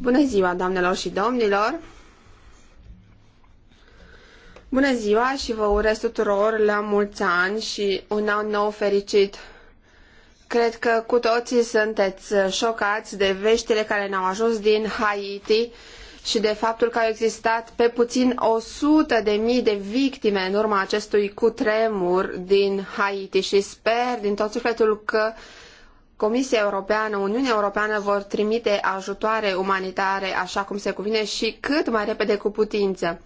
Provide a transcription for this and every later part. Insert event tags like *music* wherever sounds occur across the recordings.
Bună ziua, doamnelor și domnilor! Bună ziua și vă urez tuturor la mulți ani și un an nou fericit! Cred că cu toții sunteți șocați de veștile care ne-au ajuns din Haiti și de faptul că au existat pe puțin o sută de mii de victime în urma acestui cutremur din Haiti și sper din tot sufletul că uh, Comisia Europeană, Uniunea Europeană vor trimite ajutoare umanitare așa cum se cuvine și cât mai repede cu putință.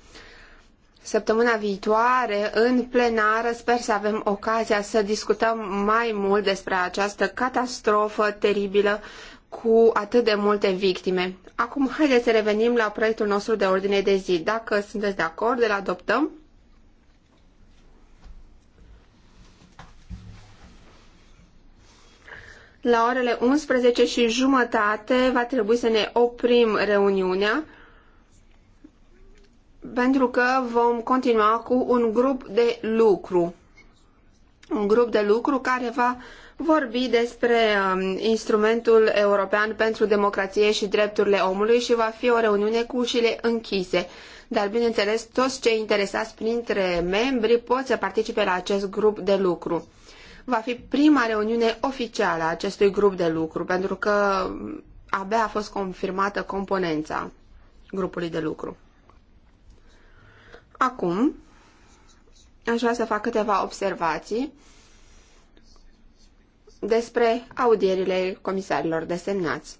Săptămâna viitoare, în plenară, sper să avem ocazia să discutăm mai mult despre această catastrofă teribilă cu atât de multe victime. Acum, haideți să revenim la proiectul nostru de ordine de zi. Dacă sunteți de acord, îl adoptăm. La orele 11 și jumătate va trebui să ne oprim reuniunea pentru că vom continua cu un grup de lucru. Un grup de lucru care va vorbi despre um, instrumentul european pentru democrație și drepturile omului și va fi o reuniune cu ușile închise. Dar, bineînțeles, toți cei interesați printre membri pot să participe la acest grup de lucru va fi prima reuniune oficială a acestui grup de lucru, pentru că abia a fost confirmată componența grupului de lucru. Acum, aș vrea să fac câteva observații despre audierile comisarilor desemnați.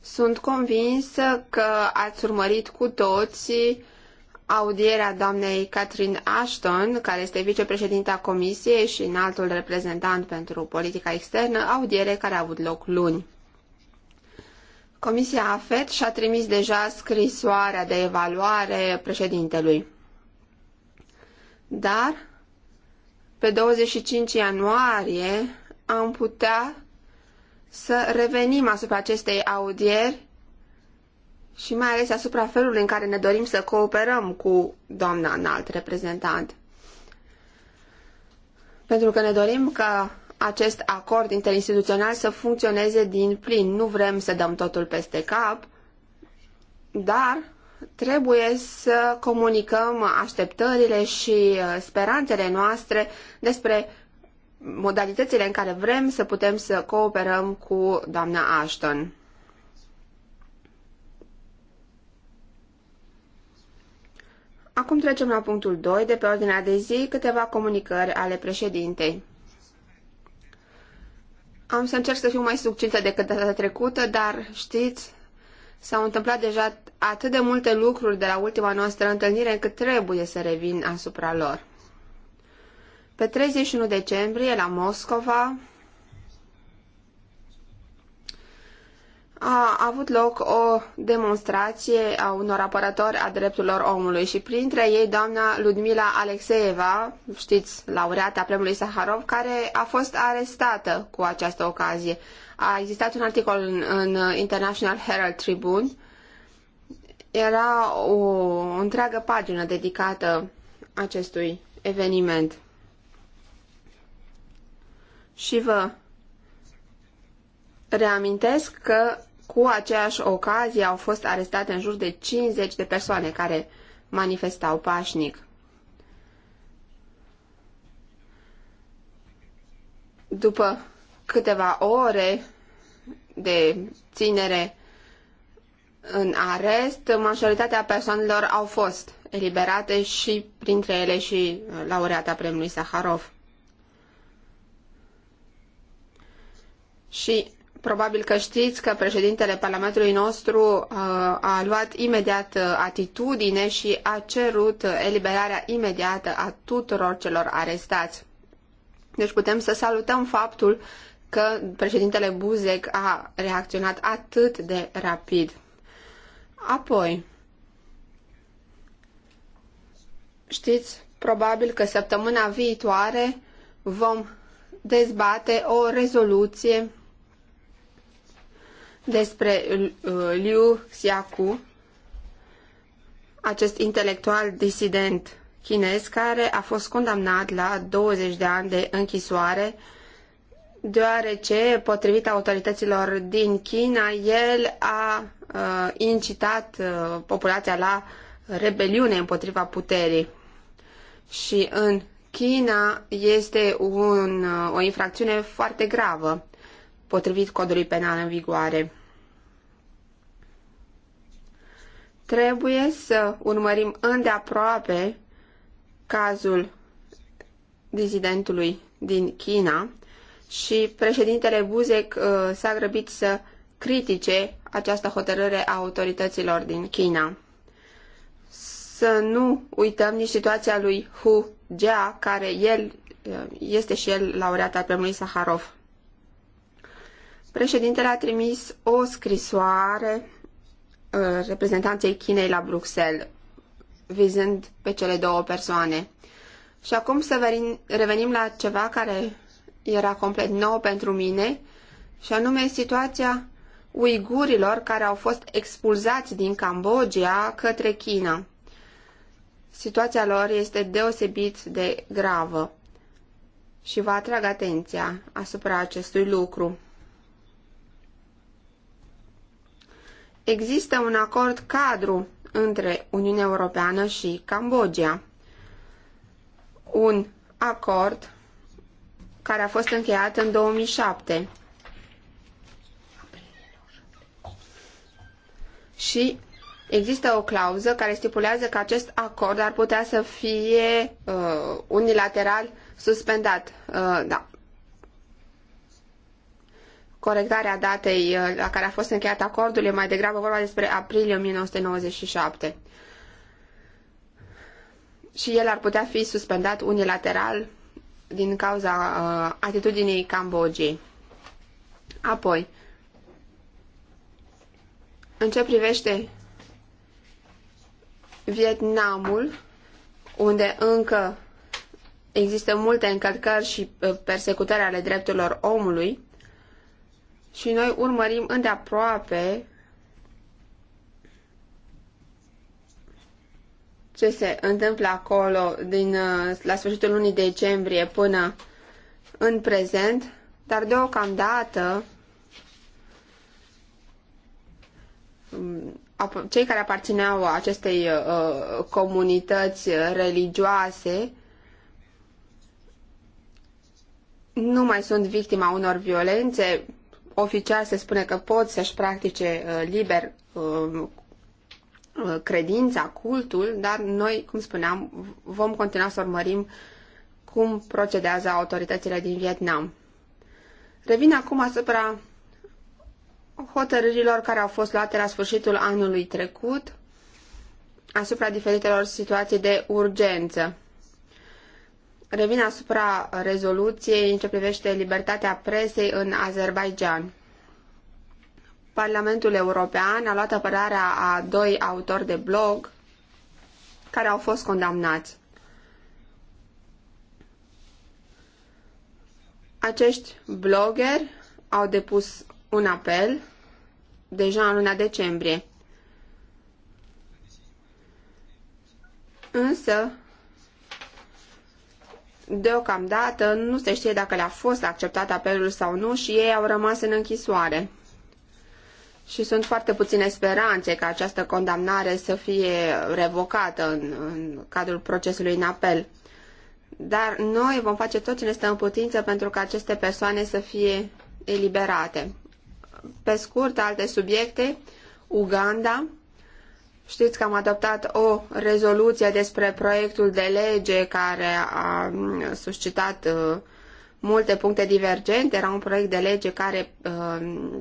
Sunt convinsă că ați urmărit cu toții audierea doamnei Catherine Ashton, care este vicepreședinta Comisiei și înaltul reprezentant pentru politica externă, audiere care a avut loc luni. Comisia AFET și-a trimis deja scrisoarea de evaluare președintelui. Dar, pe 25 ianuarie, am putea să revenim asupra acestei audieri și mai ales asupra felului în care ne dorim să cooperăm cu doamna înalt reprezentant. Pentru că ne dorim ca acest acord interinstituțional să funcționeze din plin. Nu vrem să dăm totul peste cap, dar trebuie să comunicăm așteptările și uh, speranțele noastre despre modalitățile în care vrem să putem să cooperăm cu doamna Ashton. Acum trecem la punctul 2 de pe ordinea de zi, câteva comunicări ale președintei. Am să încerc să fiu mai succintă decât data trecută, dar știți, s-au întâmplat deja atât de multe lucruri de la ultima noastră întâlnire încât trebuie să revin asupra lor. Pe 31 decembrie, la Moscova, a avut loc o demonstrație a unor apărători a drepturilor omului și printre ei doamna Ludmila Alexeeva, știți, laureata premiului Saharov, care a fost arestată cu această ocazie. A existat un articol în, în International Herald Tribune, era o, o întreagă pagină dedicată acestui eveniment. Și vă reamintesc că cu aceeași ocazie au fost arestate în jur de 50 de persoane care manifestau pașnic. După câteva ore de ținere în arest, majoritatea persoanelor au fost eliberate și printre ele și laureata premiului Saharov. Și Probabil că știți că președintele Parlamentului nostru uh, a luat imediat uh, atitudine și a cerut eliberarea imediată a tuturor celor arestați. Deci putem să salutăm faptul că președintele Buzek a reacționat atât de rapid. Apoi, știți, probabil că săptămâna viitoare vom dezbate o rezoluție despre uh, Liu Xiaoku, acest intelectual disident chinez care a fost condamnat la 20 de ani de închisoare deoarece, potrivit autorităților din China, el a uh, incitat uh, populația la rebeliune împotriva puterii. Și în China este un, uh, o infracțiune foarte gravă potrivit codului penal în vigoare. Trebuie să urmărim îndeaproape cazul dizidentului din China și președintele Buzek uh, s-a grăbit să critice această hotărâre a autorităților din China. Să nu uităm nici situația lui Hu Jia, care el uh, este și el laureat al premiului Saharov. Președintele a trimis o scrisoare uh, reprezentanței Chinei la Bruxelles, vizând pe cele două persoane. Și acum să revenim la ceva care era complet nou pentru mine, și anume situația uigurilor care au fost expulzați din Cambodgia către China. Situația lor este deosebit de gravă și vă atrag atenția asupra acestui lucru. Există un acord cadru între Uniunea Europeană și Cambodgia. Un acord care a fost încheiat în 2007. Și există o clauză care stipulează că acest acord ar putea să fie uh, unilateral suspendat. Uh, da corectarea datei uh, la care a fost încheiat acordul, e mai degrabă vorba despre aprilie 1997. Și el ar putea fi suspendat unilateral din cauza uh, atitudinii Cambodgiei. Apoi, în ce privește Vietnamul, unde încă există multe încălcări și uh, persecutări ale drepturilor omului, și noi urmărim îndeaproape ce se întâmplă acolo din, uh, la sfârșitul lunii decembrie până în prezent, dar deocamdată um, cei care aparțineau acestei uh, comunități religioase nu mai sunt victima unor violențe oficial se spune că pot să-și practice uh, liber um, uh, credința, cultul, dar noi, cum spuneam, vom continua să urmărim cum procedează autoritățile din Vietnam. Revin acum asupra hotărârilor care au fost luate la sfârșitul anului trecut asupra diferitelor situații de urgență. Revin asupra rezoluției în ce privește libertatea presei în Azerbaidjan. Parlamentul European a luat apărarea a doi autori de blog care au fost condamnați. Acești blogeri au depus un apel deja în luna decembrie. Însă, Deocamdată nu se știe dacă le-a fost acceptat apelul sau nu și ei au rămas în închisoare. Și sunt foarte puține speranțe ca această condamnare să fie revocată în, în cadrul procesului în apel. Dar noi vom face tot ce ne stă în putință pentru ca aceste persoane să fie eliberate. Pe scurt, alte subiecte. Uganda. Știți că am adoptat o rezoluție despre proiectul de lege care a suscitat uh, multe puncte divergente. Era un proiect de lege care uh,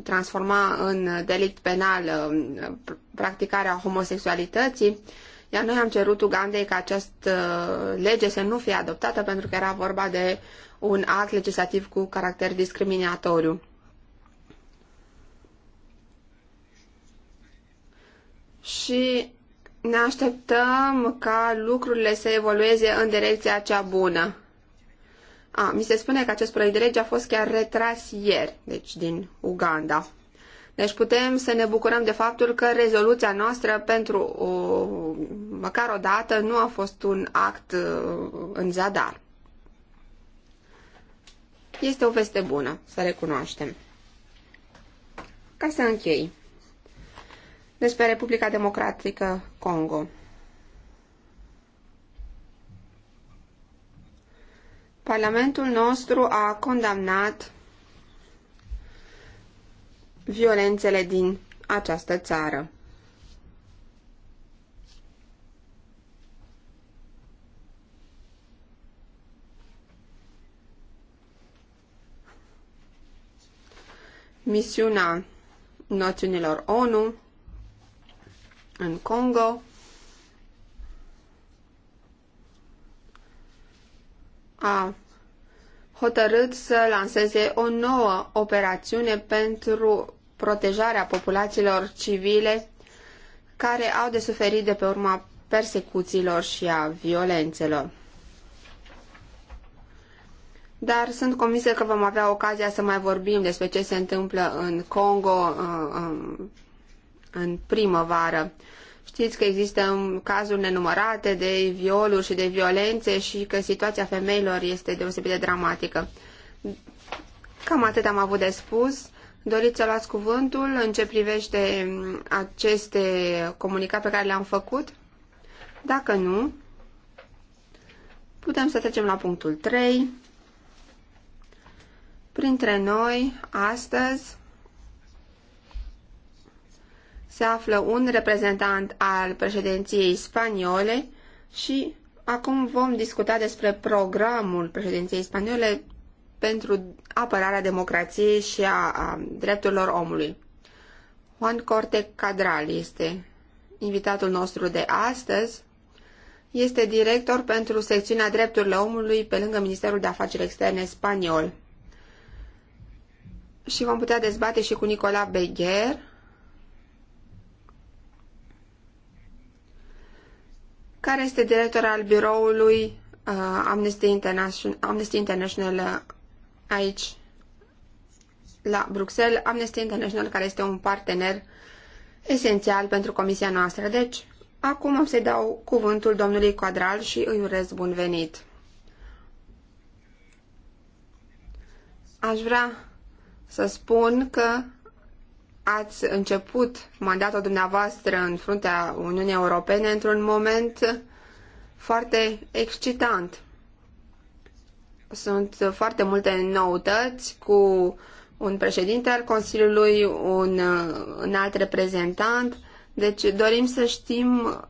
transforma în delict penal uh, practicarea homosexualității. Iar noi am cerut Ugandei ca această lege să nu fie adoptată pentru că era vorba de un act legislativ cu caracter discriminatoriu. și ne așteptăm ca lucrurile să evolueze în direcția cea bună. A, mi se spune că acest proiect de lege a fost chiar retras ieri, deci din Uganda. Deci putem să ne bucurăm de faptul că rezoluția noastră pentru o, măcar o dată nu a fost un act uh, în zadar. Este o veste bună, să recunoaștem. Ca să închei despre Republica Democratică Congo. Parlamentul nostru a condamnat violențele din această țară. Misiunea Națiunilor ONU în Congo. A hotărât să lanseze o nouă operațiune pentru protejarea populațiilor civile care au de suferit de pe urma persecuțiilor și a violențelor. Dar sunt convinsă că vom avea ocazia să mai vorbim despre ce se întâmplă în Congo, în primăvară. Știți că există cazuri nenumărate de violuri și de violențe și că situația femeilor este deosebit de dramatică. Cam atât am avut de spus. Doriți să luați cuvântul în ce privește mm, aceste comunicate pe care le-am făcut? Dacă nu, putem să trecem la punctul 3. Printre noi, astăzi, se află un reprezentant al președinției spaniole și acum vom discuta despre programul președinției spaniole pentru apărarea democrației și a, a drepturilor omului. Juan Corte Cadral este invitatul nostru de astăzi. Este director pentru secțiunea drepturile omului pe lângă Ministerul de Afaceri Externe spaniol. Și vom putea dezbate și cu Nicola Begher, care este director al biroului uh, Amnesty, International, Amnesty International uh, aici la Bruxelles, Amnesty International care este un partener esențial pentru comisia noastră. Deci, acum am să-i dau cuvântul domnului Quadral și îi urez bun venit. Aș vrea să spun că ați început mandatul dumneavoastră în fruntea Uniunii Europene într-un moment foarte excitant. Sunt foarte multe noutăți cu un președinte al Consiliului, un, un alt reprezentant. Deci dorim să știm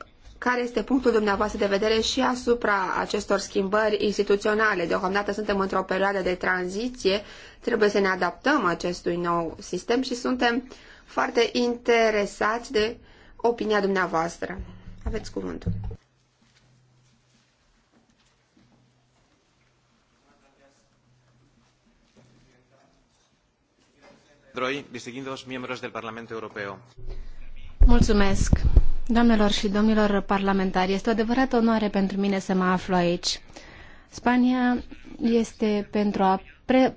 care este punctul dumneavoastră de vedere și asupra acestor schimbări instituționale. Deocamdată suntem într-o perioadă de tranziție, trebuie să ne adaptăm acestui nou sistem și suntem foarte interesați de opinia dumneavoastră. Aveți cuvântul. Droi, Mulțumesc. Doamnelor și domnilor parlamentari, este o adevărată onoare pentru mine să mă aflu aici. Spania este pentru a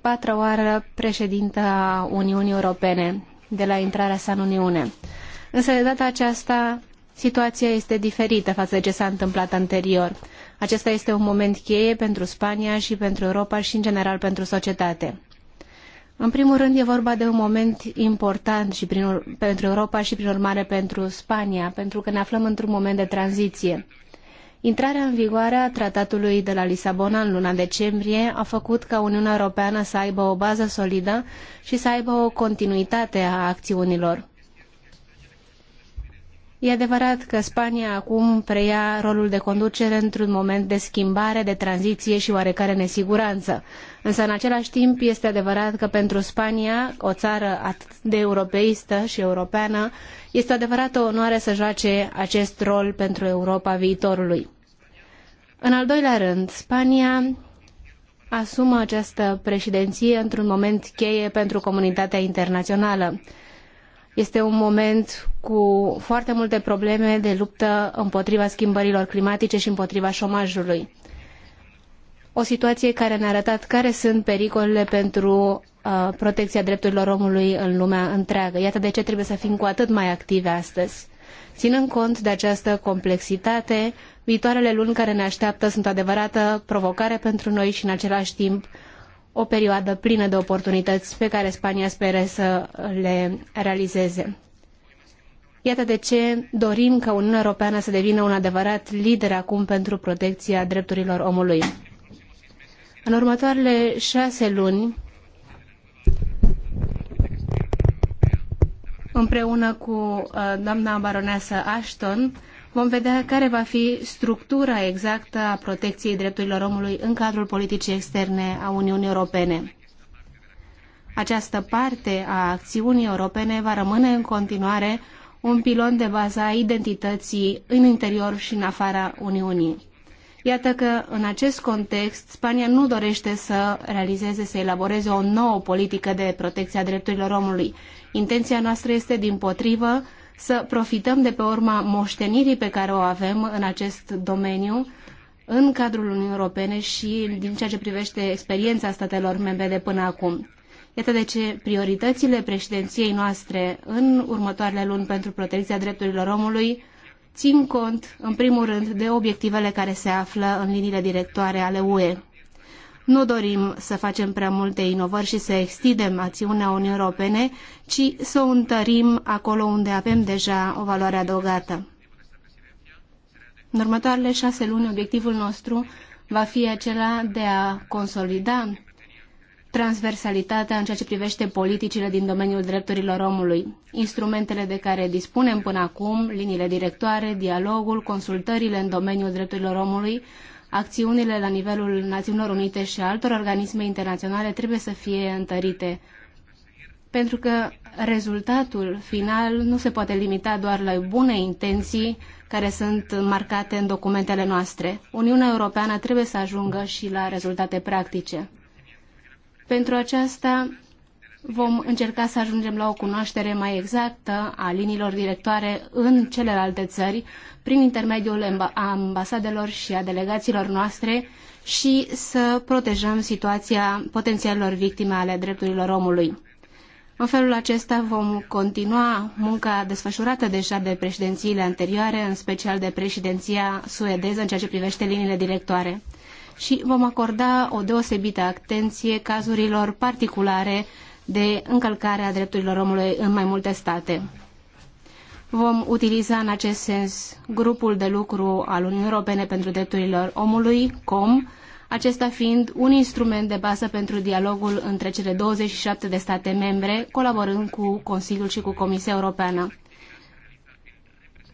patra oară președintă a Uniunii Europene de la intrarea sa în Uniune. Însă de data aceasta situația este diferită față de ce s-a întâmplat anterior. Acesta este un moment cheie pentru Spania și pentru Europa și în general pentru societate. În primul rând, e vorba de un moment important și prin, pentru Europa și, prin urmare, pentru Spania, pentru că ne aflăm într-un moment de tranziție. Intrarea în vigoare a tratatului de la Lisabona în luna decembrie a făcut ca Uniunea Europeană să aibă o bază solidă și să aibă o continuitate a acțiunilor. E adevărat că Spania acum preia rolul de conducere într-un moment de schimbare, de tranziție și oarecare nesiguranță. Însă, în același timp, este adevărat că pentru Spania, o țară atât de europeistă și europeană, este o adevărată onoare să joace acest rol pentru Europa viitorului. În al doilea rând, Spania asumă această președinție într-un moment cheie pentru comunitatea internațională. Este un moment cu foarte multe probleme de luptă împotriva schimbărilor climatice și împotriva șomajului. O situație care ne-a arătat care sunt pericolele pentru uh, protecția drepturilor omului în lumea întreagă. Iată de ce trebuie să fim cu atât mai active astăzi. Ținând cont de această complexitate, viitoarele luni care ne așteaptă sunt o adevărată provocare pentru noi și în același timp o perioadă plină de oportunități pe care Spania speră să le realizeze. Iată de ce dorim ca Uniunea Europeană să devină un adevărat lider acum pentru protecția drepturilor omului. În următoarele șase luni, împreună cu uh, doamna baroneasă Ashton, Vom vedea care va fi structura exactă a protecției drepturilor omului în cadrul politicii externe a Uniunii Europene. Această parte a acțiunii europene va rămâne în continuare un pilon de bază a identității în interior și în afara Uniunii. Iată că, în acest context, Spania nu dorește să realizeze, să elaboreze o nouă politică de protecție a drepturilor omului. Intenția noastră este, din potrivă, să profităm de pe urma moștenirii pe care o avem în acest domeniu în cadrul Uniunii Europene și din ceea ce privește experiența statelor membre de până acum. Iată de ce prioritățile președinției noastre în următoarele luni pentru protecția drepturilor omului țin cont, în primul rând, de obiectivele care se află în liniile directoare ale UE. Nu dorim să facem prea multe inovări și să extindem acțiunea Uniunii Europene, ci să o întărim acolo unde avem deja o valoare adăugată. În următoarele șase luni, obiectivul nostru va fi acela de a consolida transversalitatea în ceea ce privește politicile din domeniul drepturilor omului. Instrumentele de care dispunem până acum, liniile directoare, dialogul, consultările în domeniul drepturilor omului, acțiunile la nivelul Națiunilor Unite și altor organisme internaționale trebuie să fie întărite, pentru că rezultatul final nu se poate limita doar la bune intenții care sunt marcate în documentele noastre. Uniunea Europeană trebuie să ajungă și la rezultate practice. Pentru aceasta vom încerca să ajungem la o cunoaștere mai exactă a liniilor directoare în celelalte țări prin intermediul ambasadelor și a delegațiilor noastre și să protejăm situația potențialilor victime ale drepturilor omului. În felul acesta vom continua munca desfășurată deja de președințiile anterioare, în special de președinția suedeză în ceea ce privește liniile directoare. Și vom acorda o deosebită atenție cazurilor particulare de încălcare a drepturilor omului în mai multe state. Vom utiliza în acest sens grupul de lucru al Uniunii Europene pentru Drepturile Omului, COM, acesta fiind un instrument de bază pentru dialogul între cele 27 de state membre, colaborând cu Consiliul și cu Comisia Europeană.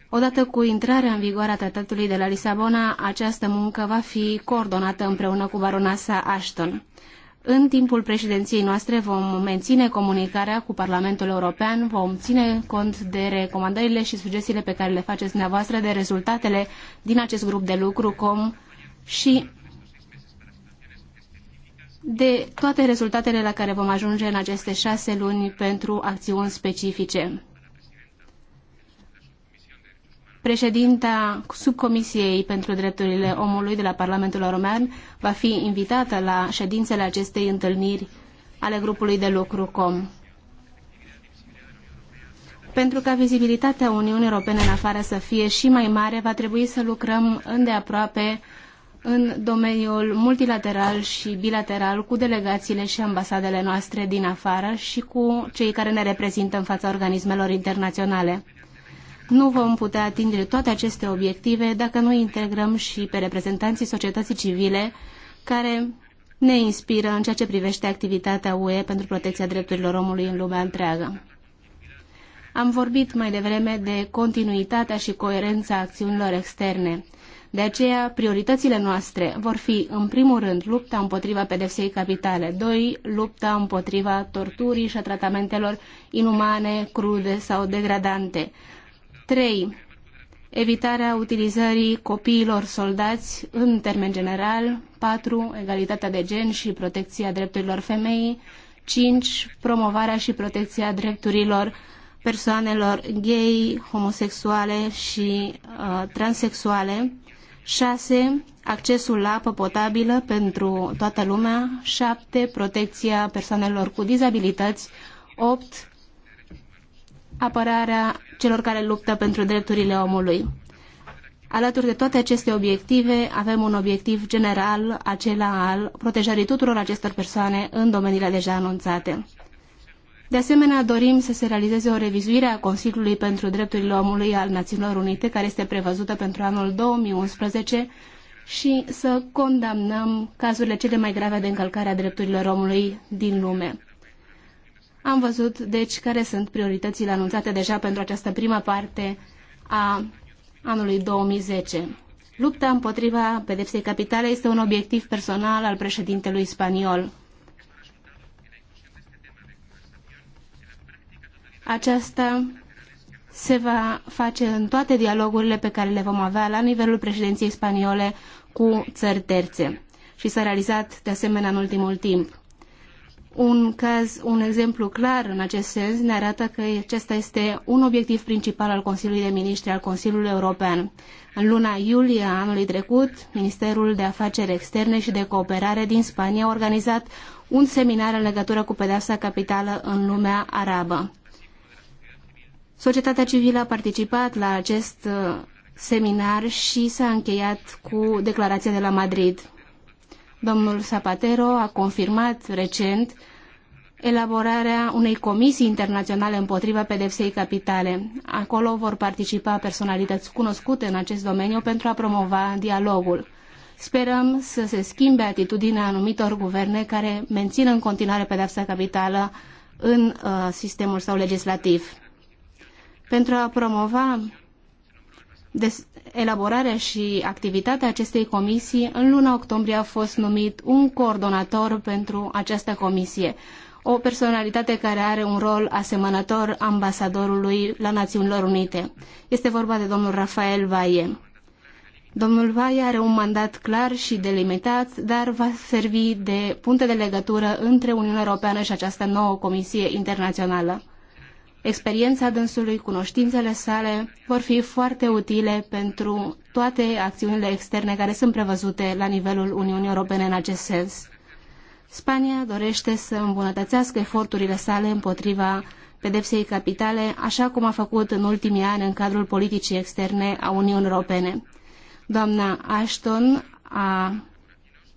Odată cu intrarea în vigoare a Tratatului de la Lisabona, această muncă va fi coordonată împreună cu baronasa Ashton. În timpul președinției noastre vom menține comunicarea cu Parlamentul European, vom ține cont de recomandările și sugestiile pe care le faceți dumneavoastră, de rezultatele din acest grup de lucru, com și de toate rezultatele la care vom ajunge în aceste șase luni pentru acțiuni specifice. Președinta subcomisiei pentru drepturile omului de la Parlamentul român va fi invitată la ședințele acestei întâlniri ale grupului de lucru COM. Pentru ca vizibilitatea Uniunii Europene în afară să fie și mai mare, va trebui să lucrăm îndeaproape în domeniul multilateral și bilateral cu delegațiile și ambasadele noastre din afară și cu cei care ne reprezintă în fața organismelor internaționale. Nu vom putea atinge toate aceste obiective dacă nu integrăm și pe reprezentanții societății civile care ne inspiră în ceea ce privește activitatea UE pentru protecția drepturilor omului în lumea întreagă. Am vorbit mai devreme de continuitatea și coerența acțiunilor externe. De aceea, prioritățile noastre vor fi, în primul rând, lupta împotriva pedepsei capitale, doi, lupta împotriva torturii și a tratamentelor inumane, crude sau degradante, 3. Evitarea utilizării copiilor soldați în termen general. 4. Egalitatea de gen și protecția drepturilor femeii. 5. Promovarea și protecția drepturilor persoanelor gay, homosexuale și uh, transexuale. 6. Accesul la apă potabilă pentru toată lumea. 7. Protecția persoanelor cu dizabilități. 8 apărarea celor care luptă pentru drepturile omului. Alături de toate aceste obiective, avem un obiectiv general, acela al protejării tuturor acestor persoane în domeniile deja anunțate. De asemenea, dorim să se realizeze o revizuire a Consiliului pentru Drepturile Omului al Națiunilor Unite, care este prevăzută pentru anul 2011, și să condamnăm cazurile cele mai grave de încălcare a drepturilor omului din lume. Am văzut, deci, care sunt prioritățile anunțate deja pentru această prima parte a anului 2010. Lupta împotriva pedepsei capitale este un obiectiv personal al președintelui spaniol. Aceasta se va face în toate dialogurile pe care le vom avea la nivelul președinției spaniole cu țări terțe și s-a realizat de asemenea în ultimul timp. Un caz, un exemplu clar în acest sens ne arată că acesta este un obiectiv principal al Consiliului de Ministri al Consiliului European. În luna iulie a anului trecut, Ministerul de Afaceri Externe și de Cooperare din Spania a organizat un seminar în legătură cu pedeapsa capitală în lumea arabă. Societatea civilă a participat la acest uh, seminar și s-a încheiat cu declarația de la Madrid. Domnul Zapatero a confirmat recent elaborarea unei comisii internaționale împotriva pedepsei capitale. Acolo vor participa personalități cunoscute în acest domeniu pentru a promova dialogul. Sperăm să se schimbe atitudinea anumitor guverne care mențin în continuare pedepsa capitală în uh, sistemul său legislativ. Pentru a promova des elaborarea și activitatea acestei comisii, în luna octombrie a fost numit un coordonator pentru această comisie, o personalitate care are un rol asemănător ambasadorului la Națiunilor Unite. Este vorba de domnul Rafael Vaie. Domnul Vaie are un mandat clar și delimitat, dar va servi de punte de legătură între Uniunea Europeană și această nouă comisie internațională. Experiența dânsului, cunoștințele sale vor fi foarte utile pentru toate acțiunile externe care sunt prevăzute la nivelul Uniunii Europene în acest sens. Spania dorește să îmbunătățească eforturile sale împotriva pedepsei capitale, așa cum a făcut în ultimii ani în cadrul politicii externe a Uniunii Europene. Doamna Ashton a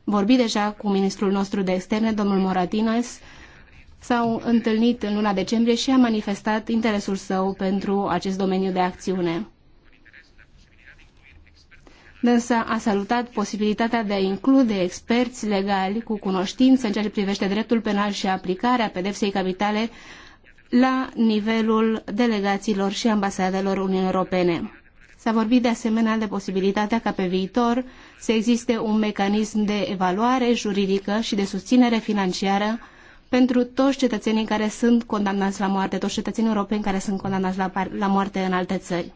vorbit deja cu ministrul nostru de externe, domnul Moratinos s-au întâlnit în luna decembrie și a manifestat interesul său pentru acest domeniu de acțiune. Însă a salutat posibilitatea de a include experți legali cu cunoștință în ceea ce privește dreptul penal și aplicarea pedepsei capitale la nivelul delegațiilor și ambasadelor Uniunii Europene. S-a vorbit de asemenea de posibilitatea ca pe viitor să existe un mecanism de evaluare juridică și de susținere financiară pentru toți cetățenii care sunt condamnați la moarte, toți cetățenii europeni care sunt condamnați la, la moarte în alte țări.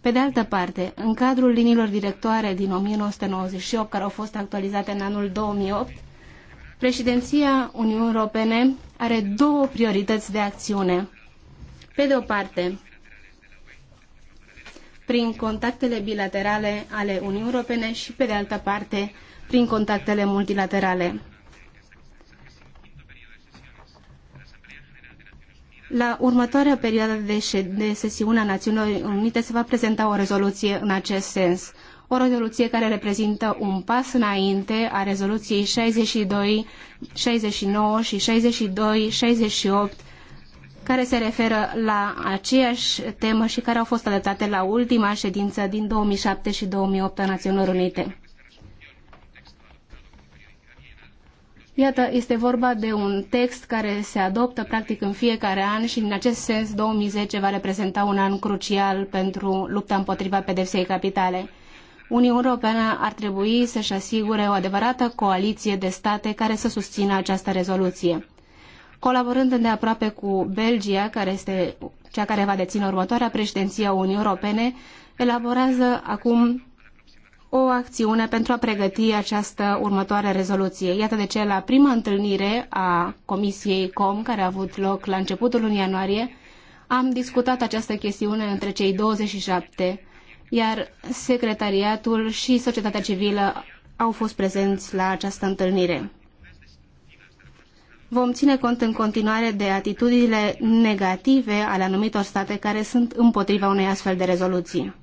Pe de altă parte, în cadrul liniilor directoare din 1998, care au fost actualizate în anul 2008, președinția Uniunii Europene are două priorități de acțiune. Pe de o parte, prin contactele bilaterale ale Uniunii Europene și, pe de altă parte, prin contactele multilaterale. La următoarea perioadă de, de sesiune a Națiunilor Unite se va prezenta o rezoluție în acest sens. O rezoluție care reprezintă un pas înainte a rezoluției 62, 69 și 62, 68 care se referă la aceeași temă și care au fost adoptate la ultima ședință din 2007 și 2008 a Națiunilor Unite. Iată, este vorba de un text care se adoptă practic în fiecare an și în acest sens 2010 va reprezenta un an crucial pentru lupta împotriva pedepsei capitale. Uniunea Europeană ar trebui să-și asigure o adevărată coaliție de state care să susțină această rezoluție. Colaborând îndeaproape cu Belgia, care este cea care va deține următoarea președinție a Uniunii Europene, elaborează acum o acțiune pentru a pregăti această următoare rezoluție. Iată de ce la prima întâlnire a Comisiei COM, care a avut loc la începutul lunii ianuarie, am discutat această chestiune între cei 27, iar secretariatul și societatea civilă au fost prezenți la această întâlnire. Vom ține cont în continuare de atitudinile negative ale anumitor state care sunt împotriva unei astfel de rezoluții.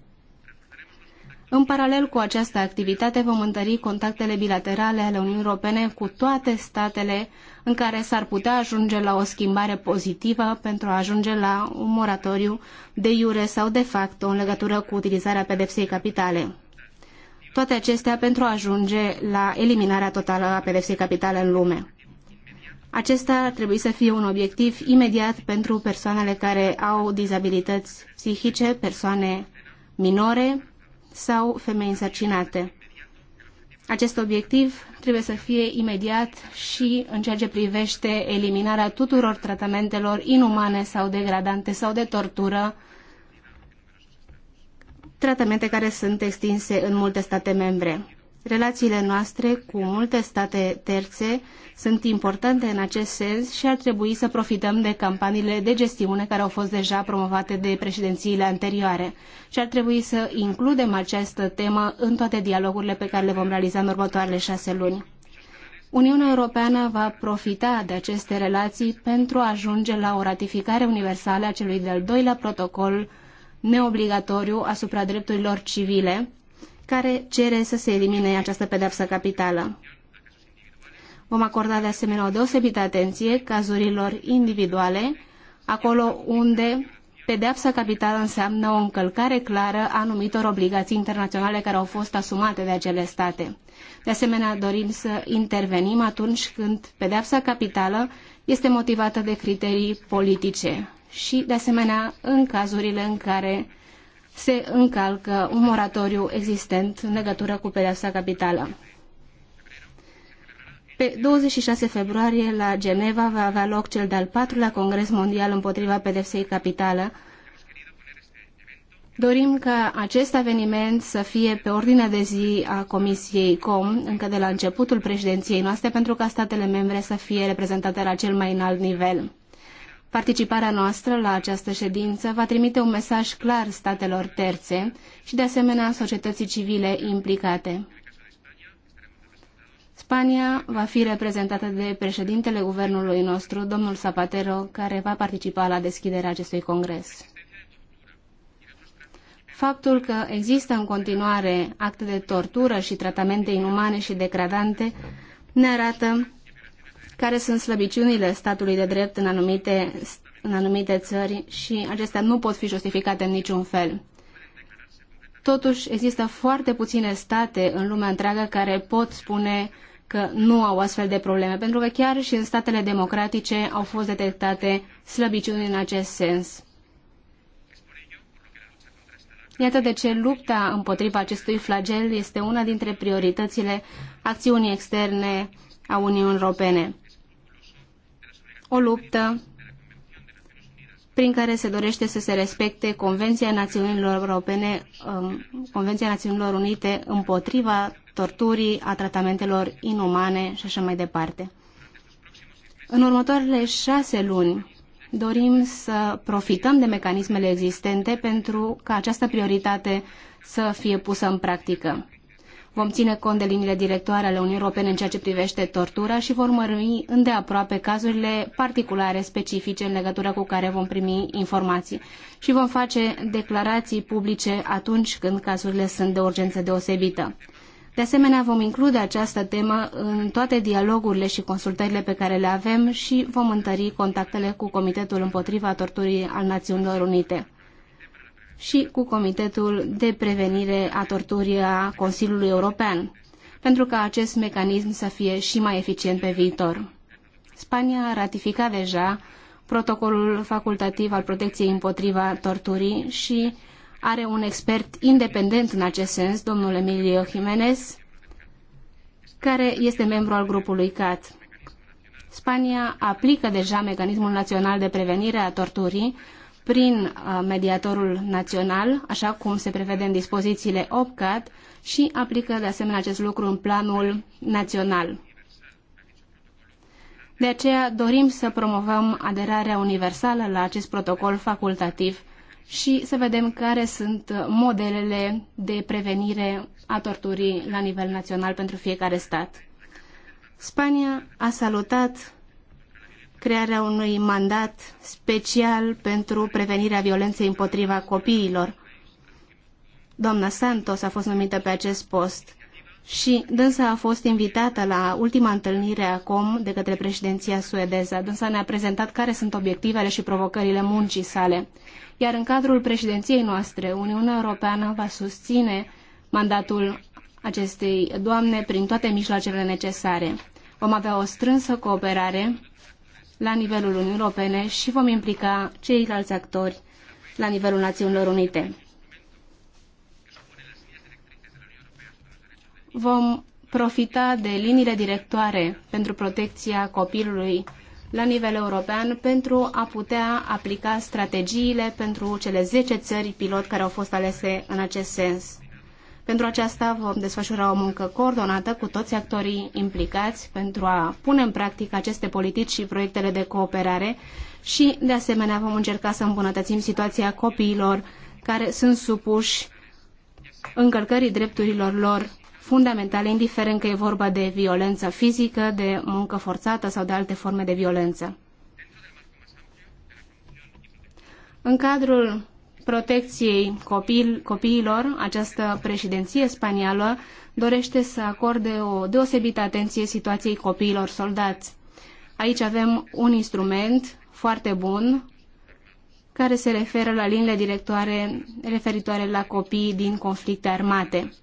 În paralel cu această activitate vom întări contactele bilaterale ale Uniunii Europene cu toate statele în care s-ar putea ajunge la o schimbare pozitivă pentru a ajunge la un moratoriu de iure sau de facto în legătură cu utilizarea pedepsei capitale. Toate acestea pentru a ajunge la eliminarea totală a pedepsei capitale în lume. Acesta ar trebui să fie un obiectiv imediat pentru persoanele care au dizabilități psihice, persoane minore, sau femei însărcinate. Acest obiectiv trebuie să fie imediat și în ceea ce privește eliminarea tuturor tratamentelor inumane sau degradante sau de tortură, tratamente care sunt extinse în multe state membre. Relațiile noastre cu multe state terțe sunt importante în acest sens și ar trebui să profităm de campaniile de gestiune care au fost deja promovate de președințiile anterioare și ar trebui să includem această temă în toate dialogurile pe care le vom realiza în următoarele șase luni. Uniunea Europeană va profita de aceste relații pentru a ajunge la o ratificare universală a celui de-al doilea protocol neobligatoriu asupra drepturilor civile, care cere să se elimine această pedepsă capitală. Vom acorda de asemenea o deosebită atenție cazurilor individuale, acolo unde pedepsa capitală înseamnă o încălcare clară a anumitor obligații internaționale care au fost asumate de acele state. De asemenea, dorim să intervenim atunci când pedepsa capitală este motivată de criterii politice și, de asemenea, în cazurile în care se încalcă un moratoriu existent în legătură cu pedeapsa capitală. Pe 26 februarie la Geneva va avea loc cel de-al patrulea Congres Mondial împotriva pedepsei capitală. Dorim ca acest eveniment să fie pe ordinea de zi a Comisiei COM încă de la începutul președinției noastre pentru ca statele membre să fie reprezentate la cel mai înalt nivel. Participarea noastră la această ședință va trimite un mesaj clar statelor terțe și de asemenea societății civile implicate. Spania va fi reprezentată de președintele guvernului nostru, domnul Zapatero, care va participa la deschiderea acestui congres. Faptul că există în continuare acte de tortură și tratamente inumane și degradante ne arată care sunt slăbiciunile statului de drept în anumite, în anumite țări și acestea nu pot fi justificate în niciun fel. Totuși, există foarte puține state în lumea întreagă care pot spune că nu au astfel de probleme, pentru că chiar și în statele democratice au fost detectate slăbiciuni în acest sens. Iată de ce lupta împotriva acestui flagel este una dintre prioritățile acțiunii externe a Uniunii Europene o luptă prin care se dorește să se respecte Convenția Națiunilor Europene, um, Convenția Națiunilor Unite împotriva torturii, a tratamentelor inumane și așa mai departe. În următoarele șase luni dorim să profităm de mecanismele existente pentru ca această prioritate să fie pusă în practică. Vom ține cont de liniile directoare ale Uniunii Europene în ceea ce privește tortura și vom urmări îndeaproape cazurile particulare specifice în legătură cu care vom primi informații și vom face declarații publice atunci când cazurile sunt de urgență deosebită. De asemenea, vom include această temă în toate dialogurile și consultările pe care le avem și vom întări contactele cu Comitetul împotriva torturii al Națiunilor Unite și cu Comitetul de Prevenire a Torturii a Consiliului European, pentru ca acest mecanism să fie și mai eficient pe viitor. Spania a ratificat deja protocolul facultativ al protecției împotriva torturii și are un expert independent în acest sens, domnul Emilio Jimenez, care este membru al grupului CAT. Spania aplică deja mecanismul național de prevenire a torturii prin uh, mediatorul național, așa cum se prevede în dispozițiile OPCAT și aplică de asemenea acest lucru în planul național. De aceea dorim să promovăm aderarea universală la acest protocol facultativ și să vedem care sunt modelele de prevenire a torturii la nivel național pentru fiecare stat. Spania a salutat crearea unui mandat special pentru prevenirea violenței împotriva copiilor. Doamna Santos a fost numită pe acest post și dânsa a fost invitată la ultima întâlnire acum de către președinția suedeză. Dânsa ne-a prezentat care sunt obiectivele și provocările muncii sale. Iar în cadrul președinției noastre, Uniunea Europeană va susține mandatul acestei doamne prin toate mijloacele necesare. Vom avea o strânsă cooperare la nivelul Uniunii Europene și vom implica ceilalți actori la nivelul Națiunilor Unite. Vom profita de liniile directoare pentru protecția copilului la nivel european pentru a putea aplica strategiile pentru cele 10 țări pilot care au fost alese în acest sens. Pentru aceasta vom desfășura o muncă coordonată cu toți actorii implicați pentru a pune în practică aceste politici și proiectele de cooperare și, de asemenea, vom încerca să îmbunătățim situația copiilor care sunt supuși încălcării drepturilor lor fundamentale, indiferent că e vorba de violență fizică, de muncă forțată sau de alte forme de violență. În cadrul protecției copil, copiilor, această președinție spaniolă dorește să acorde o deosebită atenție situației copiilor soldați. Aici avem un instrument foarte bun care se referă la linile directoare referitoare la copiii din conflicte armate.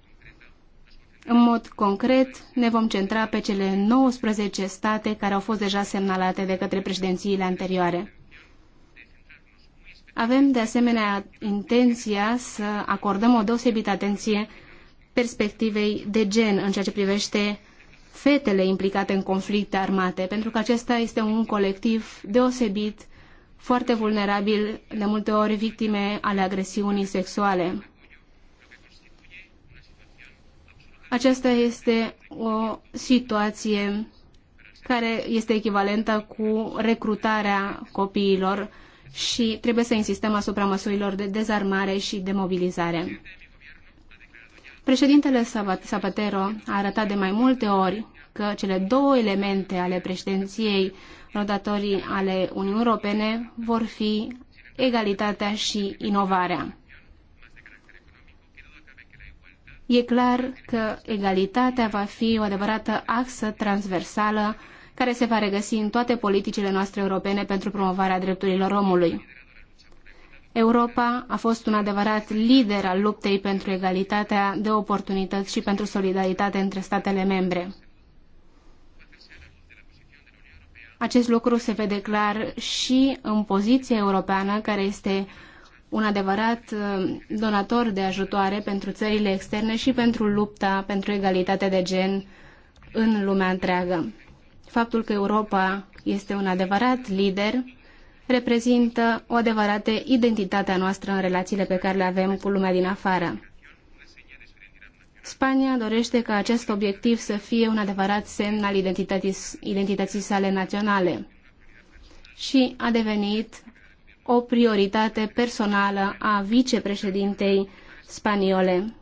În mod concret, ne vom centra pe cele 19 state care au fost deja semnalate de către președințiile anterioare. Avem de asemenea intenția să acordăm o deosebită atenție perspectivei de gen în ceea ce privește fetele implicate în conflicte armate, pentru că acesta este un colectiv deosebit, foarte vulnerabil, de multe ori victime ale agresiunii sexuale. Aceasta este o situație care este echivalentă cu recrutarea copiilor și trebuie să insistăm asupra măsurilor de dezarmare și demobilizare. Președintele Zapatero a arătat de mai multe ori că cele două elemente ale președinției rotatorii ale Uniunii Europene vor fi egalitatea și inovarea. E clar că egalitatea va fi o adevărată axă transversală care se va regăsi în toate politicile noastre europene pentru promovarea drepturilor omului. Europa a fost un adevărat lider al luptei pentru egalitatea de oportunități și pentru solidaritate între statele membre. Acest lucru se vede clar și în poziția europeană, care este un adevărat uh, donator de ajutoare pentru țările externe și pentru lupta pentru egalitatea de gen în lumea întreagă. Faptul că Europa este un adevărat lider reprezintă o adevărată identitate a noastră în relațiile pe care le avem cu lumea din afară. Spania dorește ca acest obiectiv să fie un adevărat semn al identității, identității sale naționale și a devenit o prioritate personală a vicepreședintei spaniole,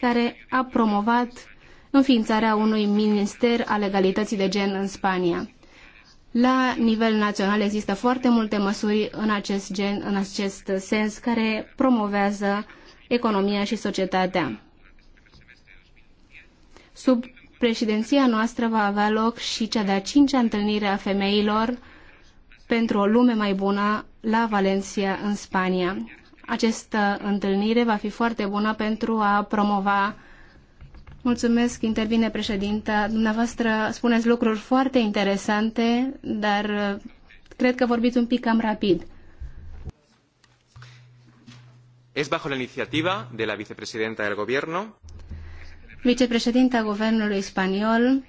care a promovat înființarea unui minister al egalității de gen în Spania. La nivel național există foarte multe măsuri în acest gen, în acest sens, care promovează economia și societatea. Sub președinția noastră va avea loc și cea de-a cincea întâlnire a femeilor pentru o lume mai bună la Valencia, în Spania. Această întâlnire va fi foarte bună pentru a promova Mulțumesc, intervine președinta. Dumneavoastră spuneți lucruri foarte interesante, dar uh, cred că vorbiți un pic cam rapid. Es bajo la iniciativa de la vicepresidenta del gobierno. Vicepreședinta guvernului spaniol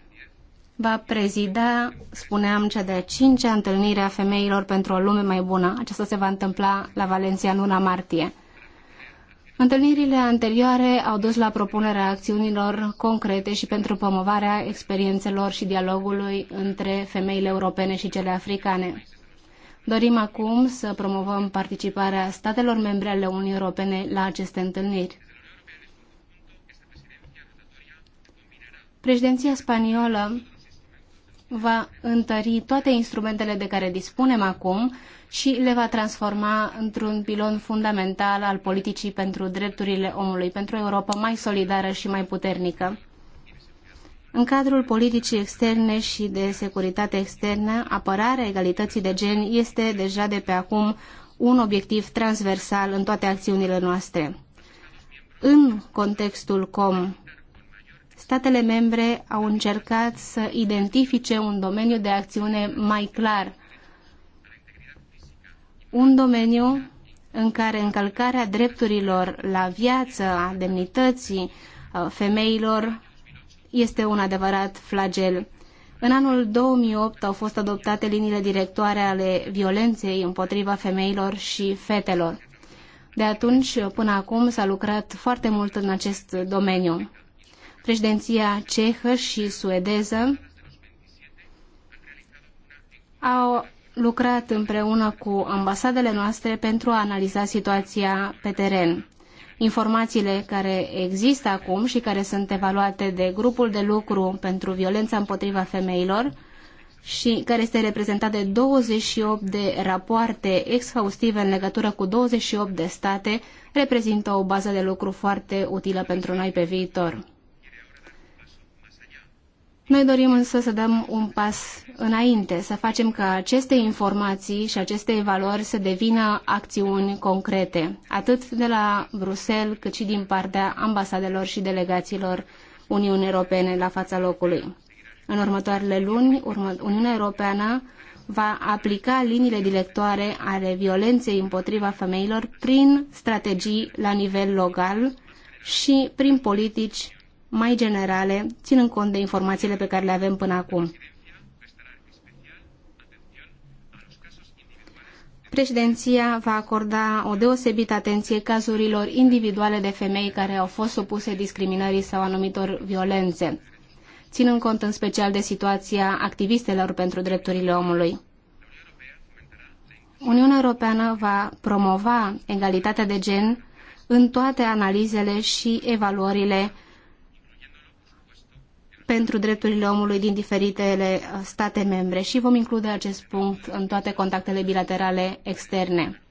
va prezida, spuneam, cea de-a cincea întâlnire a femeilor pentru o lume mai bună. Aceasta se va întâmpla la Valencia în luna martie. Întâlnirile anterioare au dus la propunerea acțiunilor concrete și pentru promovarea experiențelor și dialogului între femeile europene și cele africane. Dorim acum să promovăm participarea statelor membre ale Uniunii Europene la aceste întâlniri. Președinția spaniolă va întări toate instrumentele de care dispunem acum și le va transforma într-un pilon fundamental al politicii pentru drepturile omului, pentru o Europa mai solidară și mai puternică. În cadrul politicii externe și de securitate externă, apărarea egalității de gen este deja de pe acum un obiectiv transversal în toate acțiunile noastre. În contextul COM statele membre au încercat să identifice un domeniu de acțiune mai clar. Un domeniu în care încălcarea drepturilor la viață, a demnității femeilor este un adevărat flagel. În anul 2008 au fost adoptate liniile directoare ale violenței împotriva femeilor și fetelor. De atunci până acum s-a lucrat foarte mult în acest domeniu. Președinția cehă și suedeză au lucrat împreună cu ambasadele noastre pentru a analiza situația pe teren. Informațiile care există acum și care sunt evaluate de grupul de lucru pentru violența împotriva femeilor și care este reprezentat de 28 de rapoarte exhaustive în legătură cu 28 de state, reprezintă o bază de lucru foarte utilă pentru noi pe viitor. Noi dorim însă să dăm un pas înainte, să facem ca aceste informații și aceste evaluări să devină acțiuni concrete, atât de la Bruxelles, cât și din partea ambasadelor și delegațiilor Uniunii Europene la fața locului. În următoarele luni, Uniunea Europeană va aplica liniile directoare ale violenței împotriva femeilor prin strategii la nivel local și prin politici mai generale, ținând cont de informațiile pe care le avem până acum. Președinția va acorda o deosebită atenție cazurilor individuale de femei care au fost supuse discriminării sau anumitor violențe, ținând cont în special de situația activistelor pentru drepturile omului. Uniunea Europeană va promova egalitatea de gen în toate analizele și evaluările pentru drepturile omului din diferitele uh, state membre și vom include acest punct în toate contactele bilaterale externe.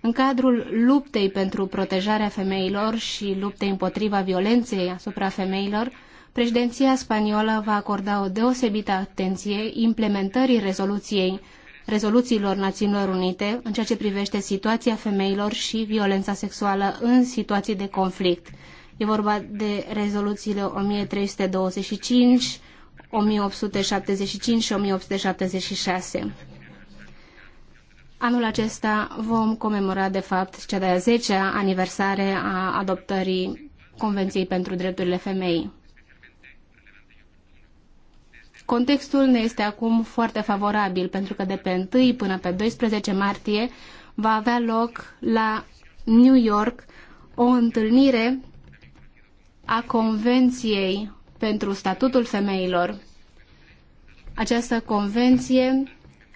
În cadrul luptei pentru protejarea femeilor și luptei împotriva violenței asupra femeilor, președinția spaniolă va acorda o deosebită atenție implementării rezoluției rezoluțiilor Națiunilor Unite în ceea ce privește situația femeilor și violența sexuală în situații de conflict. E vorba de rezoluțiile 1325, 1875 și 1876. Anul acesta vom comemora, de fapt, cea de-a 10-a aniversare a adoptării Convenției pentru Drepturile Femeii. Contextul ne este acum foarte favorabil, pentru că de pe 1 până pe 12 martie va avea loc la New York o întâlnire a Convenției pentru Statutul Femeilor. Această convenție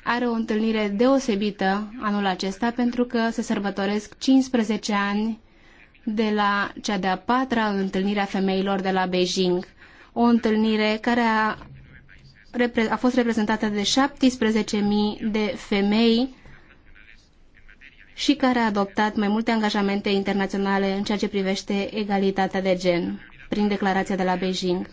are o întâlnire deosebită anul acesta pentru că se sărbătoresc 15 ani de la cea de-a patra întâlnire a femeilor de la Beijing. O întâlnire care a, a fost reprezentată de 17.000 de femei și care a adoptat mai multe angajamente internaționale în ceea ce privește egalitatea de gen, prin declarația de la Beijing.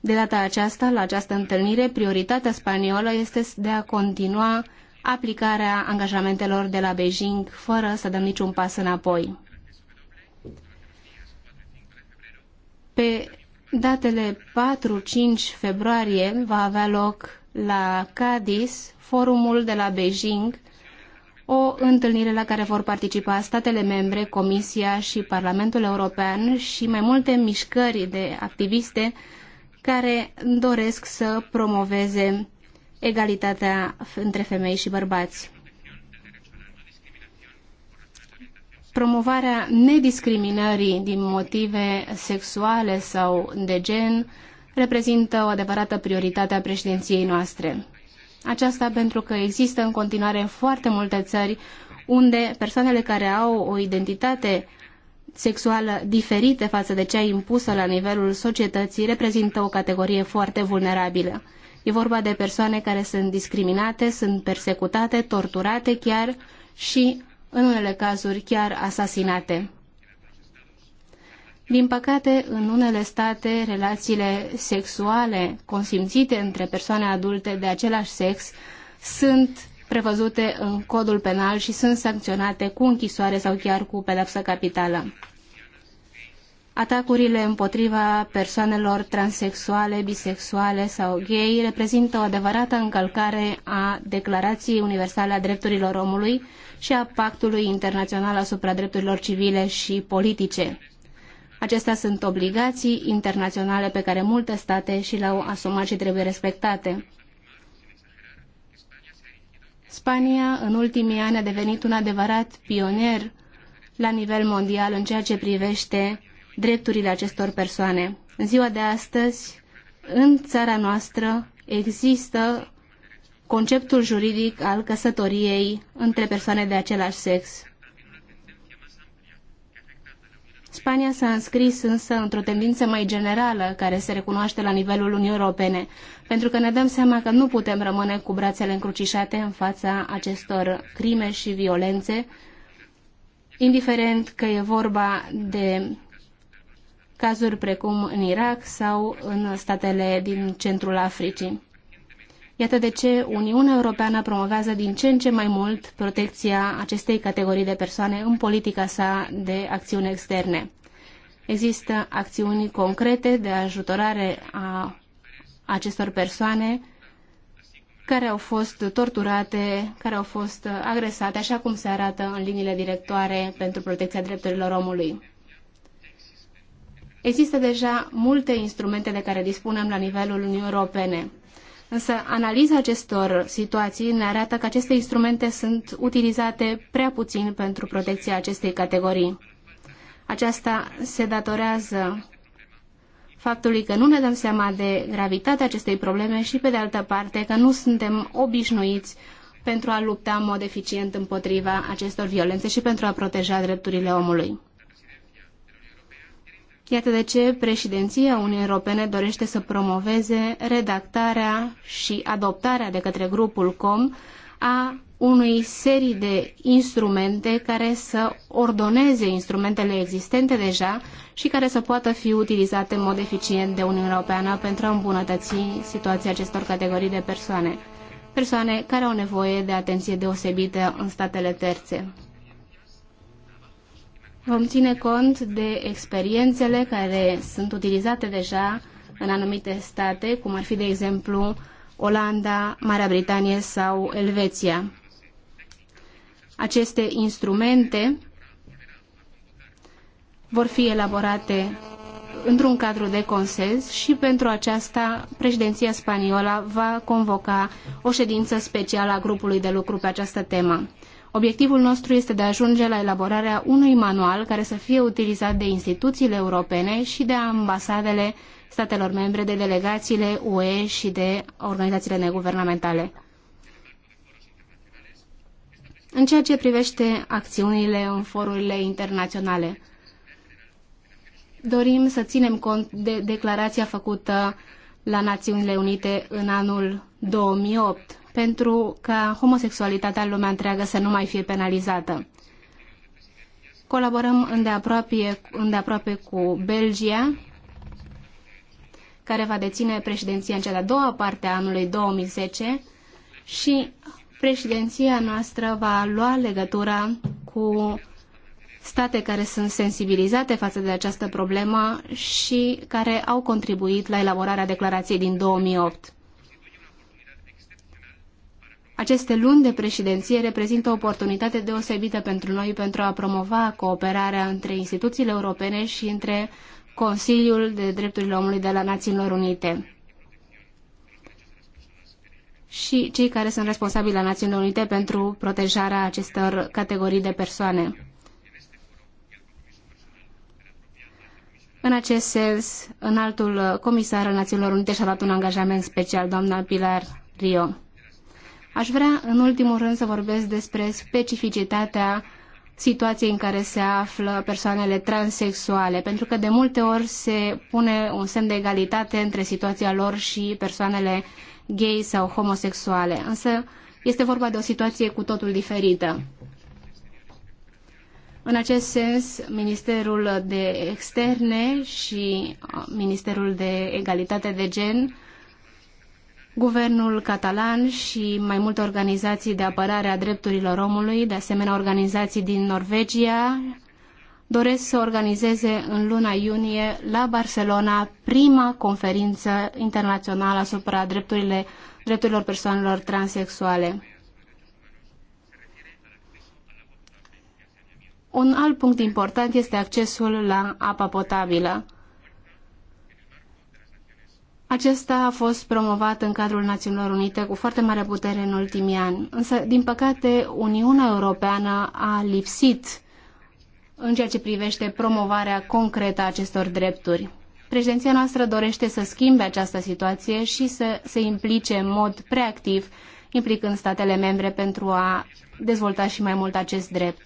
De data aceasta, la această întâlnire, prioritatea spaniolă este de a continua aplicarea angajamentelor de la Beijing fără să dăm niciun pas înapoi. Pe datele 4-5 februarie va avea loc la Cadiz forumul de la Beijing o întâlnire la care vor participa statele membre, Comisia și Parlamentul European și mai multe mișcări de activiste care doresc să promoveze egalitatea între femei și bărbați. Promovarea nediscriminării din motive sexuale sau de gen reprezintă o adevărată prioritate a președinției noastre. Aceasta pentru că există în continuare foarte multe țări unde persoanele care au o identitate sexuală diferită față de cea impusă la nivelul societății reprezintă o categorie foarte vulnerabilă. E vorba de persoane care sunt discriminate, sunt persecutate, torturate chiar și, în unele cazuri, chiar asasinate. Din păcate, în unele state, relațiile sexuale consimțite între persoane adulte de același sex sunt prevăzute în codul penal și sunt sancționate cu închisoare sau chiar cu pedapsă capitală. Atacurile împotriva persoanelor transexuale, bisexuale sau gay reprezintă o adevărată încălcare a Declarației Universale a Drepturilor Omului și a Pactului Internațional asupra Drepturilor Civile și Politice. Acestea sunt obligații internaționale pe care multe state și le-au asumat și trebuie respectate. Spania în ultimii ani a devenit un adevărat pionier la nivel mondial în ceea ce privește drepturile acestor persoane. În ziua de astăzi, în țara noastră, există conceptul juridic al căsătoriei între persoane de același sex. Spania s-a înscris însă într-o tendință mai generală care se recunoaște la nivelul Uniunii Europene, pentru că ne dăm seama că nu putem rămâne cu brațele încrucișate în fața acestor crime și violențe, indiferent că e vorba de cazuri precum în Irak sau în statele din centrul Africii. Iată de ce Uniunea Europeană promovează din ce în ce mai mult protecția acestei categorii de persoane în politica sa de acțiuni externe. Există acțiuni concrete de ajutorare a acestor persoane care au fost torturate, care au fost agresate, așa cum se arată în liniile directoare pentru protecția drepturilor omului. Există deja multe instrumente de care dispunem la nivelul Uniunii Europene. Însă analiza acestor situații ne arată că aceste instrumente sunt utilizate prea puțin pentru protecția acestei categorii. Aceasta se datorează faptului că nu ne dăm seama de gravitatea acestei probleme și, pe de altă parte, că nu suntem obișnuiți pentru a lupta în mod eficient împotriva acestor violențe și pentru a proteja drepturile omului. Iată de ce președinția Uniunii Europene dorește să promoveze redactarea și adoptarea de către grupul COM a unei serii de instrumente care să ordoneze instrumentele existente deja și care să poată fi utilizate în mod eficient de Uniunea Europeană pentru a îmbunătăți situația acestor categorii de persoane, persoane care au nevoie de atenție deosebită în statele terțe. Vom ține cont de experiențele care sunt utilizate deja în anumite state, cum ar fi, de exemplu, Olanda, Marea Britanie sau Elveția. Aceste instrumente vor fi elaborate într-un cadru de consens și pentru aceasta președinția spaniolă va convoca o ședință specială a grupului de lucru pe această temă. Obiectivul nostru este de a ajunge la elaborarea unui manual care să fie utilizat de instituțiile europene și de ambasadele statelor membre, de delegațiile UE și de organizațiile neguvernamentale. În ceea ce privește acțiunile în forurile internaționale, dorim să ținem cont de declarația făcută la Națiunile Unite în anul 2008 pentru ca homosexualitatea în lumea întreagă să nu mai fie penalizată. Colaborăm îndeaproape, îndeaproape cu Belgia, care va deține președinția în cea de-a doua parte a anului 2010 și președinția noastră va lua legătura cu state care sunt sensibilizate față de această problemă și care au contribuit la elaborarea declarației din 2008. Aceste luni de președinție reprezintă o oportunitate deosebită pentru noi pentru a promova cooperarea între instituțiile europene și între Consiliul de Drepturile Omului de la Națiunilor Unite și cei care sunt responsabili la Națiunile Unite pentru protejarea acestor categorii de persoane. În acest sens, înaltul comisar al Națiunilor Unite și-a luat un angajament special, doamna Pilar Rio. Aș vrea, în ultimul rând, să vorbesc despre specificitatea situației în care se află persoanele transexuale, pentru că de multe ori se pune un semn de egalitate între situația lor și persoanele gay sau homosexuale. Însă este vorba de o situație cu totul diferită. În acest sens, Ministerul de Externe și uh, Ministerul de Egalitate de Gen Guvernul catalan și mai multe organizații de apărare a drepturilor omului, de asemenea organizații din Norvegia, doresc să organizeze în luna iunie la Barcelona prima conferință internațională asupra drepturilor persoanelor transexuale. Un alt punct important este accesul la apa potabilă. Acesta a fost promovat în cadrul Națiunilor Unite cu foarte mare putere în ultimii ani, însă, din păcate, Uniunea Europeană a lipsit în ceea ce privește promovarea concretă a acestor drepturi. Președinția noastră dorește să schimbe această situație și să se implice în mod preactiv, implicând statele membre pentru a dezvolta și mai mult acest drept.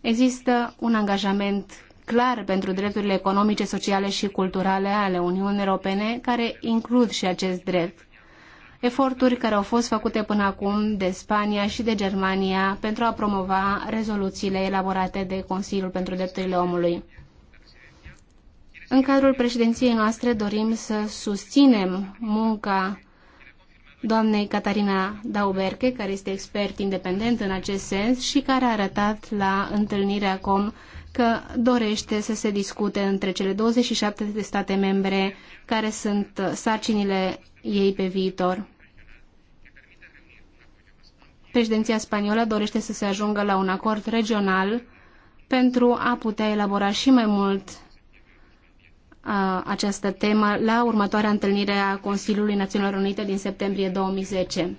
Există un angajament clar pentru drepturile economice, sociale și culturale ale Uniunii Europene, care includ și acest drept. Eforturi care au fost făcute până acum de Spania și de Germania pentru a promova rezoluțiile elaborate de Consiliul pentru Drepturile Omului. În cadrul președinției noastre dorim să susținem munca doamnei Catarina Dauberche, care este expert independent în acest sens și care a arătat la întâlnirea COM că dorește să se discute între cele 27 de state membre care sunt sarcinile ei pe viitor. Președinția spaniolă dorește să se ajungă la un acord regional pentru a putea elabora și mai mult a, această temă la următoarea întâlnire a Consiliului Națiunilor Unite din septembrie 2010.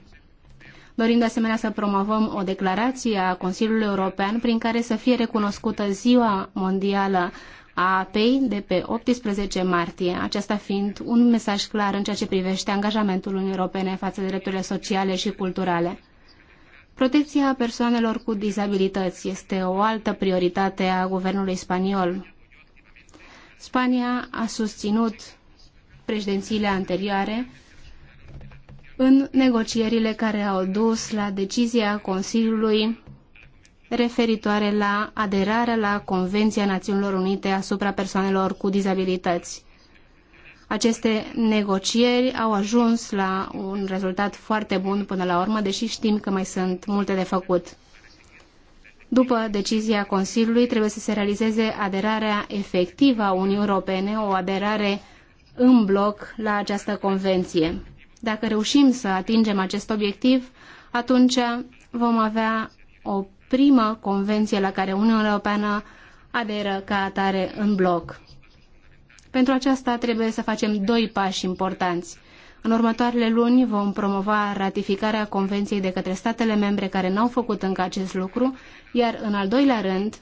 Dorim de asemenea să promovăm o declarație a Consiliului European prin care să fie recunoscută Ziua Mondială a apei de pe 18 martie, aceasta fiind un mesaj clar în ceea ce privește angajamentul Uniunii Europene față de drepturile sociale și culturale. Protecția persoanelor cu dizabilități este o altă prioritate a guvernului spaniol. Spania a susținut președințiile anterioare în negocierile care au dus la decizia Consiliului referitoare la aderarea la Convenția Națiunilor Unite asupra persoanelor cu dizabilități. Aceste negocieri au ajuns la un rezultat foarte bun până la urmă, deși știm că mai sunt multe de făcut. După decizia Consiliului, trebuie să se realizeze aderarea efectivă a Uniunii Europene, o aderare în bloc la această convenție. Dacă reușim să atingem acest obiectiv, atunci vom avea o primă convenție la care Uniunea Europeană aderă ca atare în bloc. Pentru aceasta trebuie să facem doi pași importanți. În următoarele luni vom promova ratificarea Convenției de către statele membre care n-au făcut încă acest lucru, iar în al doilea rând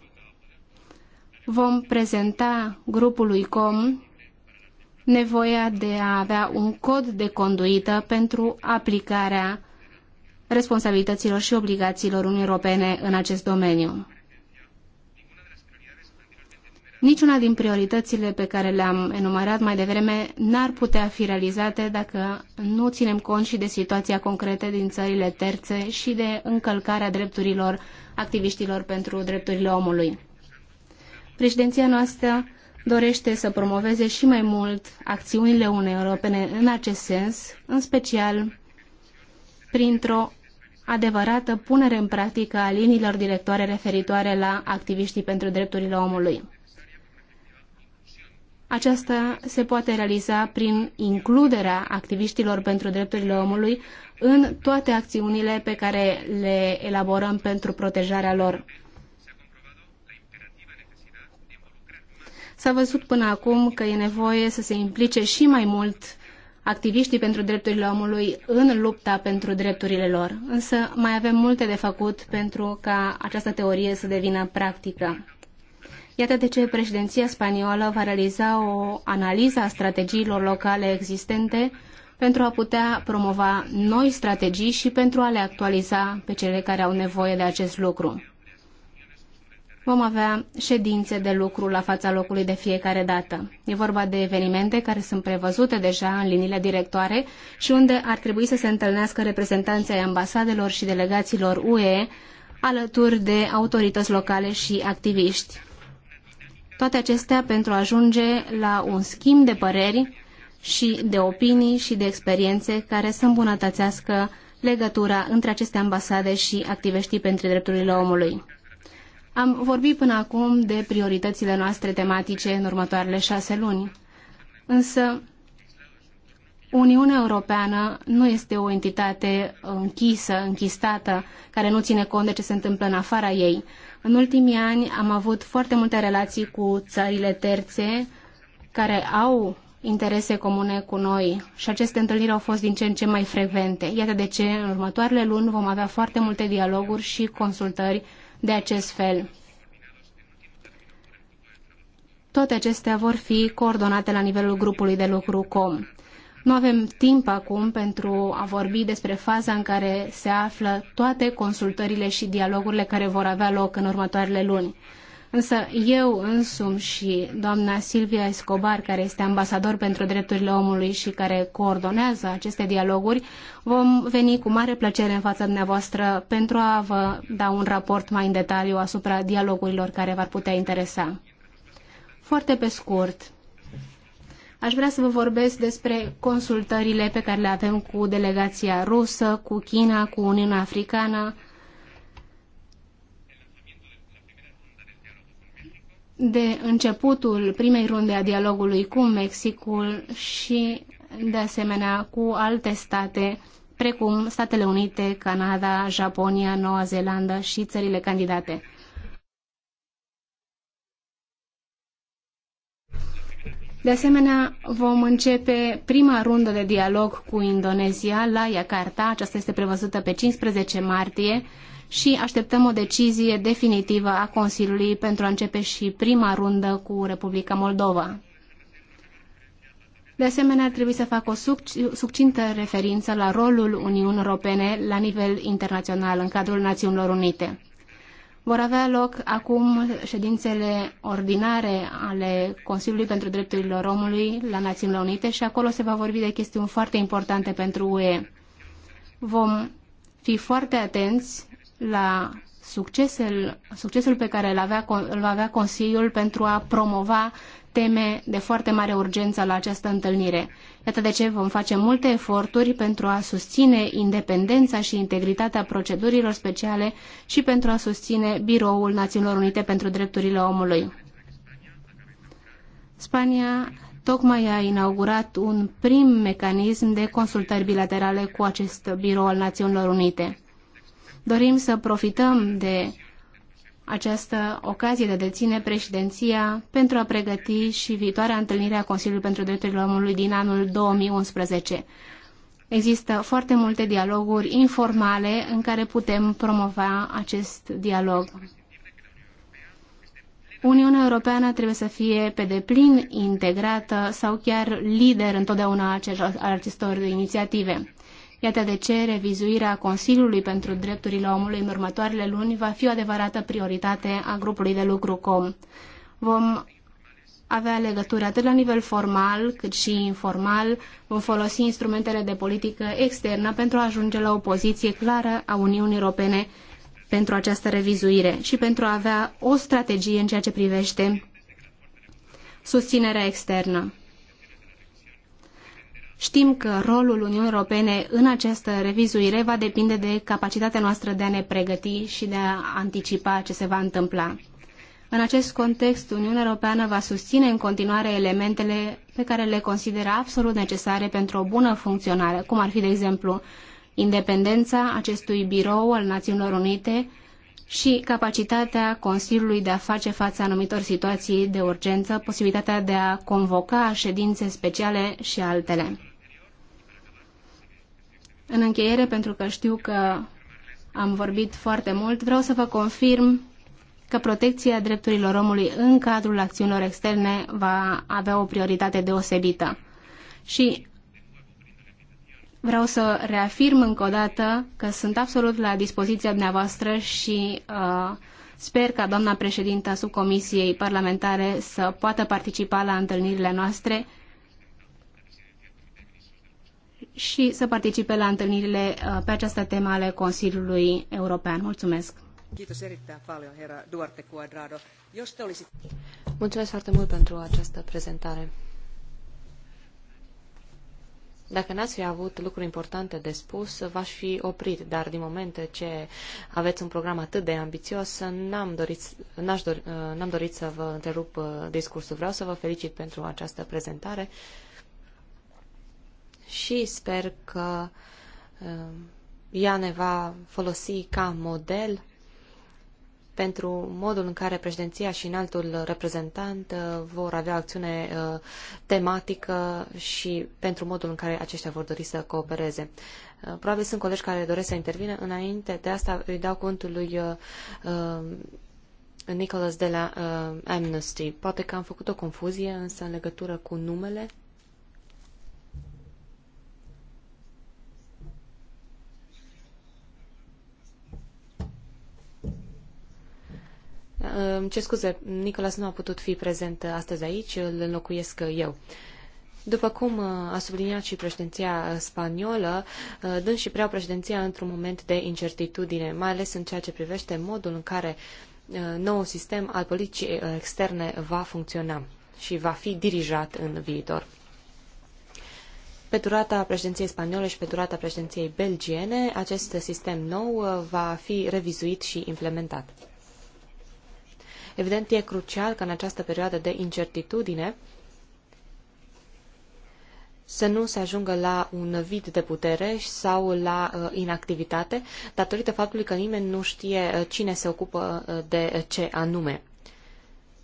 vom prezenta grupului COM nevoia de a avea un cod de conduită pentru aplicarea responsabilităților și obligațiilor Uniunii Europene în acest domeniu. Niciuna din prioritățile pe care le-am enumerat mai devreme n-ar putea fi realizate dacă nu ținem cont și de situația concretă din țările terțe și de încălcarea drepturilor activiștilor pentru drepturile omului. Președinția noastră dorește să promoveze și mai mult acțiunile Uniunii Europene în acest sens, în special printr-o adevărată punere în practică a liniilor directoare referitoare la activiștii pentru drepturile omului. Aceasta se poate realiza prin includerea activiștilor pentru drepturile omului în toate acțiunile pe care le elaborăm pentru protejarea lor. S-a văzut până acum că e nevoie să se implice și mai mult activiștii pentru drepturile omului în lupta pentru drepturile lor. Însă mai avem multe de făcut pentru ca această teorie să devină practică. Iată de ce președinția spaniolă va realiza o analiză a strategiilor locale existente pentru a putea promova noi strategii și pentru a le actualiza pe cele care au nevoie de acest lucru vom avea ședințe de lucru la fața locului de fiecare dată. E vorba de evenimente care sunt prevăzute deja în liniile directoare și unde ar trebui să se întâlnească reprezentanții ai ambasadelor și delegațiilor UE alături de autorități locale și activiști. Toate acestea pentru a ajunge la un schimb de păreri și de opinii și de experiențe care să îmbunătățească legătura între aceste ambasade și activiștii pentru drepturile omului. Am vorbit până acum de prioritățile noastre tematice în următoarele șase luni. Însă, Uniunea Europeană nu este o entitate închisă, închistată, care nu ține cont de ce se întâmplă în afara ei. În ultimii ani am avut foarte multe relații cu țările terțe care au interese comune cu noi și aceste întâlniri au fost din ce în ce mai frecvente. Iată de ce în următoarele luni vom avea foarte multe dialoguri și consultări de acest fel. Toate acestea vor fi coordonate la nivelul grupului de lucru COM. Nu avem timp acum pentru a vorbi despre faza în care se află toate consultările și dialogurile care vor avea loc în următoarele luni. Însă eu însumi și doamna Silvia Escobar, care este ambasador pentru drepturile omului și care coordonează aceste dialoguri, vom veni cu mare plăcere în fața dumneavoastră pentru a vă da un raport mai în detaliu asupra dialogurilor care v-ar putea interesa. Foarte pe scurt, aș vrea să vă vorbesc despre consultările pe care le avem cu delegația rusă, cu China, cu Uniunea Africană, de începutul primei runde a dialogului cu Mexicul și, de asemenea, cu alte state, precum Statele Unite, Canada, Japonia, Noua Zeelandă și țările candidate. De asemenea, vom începe prima rundă de dialog cu Indonezia la Jakarta. Aceasta este prevăzută pe 15 martie și așteptăm o decizie definitivă a Consiliului pentru a începe și prima rundă cu Republica Moldova. De asemenea, ar trebui să fac o succintă referință la rolul Uniunii Europene la nivel internațional în cadrul Națiunilor Unite. Vor avea loc acum ședințele ordinare ale Consiliului pentru Drepturile Omului la Națiunile Unite și acolo se va vorbi de chestiuni foarte importante pentru UE. Vom fi foarte atenți la succesul, succesul pe care îl, avea, îl avea Consiliul pentru a promova teme de foarte mare urgență la această întâlnire. Iată de ce vom face multe eforturi pentru a susține independența și integritatea procedurilor speciale și pentru a susține Biroul Națiunilor Unite pentru Drepturile Omului. Spania tocmai a inaugurat un prim mecanism de consultări bilaterale cu acest birou al Națiunilor Unite. Dorim să profităm de această ocazie de a deține președinția pentru a pregăti și viitoarea întâlnire a Consiliului pentru Drepturile Omului din anul 2011. Există foarte multe dialoguri informale în care putem promova acest dialog. Uniunea Europeană trebuie să fie pe deplin integrată sau chiar lider întotdeauna al acestor inițiative. Iată de ce revizuirea Consiliului pentru Drepturile Omului în următoarele luni va fi o adevărată prioritate a grupului de lucru COM. Vom avea legătură atât la nivel formal cât și informal, vom folosi instrumentele de politică externă pentru a ajunge la o poziție clară a Uniunii Europene pentru această revizuire și pentru a avea o strategie în ceea ce privește susținerea externă. Știm că rolul Uniunii Europene în această revizuire va depinde de capacitatea noastră de a ne pregăti și de a anticipa ce se va întâmpla. În acest context, Uniunea Europeană va susține în continuare elementele pe care le consideră absolut necesare pentru o bună funcționare, cum ar fi, de exemplu, independența acestui birou al Națiunilor Unite și capacitatea Consiliului de a face față anumitor situații de urgență, posibilitatea de a convoca ședințe speciale și altele. În încheiere, pentru că știu că am vorbit foarte mult, vreau să vă confirm că protecția drepturilor omului în cadrul acțiunilor externe va avea o prioritate deosebită. Și vreau să reafirm încă o dată că sunt absolut la dispoziția dumneavoastră și uh, sper ca doamna președinta subcomisiei parlamentare să poată participa la întâlnirile noastre și să participe la întâlnirile uh, pe această temă ale Consiliului European. Mulțumesc! Mulțumesc foarte mult pentru această prezentare. Dacă n-ați fi avut lucruri importante de spus, v-aș fi oprit, dar din moment ce aveți un program atât de ambițios, n-am dorit, uh, n-am dorit, să vă întrerup uh, discursul. Vreau să vă felicit pentru această prezentare și sper că um, ea ne va folosi ca model pentru modul în care președinția și înaltul reprezentant uh, vor avea acțiune uh, tematică și pentru modul în care aceștia vor dori să coopereze. Uh, probabil sunt colegi care doresc să intervină. Înainte de asta îi dau contul lui um, Nicholas de la Amnesty. Poate că am făcut o confuzie, însă în legătură cu numele ce scuze, Nicolas nu a putut fi prezent astăzi aici, îl înlocuiesc eu. După cum uh, a subliniat și președinția spaniolă, uh, dând și prea președinția într-un moment de incertitudine, mai ales în ceea ce privește modul în care uh, noul sistem al politicii externe va funcționa și va fi dirijat în viitor. Pe durata președinției spaniole și pe durata președinției belgiene, acest sistem nou va fi revizuit și implementat. Evident, e crucial că în această perioadă de incertitudine să nu se ajungă la un vid de putere sau la uh, inactivitate, datorită faptului că nimeni nu știe uh, cine se ocupă uh, de ce anume.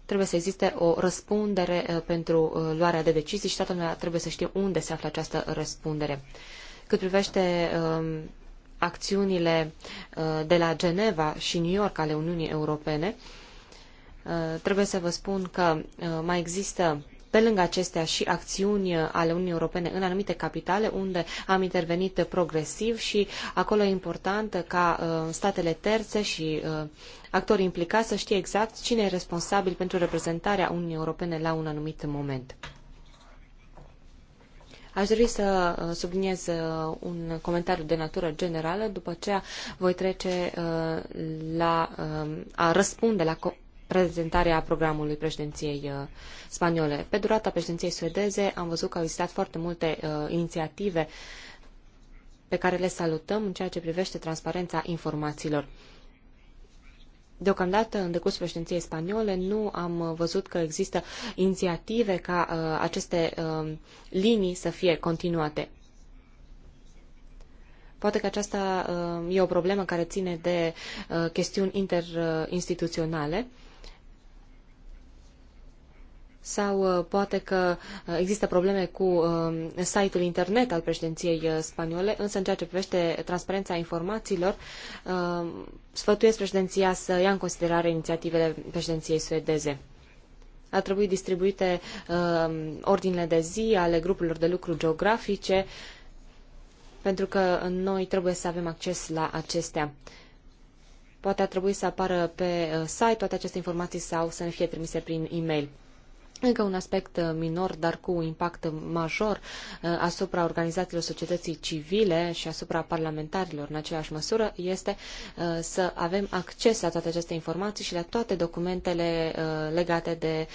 Trebuie să existe o răspundere uh, pentru luarea de decizii și toată lumea trebuie să știe unde se află această răspundere. Cât privește uh, acțiunile uh, de la Geneva și New York ale Uniunii Europene, uh, Uh, trebuie să vă spun că uh, mai există pe lângă acestea și acțiuni uh, ale Uniunii Europene în anumite capitale unde am intervenit progresiv și acolo e important ca statele terțe și actorii implicați să știe exact cine e responsabil pentru reprezentarea Uniunii Europene la un anumit moment. Aș dori să subliniez un comentariu de natură generală, după aceea voi trece la a răspunde la prezentarea programului președinției uh, spaniole. Pe durata președinției suedeze am văzut că au existat foarte multe uh, inițiative pe care le salutăm în ceea ce privește transparența informațiilor. Deocamdată, în decursul președinției spaniole, nu am uh, văzut că există inițiative ca uh, aceste uh, linii să fie continuate. Poate că aceasta uh, e o problemă care ține de uh, chestiuni interinstituționale. Uh, sau uh, poate că uh, există probleme cu uh, site-ul internet al președinției spaniole, însă în ceea ce privește transparența informațiilor, sfătuiesc președinția să ia în considerare inițiativele președinției suedeze. Ar trebui distribuite ordinele de zi ale grupurilor de lucru geografice, pentru că noi trebuie să avem acces la acestea. Poate ar trebui să apară pe site toate aceste informații sau să ne fie trimise prin e-mail. Încă un aspect uh, minor, dar cu impact major uh, asupra organizațiilor societății civile și asupra parlamentarilor în aceeași măsură este uh, să avem acces la toate aceste informații și la toate documentele legate de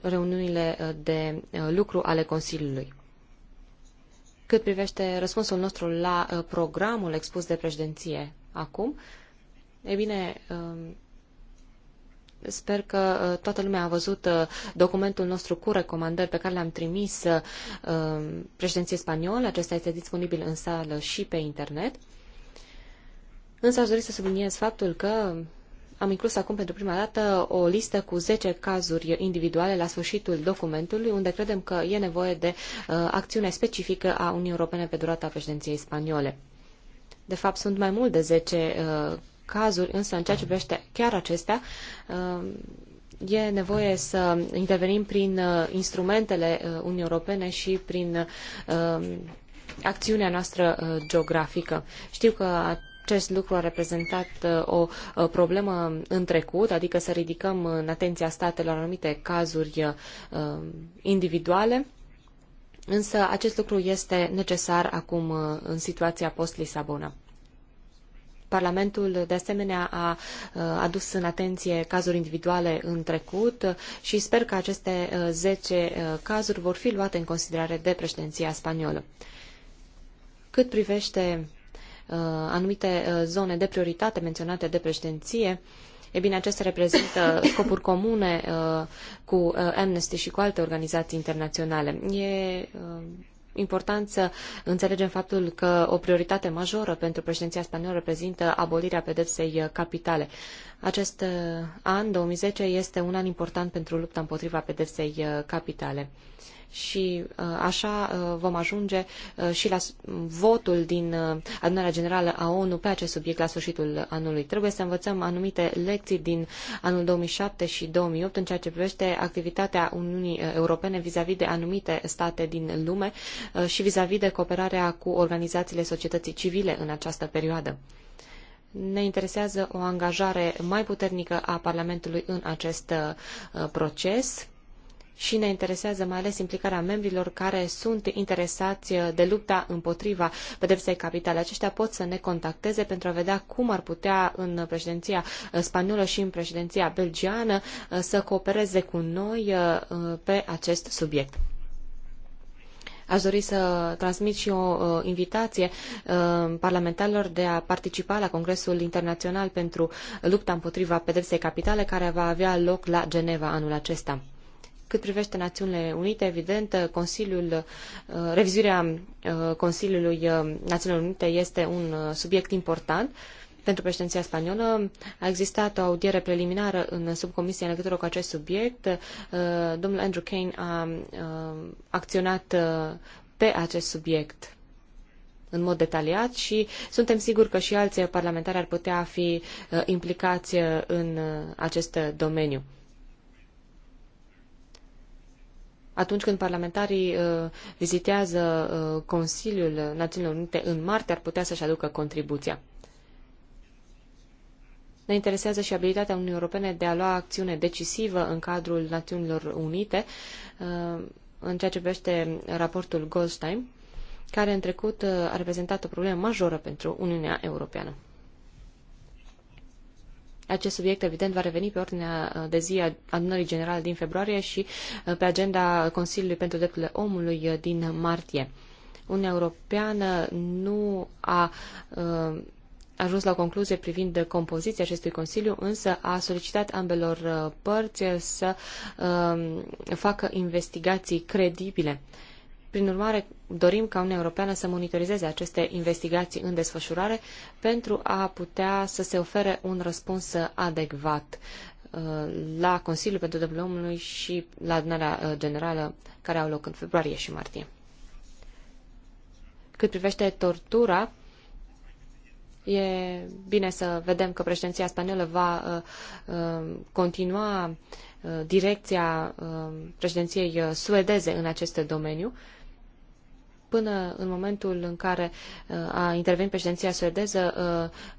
reuniunile de lucru ale Consiliului. Cât privește răspunsul nostru la programul expus de președinție acum, e bine, Sper că uh, toată lumea a văzut uh, documentul nostru cu recomandări pe care le-am trimis uh, președinției spaniole. Acesta este disponibil în sală și pe internet. Însă aș dori să subliniez faptul că am inclus acum pentru prima dată o listă cu 10 cazuri individuale la sfârșitul documentului, unde credem că e nevoie de uh, acțiune specifică a Uniunii Europene pe durata președinției spaniole. De fapt, sunt mai mult de 10 uh, cazuri, însă în ceea ce privește chiar acestea, um, e nevoie să intervenim prin uh, instrumentele uh, Uniunii Europene și prin um, acțiunea noastră uh, geografică. Știu că acest lucru a reprezentat o problemă în trecut, adică să ridicăm în atenția statelor anumite cazuri um, individuale, însă acest lucru este necesar acum în situația post-Lisabona. Parlamentul, de asemenea, a adus în atenție cazuri individuale în trecut și sper că aceste zece cazuri vor fi luate în considerare de președinția spaniolă. Cât privește anumite zone de prioritate menționate de președinție, E bine, acestea reprezintă *coughs* scopuri comune cu Amnesty și cu alte organizații internaționale. E important să înțelegem faptul că o prioritate majoră pentru președinția spaniolă reprezintă abolirea pedepsei uh, capitale. Acest uh, an, 2010, este un an important pentru lupta împotriva pedepsei uh, capitale și uh, așa uh, vom ajunge uh, și la votul din adunarea generală a ONU pe acest subiect la sfârșitul anului. Trebuie să învățăm anumite lecții din anul 2007 și 2008 în ceea ce privește activitatea Uniunii Europene vis-a-vis de anumite state din lume și vis a -vis de cooperarea cu organizațiile societății civile în această perioadă ne interesează o angajare mai puternică a Parlamentului în acest proces și ne interesează mai ales implicarea membrilor care sunt interesați de lupta împotriva pedepsei capitale. Aceștia pot să ne contacteze pentru a vedea cum ar putea în președinția spaniolă și în președinția belgiană uh, să coopereze cu noi uh, uh, pe acest subiect. Aș dori să transmit și o invitație parlamentarilor de a participa la Congresul Internațional pentru Lupta împotriva pedepsei capitale, care va avea loc la Geneva anul acesta. Cât privește Națiunile Unite, evident, Consiliul, uh, revizuirea uh, Consiliului uh, Națiunilor Unite este un subiect important pentru președinția spaniolă. A existat o audiere preliminară în subcomisie în legătură cu acest subiect. Domnul Andrew Kane a acționat pe acest subiect în mod detaliat și suntem siguri că și alții parlamentari ar putea fi implicați în acest domeniu. atunci când parlamentarii uh, vizitează uh, Consiliul Națiunilor Unite în martie, ar putea să-și aducă contribuția. Ne interesează și abilitatea Uniunii Europene de a lua acțiune decisivă în cadrul Națiunilor Unite uh, în ceea ce privește raportul Goldstein, care în trecut a reprezentat o problemă majoră pentru Uniunea Europeană. Acest subiect, evident, va reveni pe ordinea uh, de zi a adunării generale din februarie și uh, pe agenda Consiliului pentru Drepturile Omului uh, din martie. Uniunea Europeană nu a ajuns la o concluzie privind compoziția acestui Consiliu, însă a solicitat ambelor părți să facă investigații credibile. Prin urmare, dorim ca Uniunea Europeană să monitorizeze aceste investigații în desfășurare pentru a putea să se ofere un răspuns adecvat uh, la Consiliul pentru Drepturile Omului și la adunarea uh, generală care au loc în februarie și martie. Cât privește tortura, e bine să vedem că președinția spaniolă va uh, continua direcția președinției suedeze în acest domeniu Până în momentul în care uh, a intervenit președinția suedeză,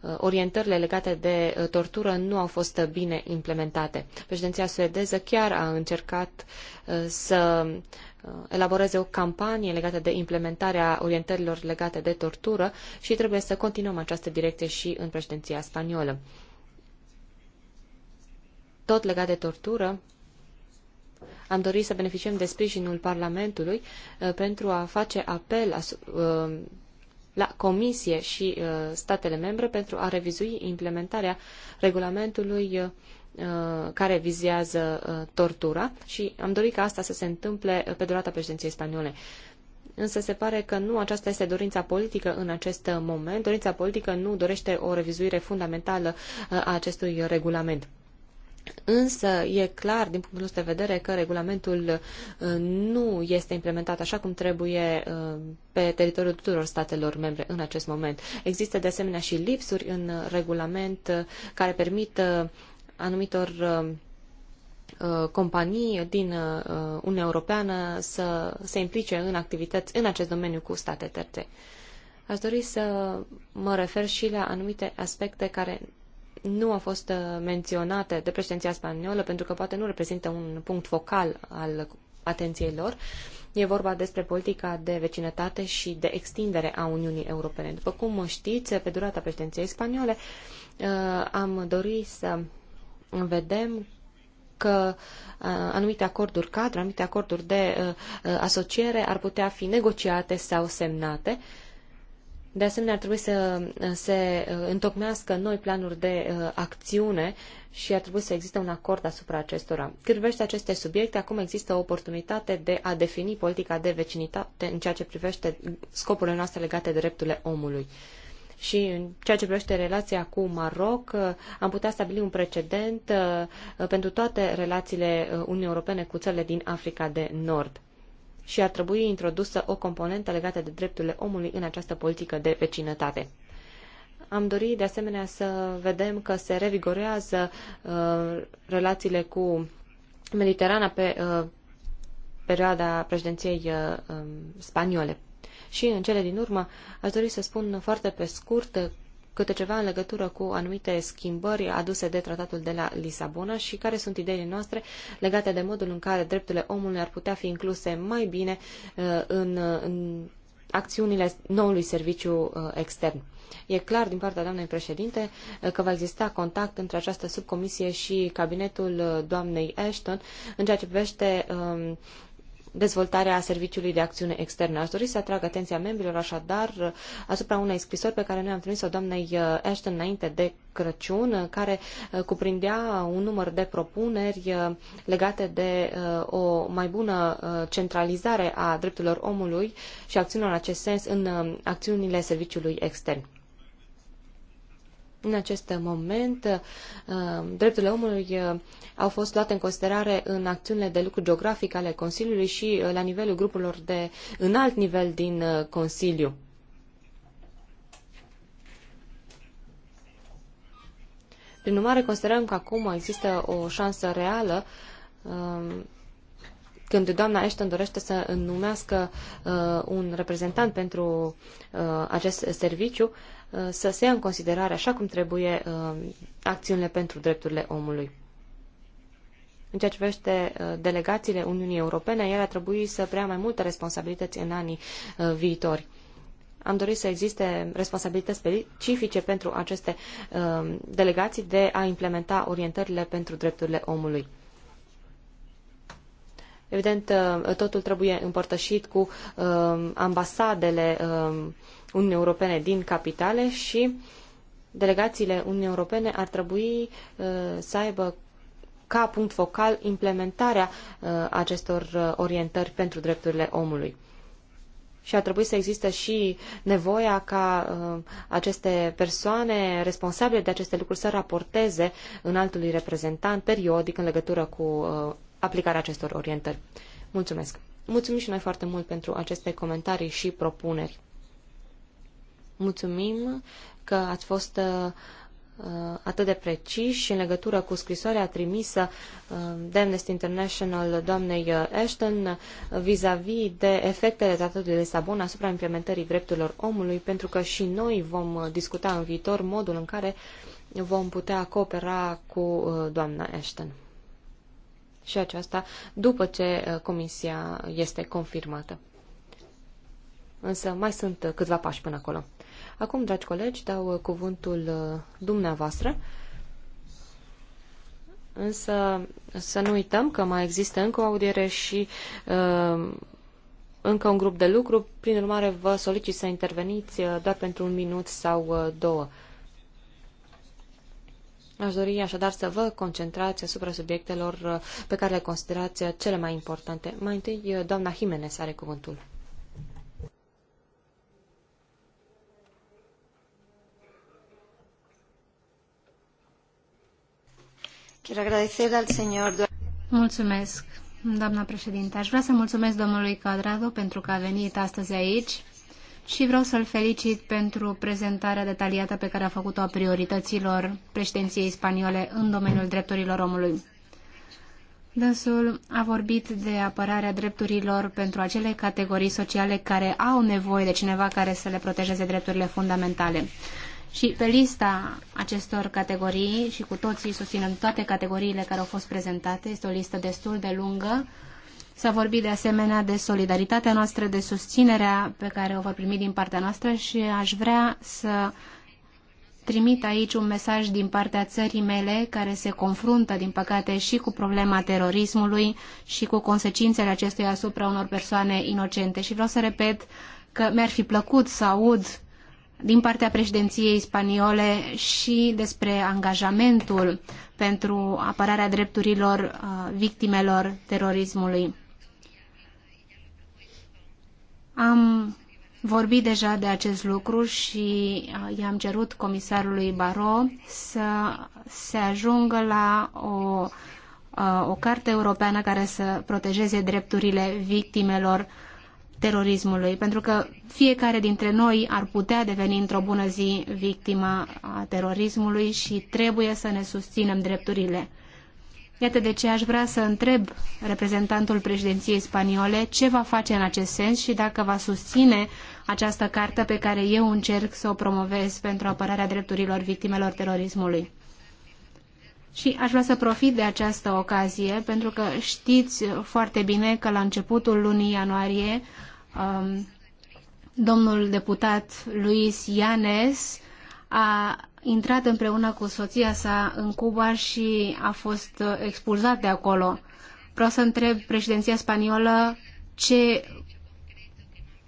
uh, uh, orientările legate de tortură nu au fost bine implementate. Președinția suedeză chiar a încercat să elaboreze o campanie legată de implementarea orientărilor legate de tortură și trebuie să continuăm această direcție și în președinția spaniolă. Tot legat de tortură, am dorit să beneficiem de sprijinul Parlamentului uh, pentru a face apel uh, la Comisie și uh, statele membre pentru a revizui implementarea regulamentului care vizează tortura și am dorit ca asta să se întâmple pe durata președinției spaniole însă se pare că nu aceasta este dorința politică în acest moment. Dorința politică nu dorește o revizuire fundamentală a acestui regulament. Însă e clar, din punctul nostru de vedere, că regulamentul uh, nu este implementat așa cum trebuie uh, pe teritoriul tuturor statelor membre în acest moment. Există de asemenea și lipsuri în regulament uh, care permit anumitor companii din Uniunea Europeană să se implice în activități în acest domeniu cu state terțe. Aș dori să mă refer și la anumite aspecte care nu au fost uh, menționate de președinția spaniolă pentru că poate nu reprezintă un punct focal al atenției lor. E vorba despre politica de vecinătate și de extindere a Uniunii Europene. După cum știți, pe durata președinției spaniole uh, am dorit să vedem că uh, anumite acorduri cadre, anumite acorduri de asociere ar putea fi negociate sau semnate de asemenea, ar trebui să uh, se uh, întocmească noi planuri de uh, acțiune și ar trebui să existe un acord asupra acestora. Cât privește aceste subiecte, acum există o oportunitate de a defini politica de vecinitate în ceea ce privește scopurile noastre legate de drepturile omului. Și în ceea ce privește relația cu Maroc, am putea stabili un precedent pentru toate relațiile Uniunii Europene cu țările din Africa de Nord și ar trebui introdusă o componentă legată de drepturile omului în această politică de vecinătate. Am dorit de asemenea să vedem că se revigorează uh, relațiile cu Mediterana pe uh, perioada președinției uh, um, spaniole. Și în cele din urmă aș dori să spun foarte pe scurt câte ceva în legătură cu anumite schimbări aduse de tratatul de la Lisabona și care sunt ideile noastre legate de modul în care drepturile omului ar putea fi incluse mai bine uh, în, uh, în acțiunile noului serviciu uh, extern. E clar din partea doamnei președinte că va exista contact între această subcomisie și cabinetul doamnei Ashton în ceea ce privește um, dezvoltarea Serviciului de Acțiune Externă. Aș dori să atrag atenția membrilor așadar asupra unei scrisori pe care noi am trimis-o doamnei uh, Ashton înainte de Crăciun, uh, care uh, cuprindea un număr de propuneri legate de o mai bună centralizare a drepturilor omului și acțiunilor în acest sens în acțiunile Serviciului Extern. În acest moment, uh, drepturile omului uh, au fost luate în considerare în acțiunile de lucru geografic ale Consiliului și uh, la nivelul grupurilor de înalt nivel din Consiliu. Prin urmare, considerăm că acum există o șansă reală um, când doamna Ashton dorește să numească un reprezentant pentru acest serviciu, Uh, să se ia în considerare așa cum trebuie uh, acțiunile pentru drepturile omului. În ceea ce privește uh, delegațiile Uniunii Europene, ele ar trebui să preia mai multe responsabilități în anii viitori. Am dorit să existe responsabilități specifice pentru aceste delegații de a implementa orientările pentru drepturile omului. Evident, totul trebuie împărtășit cu ambasadele Uniunii Europene din capitale și delegațiile Uniunii Europene ar trebui uh, să aibă ca punct focal implementarea uh, acestor uh, orientări pentru drepturile omului. Și ar trebui să existe și nevoia ca aceste persoane responsabile de aceste lucruri să raporteze în altului reprezentant periodic în legătură cu aplicarea acestor orientări. Mulțumesc! Mulțumim și noi foarte mult pentru aceste comentarii și propuneri. Mulțumim că ați fost uh, uh, atât de preciși în legătură cu scrisoarea trimisă uh, de Amnesty International doamnei Ashton vis-a-vis de efectele Tratatului de Lisabona asupra implementării drepturilor omului, pentru că și noi vom discuta în viitor modul în care vom putea coopera cu doamna Ashton. Și aceasta după ce comisia este confirmată. Însă mai sunt câțiva pași până acolo. Acum, dragi colegi, dau uh, cuvântul uh, dumneavoastră. Însă să nu uităm că mai există încă o audiere și uh, încă un grup de lucru. Prin urmare, vă solicit să interveniți uh, doar pentru un minut sau două. Aș dori așadar să vă concentrați asupra subiectelor pe care le considerați cele mai importante. Mai întâi, doamna Jimenez are cuvântul. Mulțumesc, doamna președinte. Aș vrea să mulțumesc domnului Cadrado pentru că a venit astăzi aici și vreau să-l felicit pentru prezentarea detaliată pe care a făcut-o a priorităților președinției spaniole în domeniul drepturilor omului. Dânsul a vorbit de apărarea drepturilor pentru acele categorii sociale care au nevoie de cineva care să le protejeze drepturile fundamentale. Și pe lista acestor categorii, și cu toții susținem toate categoriile care au fost prezentate, este o listă destul de lungă, S-a vorbit de asemenea de solidaritatea noastră, de susținerea pe care o vor primi din partea noastră și aș vrea să trimit aici un mesaj din partea țării mele care se confruntă, din păcate, și cu problema terorismului și cu consecințele acestuia asupra unor persoane inocente. Și vreau să repet că mi-ar fi plăcut să aud din partea președinției spaniole și despre angajamentul pentru apărarea drepturilor uh, victimelor terorismului. Am vorbit deja de acest lucru și uh, i-am cerut comisarului Baro să se ajungă la o, uh, o carte europeană care să protejeze drepturile victimelor terorismului, pentru că fiecare dintre noi ar putea deveni într-o bună zi victima a terorismului și trebuie să ne susținem drepturile. Iată de ce aș vrea să întreb reprezentantul președinției spaniole ce va face în acest sens și dacă va susține această carte pe care eu încerc să o promovez pentru apărarea drepturilor victimelor terorismului. Și aș vrea să profit de această ocazie, pentru că știți foarte bine că la începutul lunii ianuarie um, domnul deputat Luis Ianes a intrat împreună cu soția sa în Cuba și a fost uh, expulzat de acolo. Vreau să întreb președinția spaniolă ce,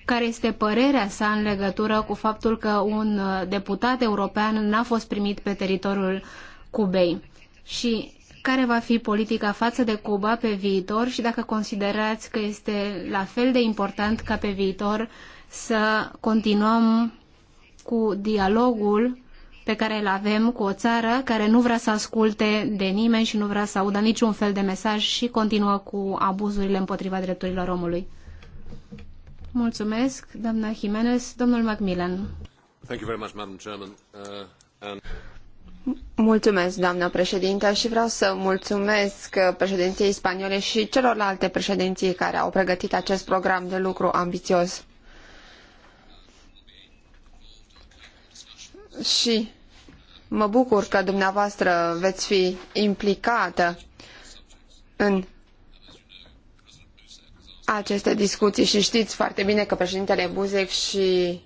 care este părerea sa în legătură cu faptul că un uh, deputat european n-a fost primit pe teritoriul Cubei. Și care va fi politica față de Cuba pe viitor și dacă considerați că este la fel de important ca pe viitor să continuăm cu dialogul pe care îl avem cu o țară care nu vrea să asculte de nimeni și nu vrea să audă niciun fel de mesaj și continuă cu abuzurile împotriva drepturilor omului. Mulțumesc, doamna Jimenez, domnul Macmillan. Thank you very much, Madam Chairman. Uh, and... Mulțumesc, doamnă președinte, și vreau să mulțumesc uh, președinției spaniole și celorlalte președinții care au pregătit acest program de lucru ambițios. Și mă bucur că dumneavoastră veți fi implicată în aceste discuții și știți foarte bine că președintele Buzek și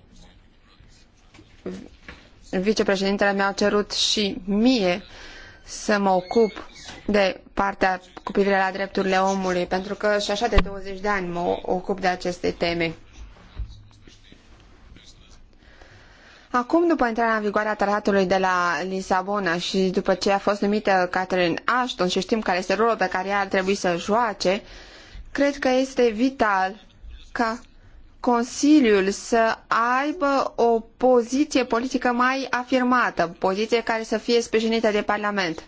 vicepreședintele mi-a cerut și mie să mă ocup de partea cu privire la drepturile omului, pentru că și așa de 20 de ani mă ocup de aceste teme. Acum, după intrarea în vigoare a tratatului de la Lisabona și după ce a fost numită Catherine Ashton și știm care este rolul pe care ea ar trebui să joace, cred că este vital ca Consiliul să aibă o poziție politică mai afirmată, poziție care să fie sprijinită de Parlament.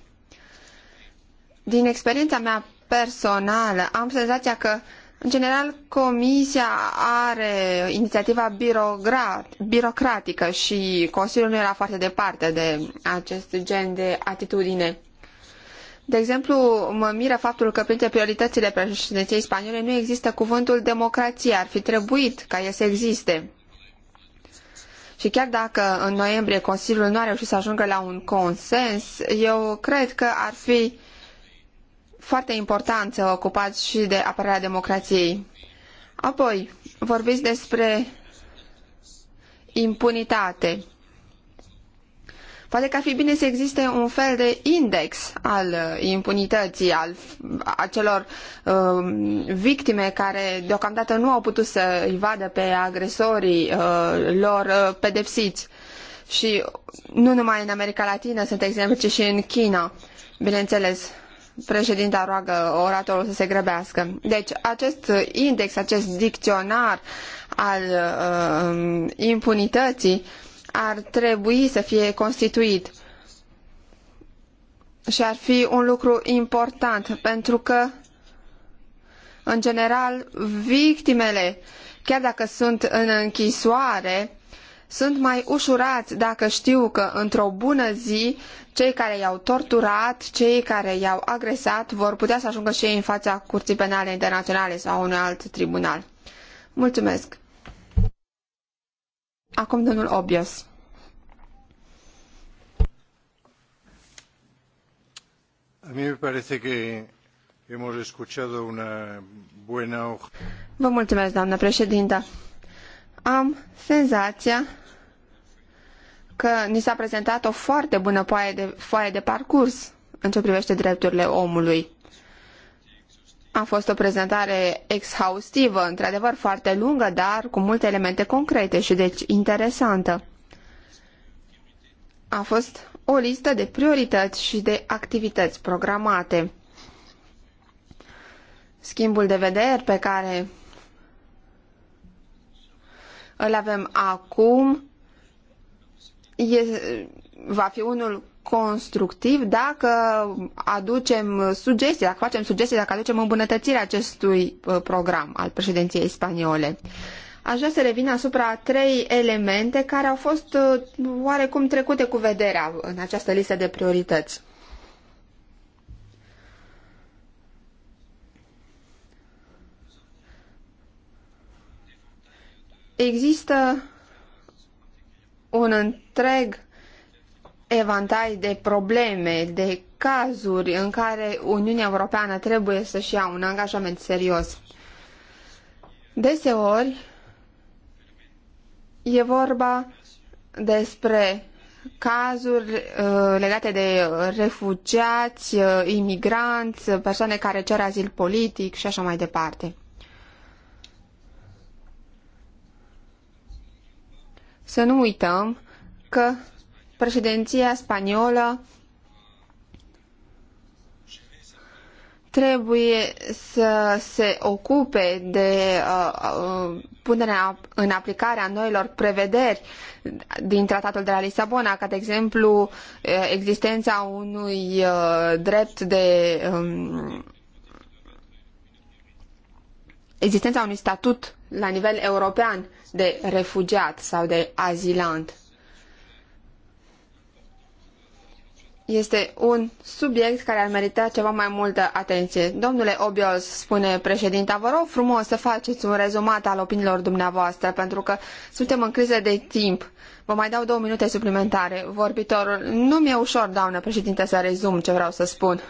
Din experiența mea personală, am senzația că, în general, Comisia are inițiativa birocratică și Consiliul nu era foarte departe de acest gen de atitudine. De exemplu, mă miră faptul că printre prioritățile președinției spaniole nu există cuvântul democrație. Ar fi trebuit ca el să existe. Și chiar dacă în noiembrie Consiliul nu a reușit să ajungă la un consens, eu cred că ar fi foarte important să ocupați și de apărarea democrației. Apoi, vorbiți despre impunitate. Poate că ar fi bine să existe un fel de index al uh, impunității, al uh, acelor um, victime care deocamdată nu au putut să îi vadă pe agresorii uh, lor uh, pedepsiți. Și nu numai în America Latină sunt exemple, ci și în China. Bineînțeles, președinta roagă oratorul să se grăbească. Deci, acest index, acest dicționar al uh, impunității uh, ar trebui să fie constituit. Și ar fi un lucru important, pentru că, în general, victimele, chiar dacă sunt în închisoare, sunt mai ușurați dacă știu că într-o bună zi cei care i-au torturat, cei care i-au agresat vor putea să ajungă și ei în fața Curții Penale Internaționale sau unui alt tribunal. Mulțumesc! Acum domnul Obios. Vă mulțumesc, doamnă președintă. Am senzația că ni s-a prezentat o foarte bună foaie de, foaie de parcurs în ce privește drepturile omului. A fost o prezentare exhaustivă, într-adevăr foarte lungă, dar cu multe elemente concrete și deci interesantă. A fost o listă de priorități și de activități programate. Schimbul de vederi pe care îl avem acum e, va fi unul constructiv dacă aducem sugestii, dacă facem sugestii, dacă aducem îmbunătățirea acestui uh, program al președinției spaniole aș vrea să revin asupra trei elemente care au fost uh, oarecum trecute cu vederea în această listă de priorități. Există un întreg evantai de probleme, de cazuri în care Uniunea Europeană trebuie să-și ia un angajament serios. Deseori, E vorba despre cazuri uh, legate de refugiați, uh, imigranți, persoane care cer azil politic și așa mai departe. Să nu uităm că președinția spaniolă trebuie să se ocupe de uh, uh, punerea în aplicare a noilor prevederi din Tratatul de la Lisabona, ca de exemplu uh, existența unui uh, drept de um, existența unui statut la nivel european de refugiat sau de azilant. este un subiect care ar merita ceva mai multă atenție. Domnule Obios, spune președinta, vă rog frumos să faceți un rezumat al opiniilor dumneavoastră, pentru că suntem în criză de timp. Vă mai dau două minute suplimentare. Vorbitorul, nu mi-e ușor, doamnă președinte, să rezum ce vreau să spun.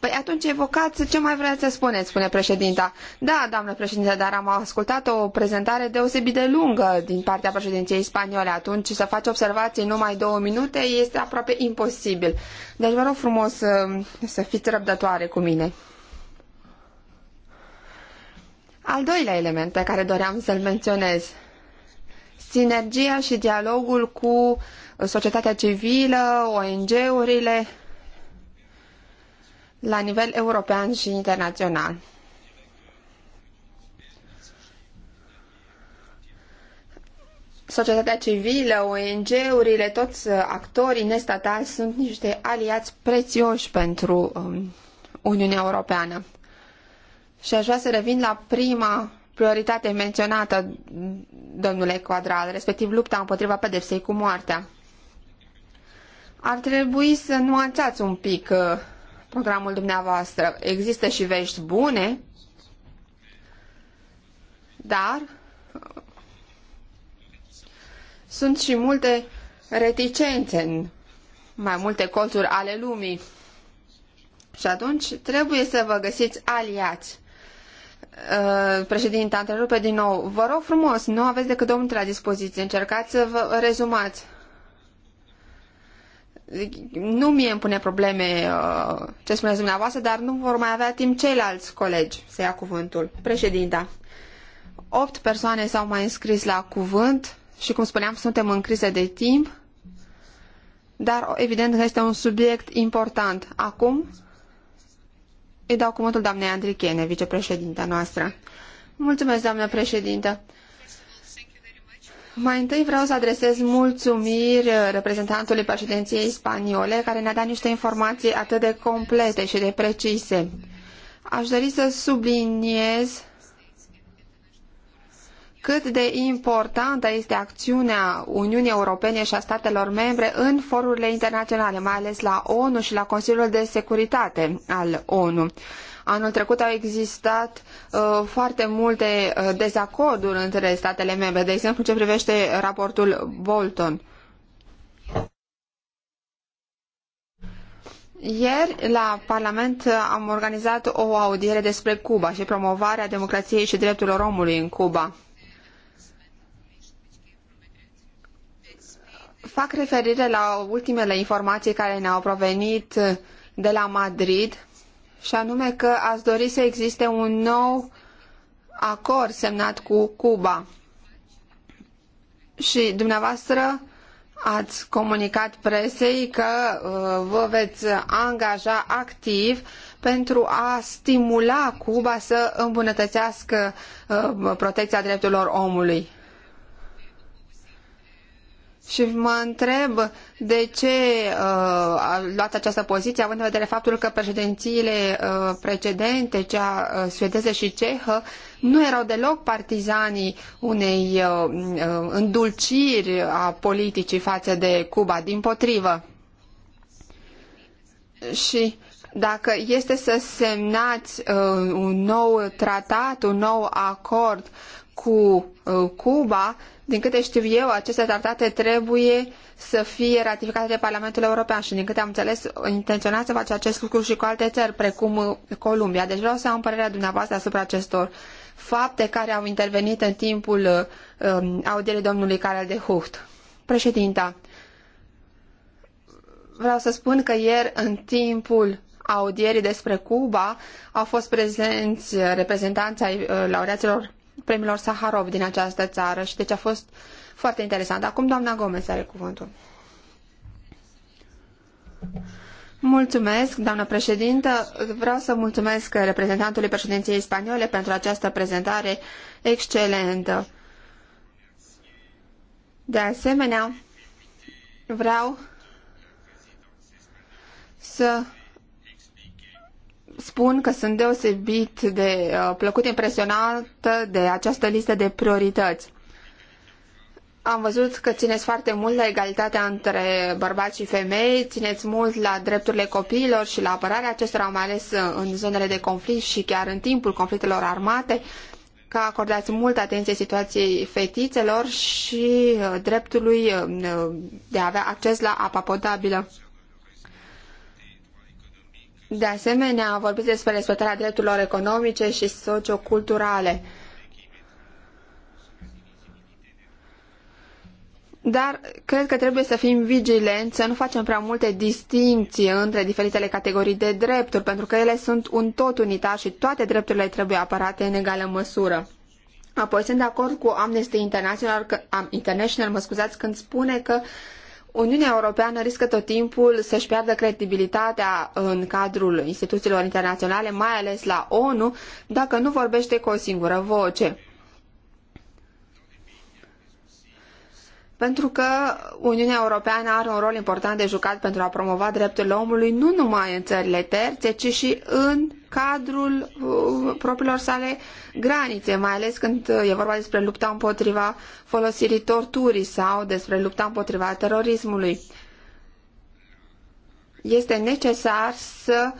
Păi atunci evocați ce mai vreți să spuneți, spune președinta. Da, doamnă președinte, dar am ascultat o prezentare deosebit de lungă din partea președinției spaniole. Atunci să faci observații numai două minute este aproape imposibil. Deci vă rog frumos să, um, să fiți răbdătoare cu mine. Al doilea element pe care doream să-l menționez, sinergia și dialogul cu societatea civilă, ONG-urile, la nivel european și internațional. Societatea civilă, ONG-urile, toți uh, actorii nestatali sunt niște aliați prețioși pentru um, Uniunea Europeană. Și aș vrea să revin la prima prioritate menționată, domnule Quadral, respectiv lupta împotriva pedepsei cu moartea. Ar trebui să nuanțați un pic uh, programul dumneavoastră. Există și vești bune, dar sunt și multe reticențe în mai multe colțuri ale lumii. Și atunci trebuie să vă găsiți aliați. Uh, președinte, întrerupe din nou. Vă rog frumos, nu aveți decât Domnul la dispoziție. Încercați să vă rezumați. Nu mie îmi pune probleme uh, ce spuneți dumneavoastră, dar nu vor mai avea timp ceilalți colegi să ia cuvântul. Președinta, opt persoane s-au mai înscris la cuvânt și, cum spuneam, suntem în criză de timp, dar evident că este un subiect important. Acum îi dau cuvântul doamnei Andrichene, vicepreședinta noastră. Mulțumesc, doamnă președintă. Mai întâi vreau să adresez mulțumiri reprezentantului președinției spaniole, care ne-a dat niște informații atât de complete și de precise. Aș dori să subliniez cât de importantă este acțiunea Uniunii Europene și a statelor membre în forurile internaționale, mai ales la ONU și la Consiliul de Securitate al ONU. Anul trecut au existat uh, foarte multe uh, dezacorduri între statele membre, de exemplu ce privește raportul Bolton. Ieri la Parlament uh, am organizat o audiere despre Cuba și promovarea democrației și drepturilor omului în Cuba. Fac referire la ultimele informații care ne-au provenit uh, de la Madrid și anume că ați dori să existe un nou acord semnat cu Cuba. Și dumneavoastră ați comunicat presei că uh, vă veți angaja activ pentru a stimula Cuba să îmbunătățească uh, protecția drepturilor omului. Și mă întreb de ce uh, a luat această poziție, având în vedere faptul că președințiile uh, precedente, cea uh, suedeză și cehă, nu erau deloc partizanii unei uh, uh îndulciri a politicii față de Cuba, din potrivă. Și dacă este să semnați uh, un nou tratat, un nou acord cu uh, Cuba, din câte știu eu, aceste tratate trebuie să fie ratificate de Parlamentul European și, din câte am înțeles, intenționați să face acest lucru și cu alte țări, precum uh, Columbia. Deci vreau să am părerea dumneavoastră asupra acestor fapte care au intervenit în timpul uh, um, audierii domnului Karel de Hucht. Președinta, vreau să spun că ieri, în timpul audierii despre Cuba, au fost prezenți reprezentanți ai uh, laureaților premiilor Saharov din această țară și deci a fost foarte interesant. Acum doamna Gomez are cuvântul. Mulțumesc, doamnă președintă. Vreau să mulțumesc reprezentantului președinției spaniole pentru această prezentare excelentă. De asemenea, vreau să spun că sunt deosebit de uh, plăcut impresionată de această listă de priorități. Am văzut că țineți foarte mult la egalitatea între bărbați și femei, țineți mult la drepturile copiilor și la apărarea acestora, mai ales uh, în zonele de conflict și chiar în timpul conflictelor armate, că acordați multă atenție situației fetițelor și uh, dreptului de a avea acces la apa potabilă. De asemenea, vorbit despre respectarea drepturilor economice și socioculturale. Dar cred că trebuie să fim vigilenți, să nu facem prea multe distinții între diferitele categorii de drepturi, pentru că ele sunt un tot unitar și toate drepturile trebuie apărate în egală măsură. Apoi sunt de acord cu Amnesty International, că, International mă scuzați, când spune că uh, Uniunea Europeană riscă tot timpul să-și piardă credibilitatea în cadrul instituțiilor internaționale, mai ales la ONU, dacă nu vorbește cu o singură voce. pentru că Uniunea Europeană are un rol important de jucat pentru a promova drepturile omului nu numai în țările terțe, ci și în cadrul uh, propriilor sale granițe, mai ales când uh, e vorba despre lupta împotriva folosirii torturii sau despre lupta împotriva terorismului. Este necesar să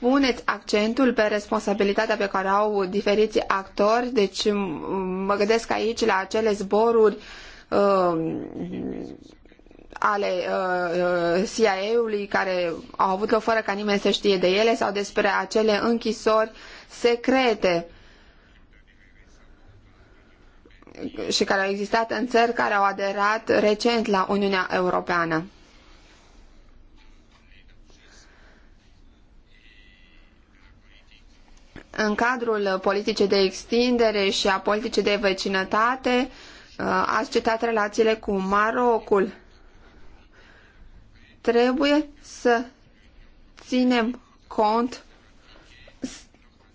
puneți accentul pe responsabilitatea pe care au diferiți actori, deci mă gândesc aici la acele zboruri Um, ale uh, uh CIA-ului care au avut loc fără ca nimeni să știe de ele sau despre acele închisori secrete și care au existat în țări care au aderat recent la Uniunea Europeană. În cadrul politicii de extindere și a politicii de vecinătate, Uh, ați citat relațiile cu Marocul. Trebuie să ținem cont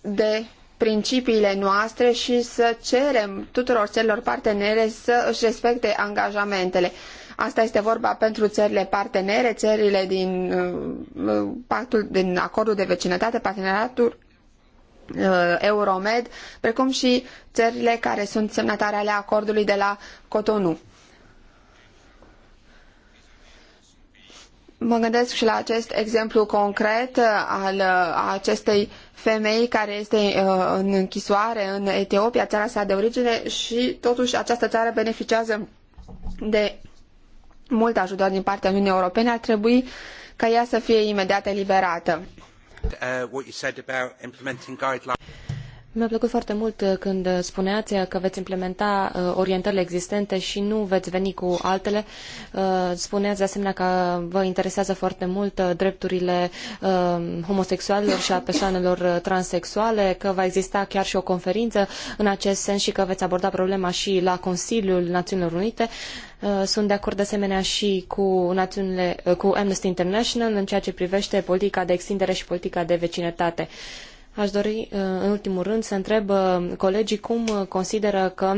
de principiile noastre și să cerem tuturor țărilor partenere să își respecte angajamentele. Asta este vorba pentru țările partenere, țările din uh, uh, pactul, din acordul de vecinătate, parteneriatul Uh, Euromed, precum și țările care sunt semnatare ale acordului de la Cotonou. Mă gândesc și la acest exemplu concret uh, al uh, acestei femei care este în închisoare în Etiopia, țara sa de origine, și totuși această țară beneficiază de mult ajutor din partea Uniunii Europene, ar trebui ca ea să fie imediat eliberată. Uh, what you said about implementing guidelines. Mi-a plăcut foarte mult uh, când uh, spuneați uh, că veți implementa orientările existente și nu veți veni cu altele. Spuneați de asemenea că vă interesează foarte mult drepturile homosexualilor și a persoanelor transexuale, că va exista chiar și o conferință în acest sens și că veți aborda problema și la Consiliul Națiunilor Unite. Sunt de acord de asemenea și cu, națiunile, cu Amnesty International în ceea ce privește politica de extindere și politica de vecinătate. Aș dori, uh, în ultimul rând, să întreb uh, colegii cum uh, consideră că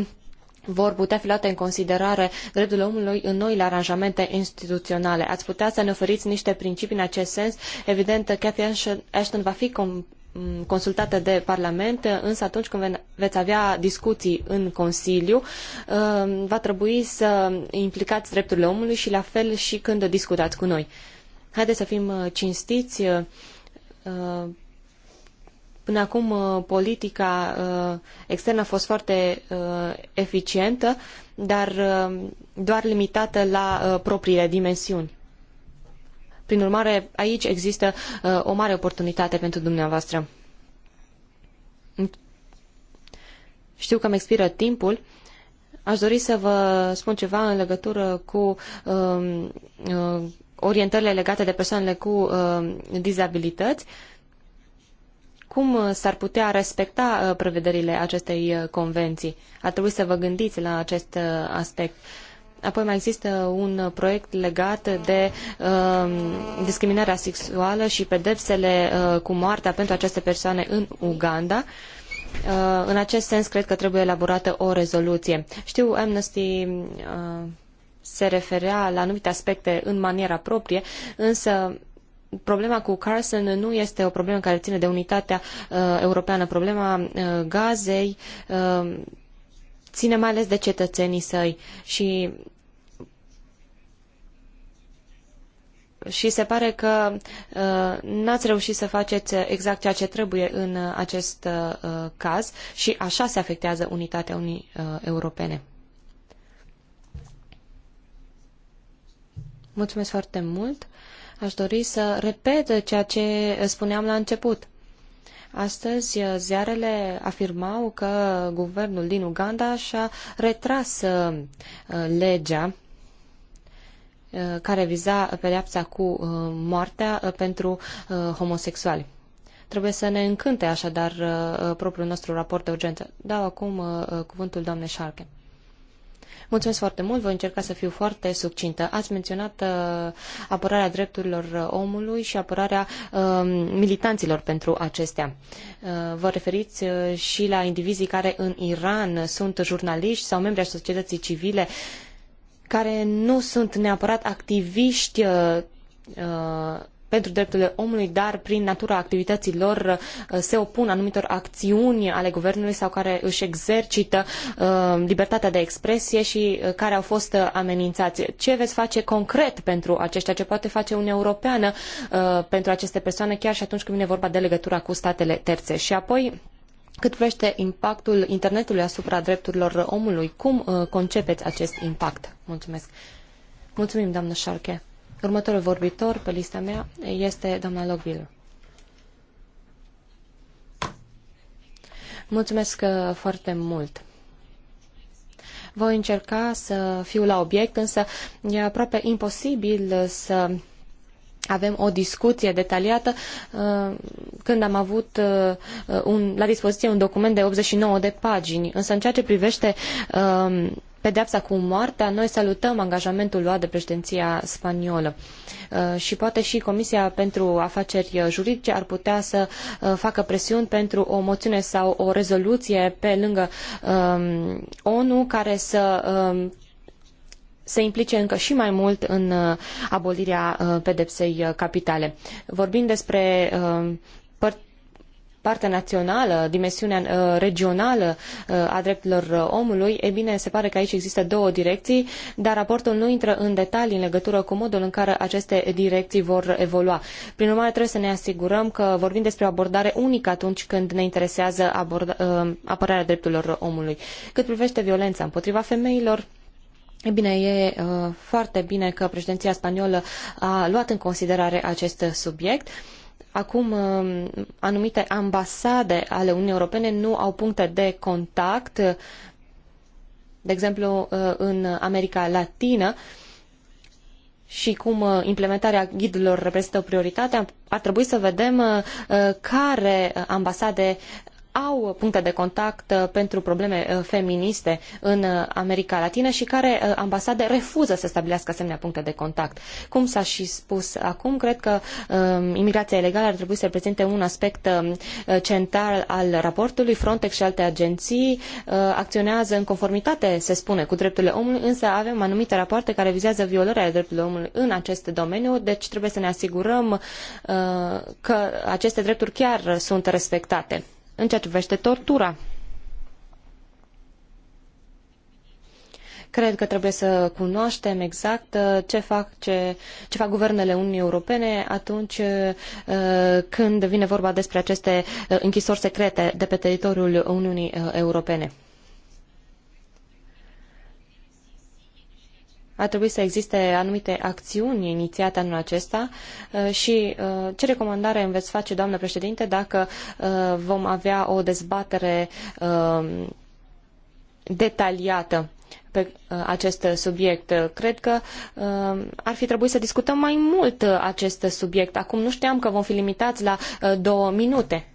vor putea fi luate în considerare drepturile omului în noile aranjamente instituționale. Ați putea să ne oferiți niște principii în acest sens? Evident, Cathy Ashton va fi mm, consultată de Parlament, însă atunci când veți avea discuții în Consiliu, va trebui să implicați drepturile omului și la fel și când discutați cu noi. Haideți să fim cinstiți Până acum uh, politica uh, externă a fost foarte uh, eficientă, dar doar limitată la propriile dimensiuni. Prin urmare, aici există o mare oportunitate pentru dumneavoastră. Știu că îmi expiră timpul. Aș dori să vă spun ceva în legătură cu um, orientările legate de persoanele cu dizabilități. Uh, cum uh, s-ar putea respecta uh, prevederile acestei uh, convenții? Ar trebui să vă gândiți la acest aspect. Apoi mai există un proiect legat de uh, discriminarea sexuală și pedepsele uh, cu moartea pentru aceste persoane în Uganda. Uh, în acest sens, cred că trebuie elaborată o rezoluție. Știu, Amnesty se referea la anumite aspecte în maniera proprie, însă problema cu Carson nu este o problemă care ține de unitatea uh, europeană. Problema uh, gazei uh, ține mai ales de cetățenii săi și și se pare că uh, n-ați reușit să faceți exact ceea ce trebuie în uh, acest uh, caz și așa se afectează unitatea Unii uh, Europene. Mulțumesc foarte mult. Aș dori să repet ceea ce spuneam la început. Astăzi, ziarele afirmau că guvernul din Uganda și-a retras uh, legea uh, care viza pedeapsa cu uh, moartea pentru homosexuali. Trebuie să ne încânte așadar propriul nostru raport de urgență. Dau acum cuvântul doamnei Șarche. Mulțumesc foarte mult, voi încerca să fiu foarte succintă. Ați menționat uh, apărarea drepturilor omului și apărarea uh, militanților pentru acestea. Uh, vă referiți uh, și la indivizii care în Iran sunt jurnaliști sau membri ai societății civile care nu sunt neapărat activiști uh, uh pentru drepturile omului, dar prin natura activităților uh, se opun anumitor acțiuni ale guvernului sau care își exercită uh, libertatea de expresie și uh, care au fost amenințați. Ce veți face concret pentru aceștia? Ce poate face Uniunea Europeană pentru aceste persoane chiar și atunci când vine vorba de legătura cu statele terțe? Și apoi, cât privește impactul internetului asupra drepturilor omului, cum concepeți acest impact? Mulțumesc. Mulțumim, doamnă Șarche. Următorul vorbitor pe lista mea este doamna Logville. Mulțumesc uh, foarte mult! Voi încerca să fiu la obiect, însă e aproape imposibil să avem o discuție detaliată uh, când am avut uh, un, la dispoziție un document de 89 de pagini. Însă în ceea ce privește pedeapsa cu moartea, noi salutăm angajamentul luat de președinția spaniolă. Uh, și poate și Comisia pentru Afaceri Juridice ar putea să uh, facă presiuni pentru o moțiune sau o rezoluție pe lângă um, ONU care să um, se implice încă și mai mult în uh, abolirea pedepsei capitale. Vorbim despre partea națională, dimensiunea uh, regională uh, a drepturilor omului, e bine, se pare că aici există două direcții, dar raportul nu intră în detalii în legătură cu modul în care aceste direcții vor evolua. Prin urmare, trebuie să ne asigurăm că vorbim despre o abordare unică atunci când ne interesează aborda, uh, apărarea drepturilor omului. Cât privește violența împotriva femeilor, E bine, e foarte bine că președinția spaniolă a luat în considerare acest subiect. Uh, Acum, um, anumite ambasade ale Uniunii Europene nu au puncte de contact, de exemplu, uh, în America Latină, și cum uh, implementarea ghidurilor reprezintă o prioritate, ar trebui să vedem uh, care ambasade au puncte de contact uh, pentru probleme uh, feministe în uh, America Latină și care ambasade refuză să stabilească asemenea puncte de contact. Cum s-a și spus acum, cred că um, imigrația ilegală ar trebui să reprezinte un aspect um, central al raportului. Frontex și alte agenții acționează în conformitate, se spune, cu drepturile omului, însă avem anumite rapoarte care vizează violarea drepturilor omului în acest domeniu, deci trebuie să ne asigurăm că aceste drepturi chiar sunt respectate în ceea ce privește tortura. Cred că trebuie să cunoaștem exact uh, ce fac, ce, ce fac guvernele Uniunii Europene atunci uh, când vine vorba despre aceste uh, închisori secrete de pe teritoriul Uniunii Europene. ar trebui să existe anumite acțiuni inițiate anul acesta uh, și uh, ce recomandare îmi veți face, doamnă președinte, dacă uh, vom avea o dezbatere um, detaliată pe acest subiect. Cred că um, ar fi trebuit să discutăm mai mult acest subiect. Acum nu știam că vom fi limitați la două minute.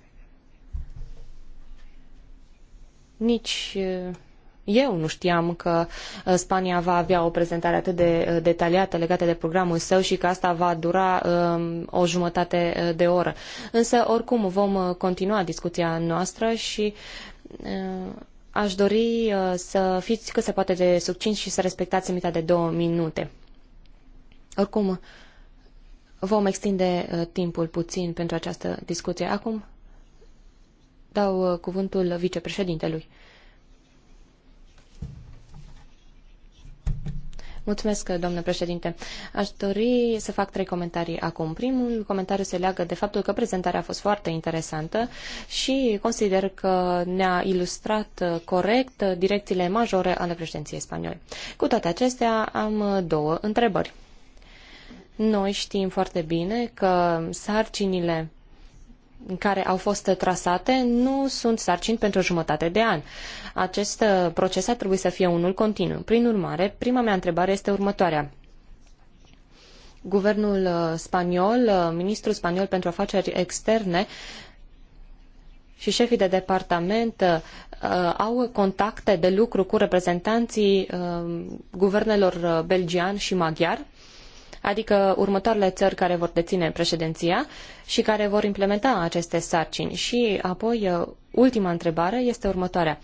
Nici eu nu știam că uh, Spania va avea o prezentare atât de uh, detaliată legată de programul său și că asta va dura um, o jumătate uh, de oră. Însă, oricum, vom continua discuția noastră și aș dori să fiți cât se poate de succint și să respectați limita de două minute. Oricum, vom extinde timpul puțin pentru această discuție. Acum dau cuvântul vicepreședintelui. Mulțumesc, domnule președinte. Aș dori să fac trei comentarii acum. Primul comentariu se leagă de faptul că prezentarea a fost foarte interesantă și consider că ne-a ilustrat corect direcțiile majore ale președinției spaniole. Cu toate acestea, am două întrebări. Noi știm foarte bine că sarcinile care au fost trasate nu sunt sarcini pentru jumătate de an. Acest uh, proces ar trebui să fie unul continuu. Prin urmare, prima mea întrebare este următoarea. Guvernul uh, spaniol, uh, ministrul spaniol pentru afaceri externe și șefii de departament au contacte de lucru cu reprezentanții guvernelor belgian și maghiar adică următoarele țări care vor deține președinția și care vor implementa aceste sarcini. Și apoi, uh, ultima întrebare este următoarea.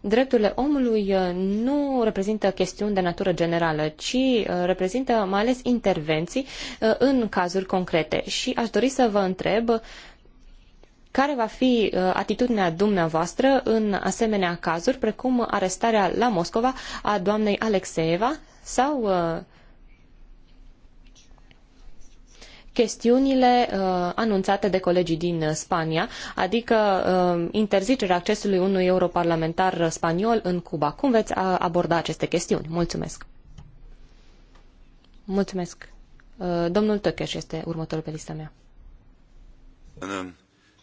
Drepturile omului uh, nu reprezintă chestiuni de natură generală, ci uh, reprezintă mai ales intervenții în cazuri concrete. Și aș dori să vă întreb care va fi atitudinea dumneavoastră în asemenea cazuri, precum arestarea la Moscova a doamnei Alexeeva sau uh, chestiunile uh, anunțate de colegii din uh, Spania, adică uh, interzicerea accesului unui europarlamentar spaniol în Cuba. Cum veți uh, aborda aceste chestiuni? Mulțumesc! Mulțumesc! Uh, domnul Tăcheș este următorul pe lista mea.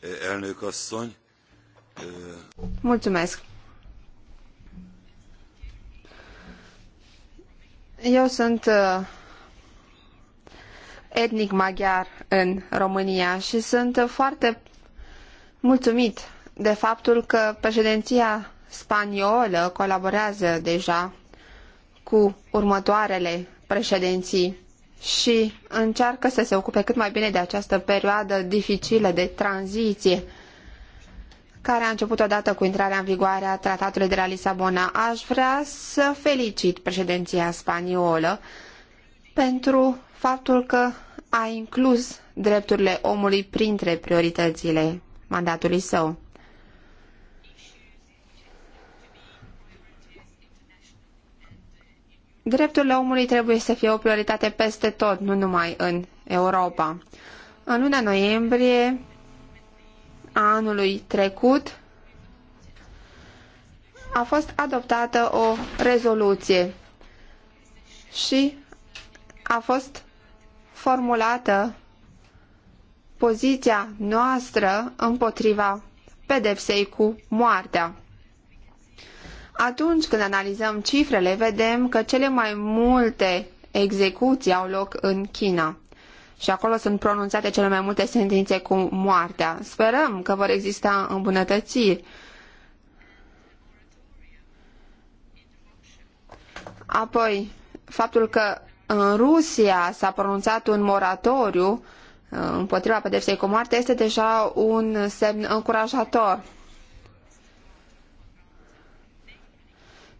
Eh, eh, Mulțumesc! Eu sunt uh, etnic maghiar în România și sunt foarte mulțumit de faptul că președinția spaniolă colaborează deja cu următoarele președinții și încearcă să se ocupe cât mai bine de această perioadă dificilă de tranziție care a început odată cu intrarea în vigoare a tratatului de la Lisabona. Aș vrea să felicit președinția spaniolă pentru faptul că a inclus drepturile omului printre prioritățile mandatului său. Drepturile omului trebuie să fie o prioritate peste tot, nu numai în Europa. În luna noiembrie anului trecut a fost adoptată o rezoluție și a fost formulată poziția noastră împotriva pedepsei cu moartea. Atunci când analizăm cifrele, vedem că cele mai multe execuții au loc în China și acolo sunt pronunțate cele mai multe sentințe cu moartea. Sperăm că vor exista îmbunătățiri. Apoi, faptul că în Rusia s-a pronunțat un moratoriu uh, împotriva pedepsei cu moartea este deja un semn încurajator.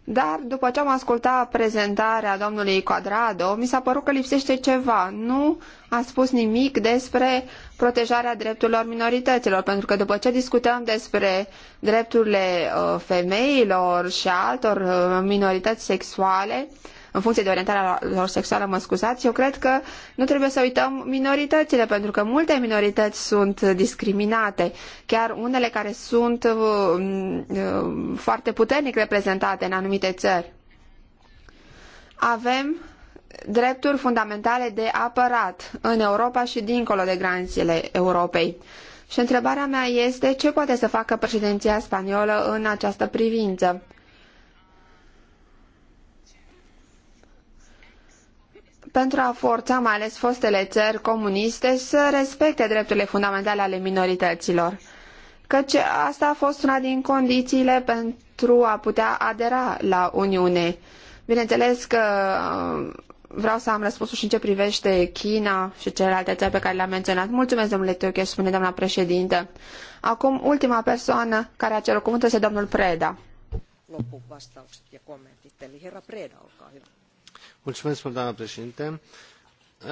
Dar după ce am ascultat prezentarea domnului Quadrado, mi s-a părut că lipsește ceva. Nu a spus nimic despre protejarea drepturilor minorităților, pentru că după ce discutăm despre drepturile uh, femeilor și altor uh, minorități sexuale, uh, în funcție de orientarea lor sexuală, mă scuzați, eu cred că nu trebuie să uităm minoritățile, pentru că multe minorități sunt discriminate, chiar unele care sunt uh, uh, foarte puternic reprezentate în anumite țări. Avem drepturi fundamentale de apărat în Europa și dincolo de granițele Europei. Și întrebarea mea este ce poate să facă președinția spaniolă în această privință? pentru a forța mai ales fostele țări comuniste să respecte drepturile fundamentale ale minorităților. Căci asta a fost una din condițiile pentru a putea adera la Uniune. Bineînțeles că uh, vreau să am răspunsul și în ce privește China și celelalte țări pe care le-am menționat. Mulțumesc, domnule Tioche, spune doamna președintă. Acum, ultima persoană care a cerut cuvântul este domnul Preda. vastaukset ja kommentit. Eli herra Preda, olkaa hyvä doamnă președinte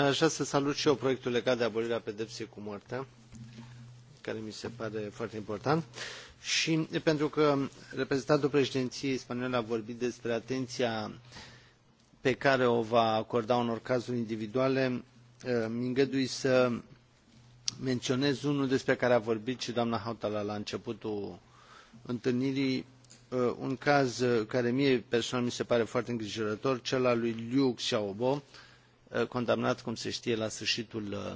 aș vrea să salut și eu proiectul legat de abolirea pedepsei cu moartea care mi se pare foarte important și pentru că reprezentantul președinției spaniole a vorbit despre atenția pe care o va acorda unor cazuri individuale îmi eh, îngădui să menționez unul despre care a vorbit și doamna hautala la începutul întâlnirii Uh, un caz uh, care mie personal mi se pare foarte îngrijorător cel al lui liu xiaobo uh, condamnat cum se știe la sfâritul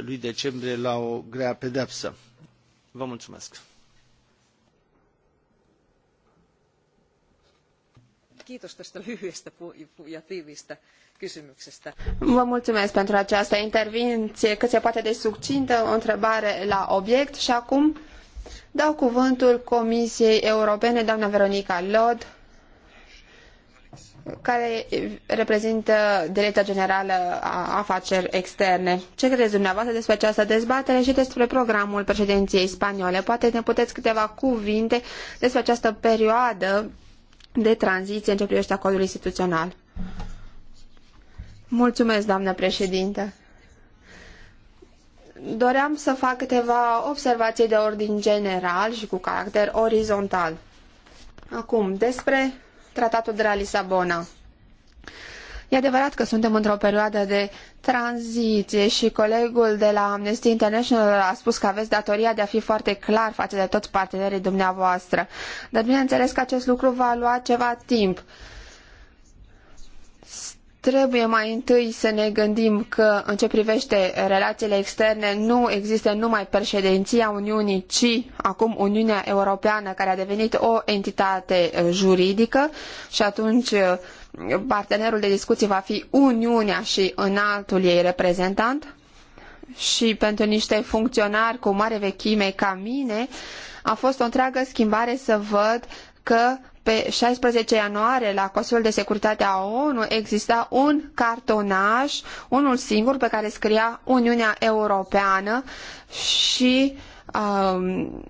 lui decembrie la o grea pedeapsă. Vă mulțumesc. Vă mulțumesc pentru această intervenție că se poate de succintă, o întrebare la obiect și acum Dau cuvântul Comisiei Europene, doamna Veronica Lod, care reprezintă Direcția Generală a Afaceri Externe. Ce credeți dumneavoastră despre această dezbatere și despre programul președinției spaniole? Poate ne puteți câteva cuvinte despre această perioadă de tranziție în ce privește acordul instituțional. Mulțumesc, doamnă președintă. Doream să fac câteva observații de ordin general și cu caracter orizontal. Acum, despre tratatul de la Lisabona. E adevărat că suntem într-o perioadă de tranziție și colegul de la Amnesty International a spus că aveți datoria de a fi foarte clar față de toți partenerii dumneavoastră. Dar bineînțeles că acest lucru va lua ceva timp. Uh, Trebuie mai întâi să ne gândim că în ce privește relațiile externe nu există numai președinția Uniunii, ci acum Uniunea Europeană care a devenit o entitate eh, juridică și atunci eh, partenerul de discuții va fi Uniunea și înaltul ei reprezentant și pentru niște funcționari cu mare vechime ca mine a fost o întreagă schimbare să văd că pe 16 ianuarie, la Consiliul de Securitate a ONU, exista un cartonaș, unul singur, pe care scria Uniunea Europeană și um,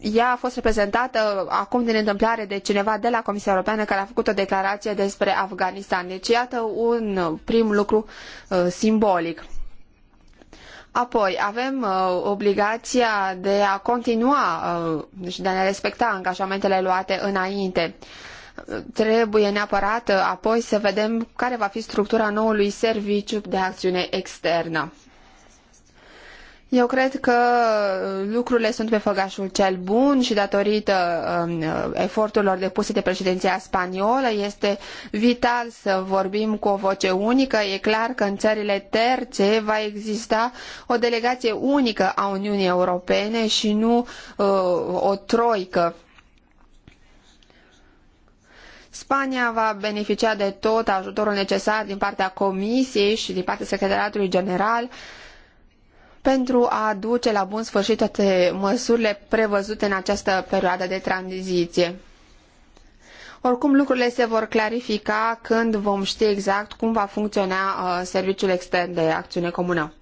ea a fost reprezentată acum din întâmplare de cineva de la Comisia Europeană care a făcut o declarație despre Afganistan. Deci iată un prim lucru uh, simbolic. Apoi, avem uh, obligația de a continua uh, și de a ne respecta angajamentele luate înainte. Trebuie neapărat uh, apoi să vedem care va fi structura noului serviciu de acțiune externă. Eu cred că uh, lucrurile sunt pe făgașul cel bun și datorită um, uh, eforturilor depuse de președinția spaniolă este vital să vorbim cu o voce unică. E clar că în țările terțe va exista o delegație unică a Uniunii Europene și nu uh, o troică. Spania va beneficia de tot ajutorul necesar din partea Comisiei și din partea Secretariatului General uh, pentru a duce la bun sfârșit toate măsurile prevăzute în această perioadă de tranziție. Oricum, lucrurile se vor clarifica când vom ști exact cum va funcționa uh, Serviciul Extern de Acțiune Comună.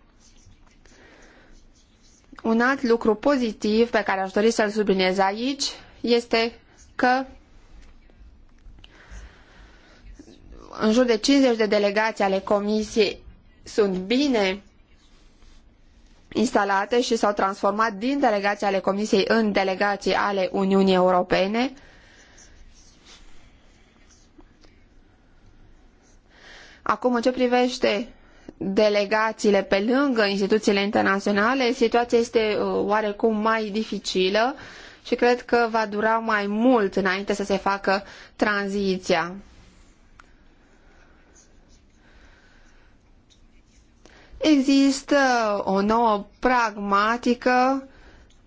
Un alt lucru pozitiv pe care aș dori să-l subliniez aici este că în jur de 50 de delegații ale Comisiei sunt bine instalate și s-au transformat din delegații ale Comisiei în delegații ale Uniunii Europene. Acum, în ce privește delegațiile pe lângă instituțiile internaționale, situația este uh, oarecum mai dificilă și cred că va dura mai mult înainte să se facă tranziția. Există o nouă pragmatică,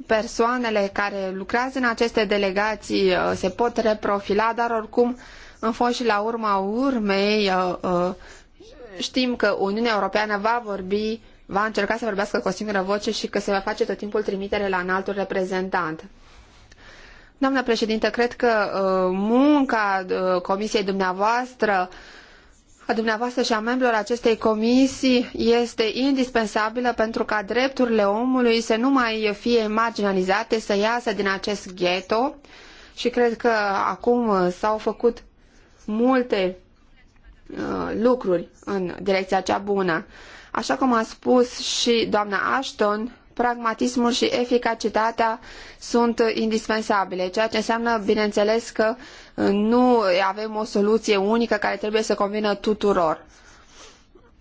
persoanele care lucrează în aceste delegații uh, se pot reprofila, dar oricum, în fost și la urma urmei, uh, uh, știm că Uniunea Europeană va vorbi, va încerca să vorbească cu o singură voce și că se va face tot timpul trimitere la înaltul reprezentant. Doamna președintă, cred că munca comisiei dumneavoastră a dumneavoastră și a membrilor acestei comisii este indispensabilă pentru ca drepturile omului să nu mai fie marginalizate, să iasă din acest ghetto și cred că acum s-au făcut multe uh, lucruri în direcția cea bună. Așa cum a spus și doamna Ashton, pragmatismul și eficacitatea sunt indispensabile, ceea ce înseamnă, bineînțeles, că uh, nu avem o soluție unică care trebuie să convină tuturor.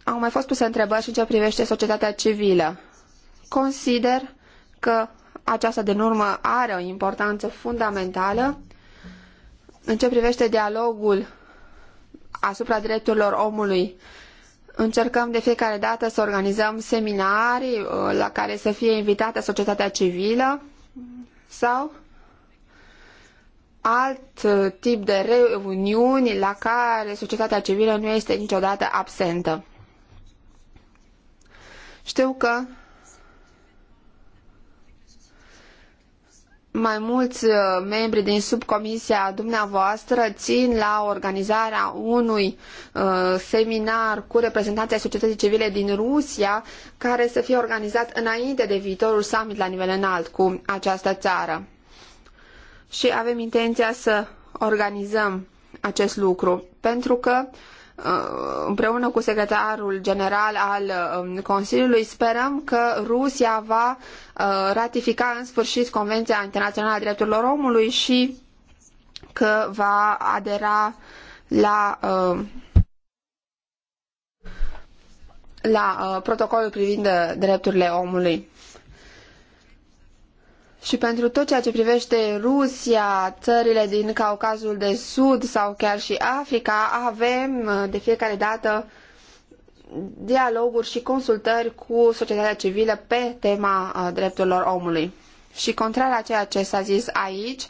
Au mai fost puse întrebări și în ce privește societatea civilă. Consider că aceasta, din urmă, are o importanță fundamentală în ce privește dialogul asupra drepturilor omului Încercăm de fiecare dată să organizăm seminarii uh, la care să fie invitată societatea civilă sau alt uh, tip de reuniuni la care societatea civilă nu este niciodată absentă. Știu că mai mulți uh, membri din subcomisia dumneavoastră țin la organizarea unui uh, seminar cu reprezentanții societății civile din Rusia, care să fie organizat înainte de viitorul summit la nivel înalt cu această țară. Și avem intenția să organizăm acest lucru, pentru că uh, Uh, împreună cu secretarul general al um, Consiliului, sperăm că Rusia va uh, ratifica în sfârșit Convenția Internațională a Drepturilor Omului și că va adera la uh, la protocolul privind drepturile omului și pentru tot ceea ce privește Rusia, țările din Caucazul de Sud sau chiar și Africa, avem uh, de fiecare dată dialoguri și consultări cu societatea civilă pe tema uh, drepturilor omului. Și contrar la ceea ce s-a zis aici,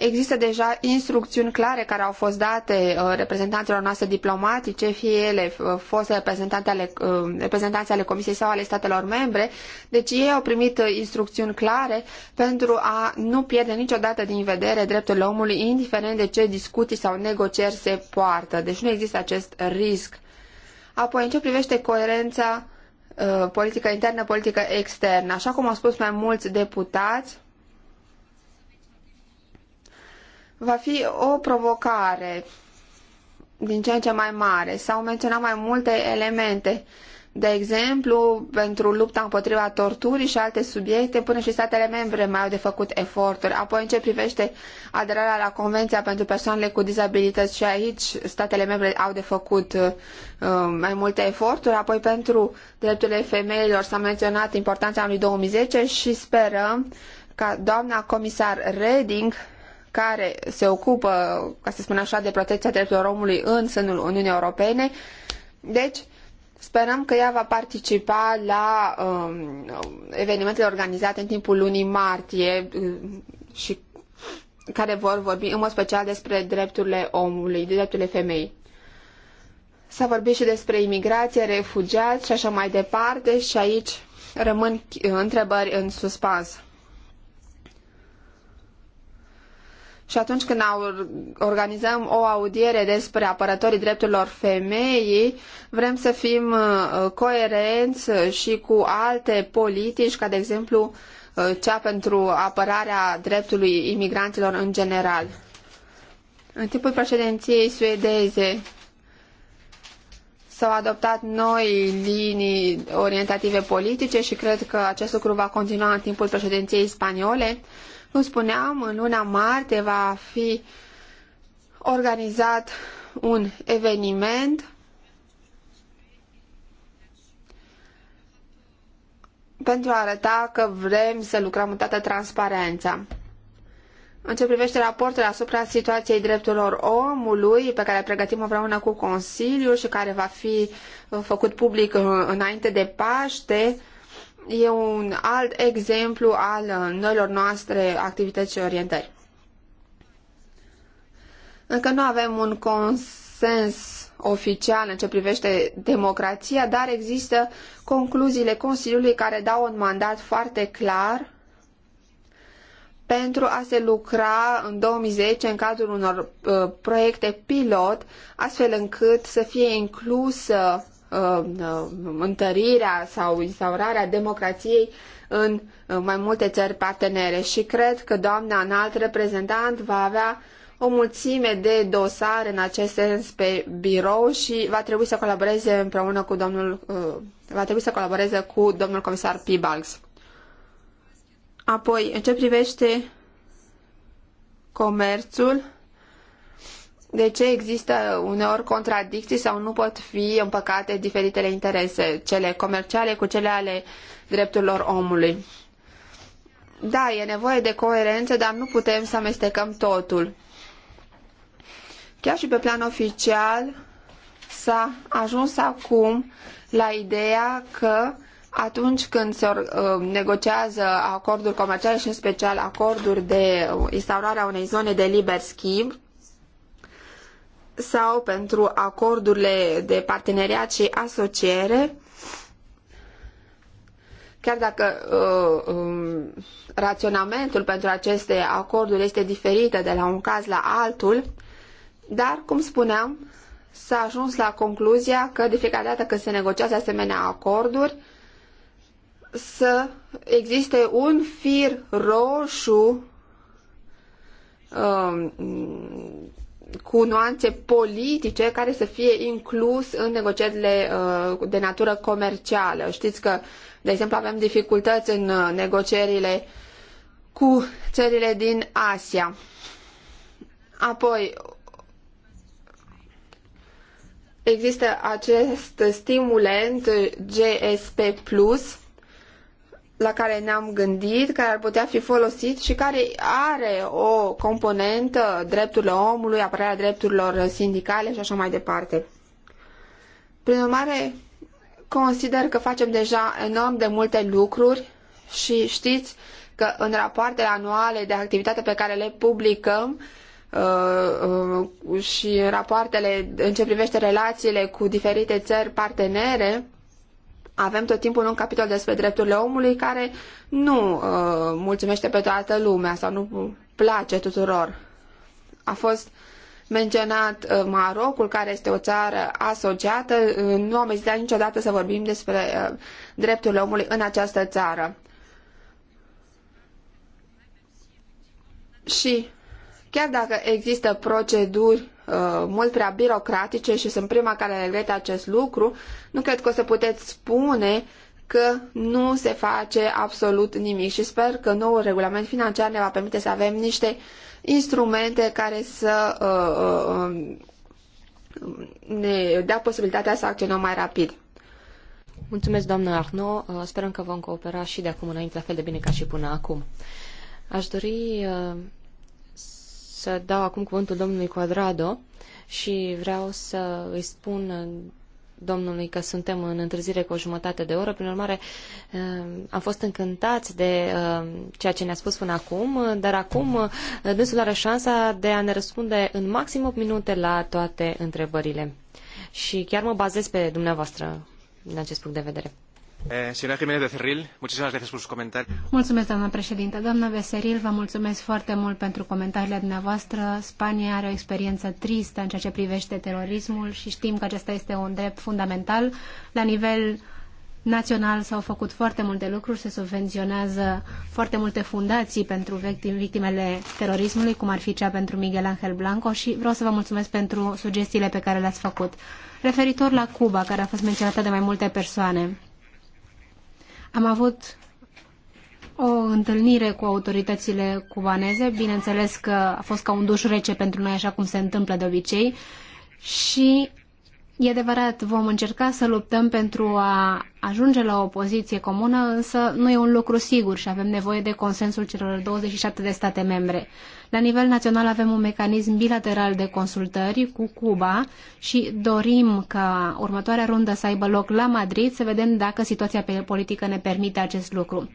Există deja instrucțiuni clare care au fost date uh, reprezentanților noastre diplomatice, fie ele uh, fost reprezentante ale, uh, ale Comisiei sau ale statelor membre, deci ei au primit instrucțiuni clare pentru a nu pierde niciodată din vedere drepturile omului, indiferent de ce discuții sau negocieri se poartă. Deci nu există acest risc. Apoi, în ce privește coerența politică internă, politică externă, așa cum au spus mai mulți deputați, va fi o provocare din ce în ce mai mare. S-au menționat mai multe elemente, de exemplu, pentru lupta împotriva torturii și alte subiecte, până și statele membre mai au de făcut eforturi. Apoi, în ce privește aderarea la Convenția pentru persoanele cu dizabilități și aici statele membre au de făcut uh, uh mai multe eforturi. Apoi, pentru drepturile femeilor s-a menționat importanța anului 2010 și sperăm ca doamna comisar Reding care se ocupă, ca să spun așa, de protecția drepturilor omului în sânul Uniunii Europene. Deci, sperăm că ea va participa la um, evenimentele organizate în timpul lunii martie uh, și care vor vorbi în mod special despre drepturile omului, drepturile femeii. S-a vorbit și despre imigrație, refugiați și așa mai departe și aici rămân întrebări în suspans. Și atunci când organizăm o audiere despre apărătorii drepturilor femeii, vrem să fim uh, coerenți uh, și cu alte politici, ca de exemplu uh, cea pentru apărarea dreptului imigranților în general. În timpul președinției suedeze s-au adoptat noi linii orientative politice și cred că acest lucru va continua în timpul președinției spaniole cum spuneam, în luna martie va fi organizat un eveniment pentru a arăta că vrem să lucrăm în toată transparența. În ce privește raportul asupra situației drepturilor omului, pe care pregătim împreună cu Consiliul și care va fi făcut public înainte de Paște, e un alt exemplu al uh, noilor noastre activități și orientări. Încă nu avem un consens oficial în ce privește democrația, dar există concluziile Consiliului care dau un mandat foarte clar pentru a se lucra în 2010 în cadrul unor uh, proiecte pilot, astfel încât să fie inclusă Uh, uh, întărirea sau instaurarea democrației în uh, mai multe țări partenere și cred că doamna înalt reprezentant va avea o mulțime de dosare în acest sens pe birou și va trebui să colaboreze împreună cu domnul va trebui să colaboreze cu domnul comisar Pibalgs. Apoi, în ce privește comerțul, de ce există uneori contradicții sau nu pot fi împăcate diferitele interese, cele comerciale cu cele ale drepturilor omului. Da, e nevoie de coerență, dar nu putem să amestecăm totul. Chiar și pe plan oficial s-a ajuns acum la ideea că atunci când se uh, negociază acorduri comerciale și în special acorduri de uh, instaurare a unei zone de liber schimb, sau pentru acordurile de parteneriat și asociere, chiar dacă uh, um, raționamentul pentru aceste acorduri este diferit de la un caz la altul, dar, cum spuneam, s-a ajuns la concluzia că de fiecare dată când se negociază asemenea acorduri, să existe un fir roșu um, cu nuanțe politice care să fie inclus în negocierile uh, de natură comercială. Știți că, de exemplu, avem dificultăți în uh, negocierile cu țările din Asia. Apoi, există acest stimulent GSP Plus la care ne-am gândit, care ar putea fi folosit și care are o componentă drepturile omului, apărarea drepturilor sindicale și așa mai departe. Prin urmare, consider că facem deja enorm de multe lucruri și știți că în rapoartele anuale de activitate pe care le publicăm uh, uh, și în rapoartele în ce privește relațiile cu diferite țări partenere, avem tot timpul un capitol despre drepturile omului care nu uh, mulțumește pe toată lumea sau nu place tuturor. A fost menționat uh, Marocul, care este o țară asociată. Uh, nu am ezitat niciodată să vorbim despre uh, drepturile omului în această țară. Și chiar dacă există proceduri Uh, mult prea birocratice și sunt prima care regretă acest lucru, nu cred că o să puteți spune că nu se face absolut nimic și sper că noul regulament financiar ne va permite să avem niște instrumente care să uh, uh, um, ne dea posibilitatea să acționăm mai rapid. Mulțumesc, doamnă Arno. Uh, sperăm că vom coopera și de acum înainte, la fel de bine ca și până acum. Aș dori uh, să dau acum cuvântul domnului Quadrado și vreau să îi spun domnului că suntem în întârziere cu o jumătate de oră. Prin urmare, eh, am fost încântați de eh, ceea ce ne-a spus până acum, dar acum eh, dânsul are șansa de a ne răspunde în maxim 8 minute la toate întrebările. Și chiar mă bazez pe dumneavoastră din acest punct de vedere. Eh, mulțumesc, doamna președinte. Doamna Veseril, vă mulțumesc foarte mult pentru comentariile dumneavoastră. Spania are o experiență tristă în ceea ce privește terorismul și știm că acesta este un drept fundamental. La nivel național s-au făcut foarte multe lucruri, se subvenționează foarte multe fundații pentru victimele terorismului, cum ar fi cea pentru Miguel Angel Blanco și vreau să vă mulțumesc pentru sugestiile pe care le-ați făcut. Referitor la Cuba, care a fost menționată de mai multe persoane, am avut o întâlnire cu autoritățile cubaneze, bineînțeles că a fost ca un duș rece pentru noi, așa cum se întâmplă de obicei, și E adevărat, vom încerca să luptăm pentru a ajunge la o poziție comună, însă nu e un lucru sigur și avem nevoie de consensul celor 27 de state membre. La nivel național avem un mecanism bilateral de consultări cu Cuba și dorim ca următoarea rundă să aibă loc la Madrid să vedem dacă situația politică ne permite acest lucru.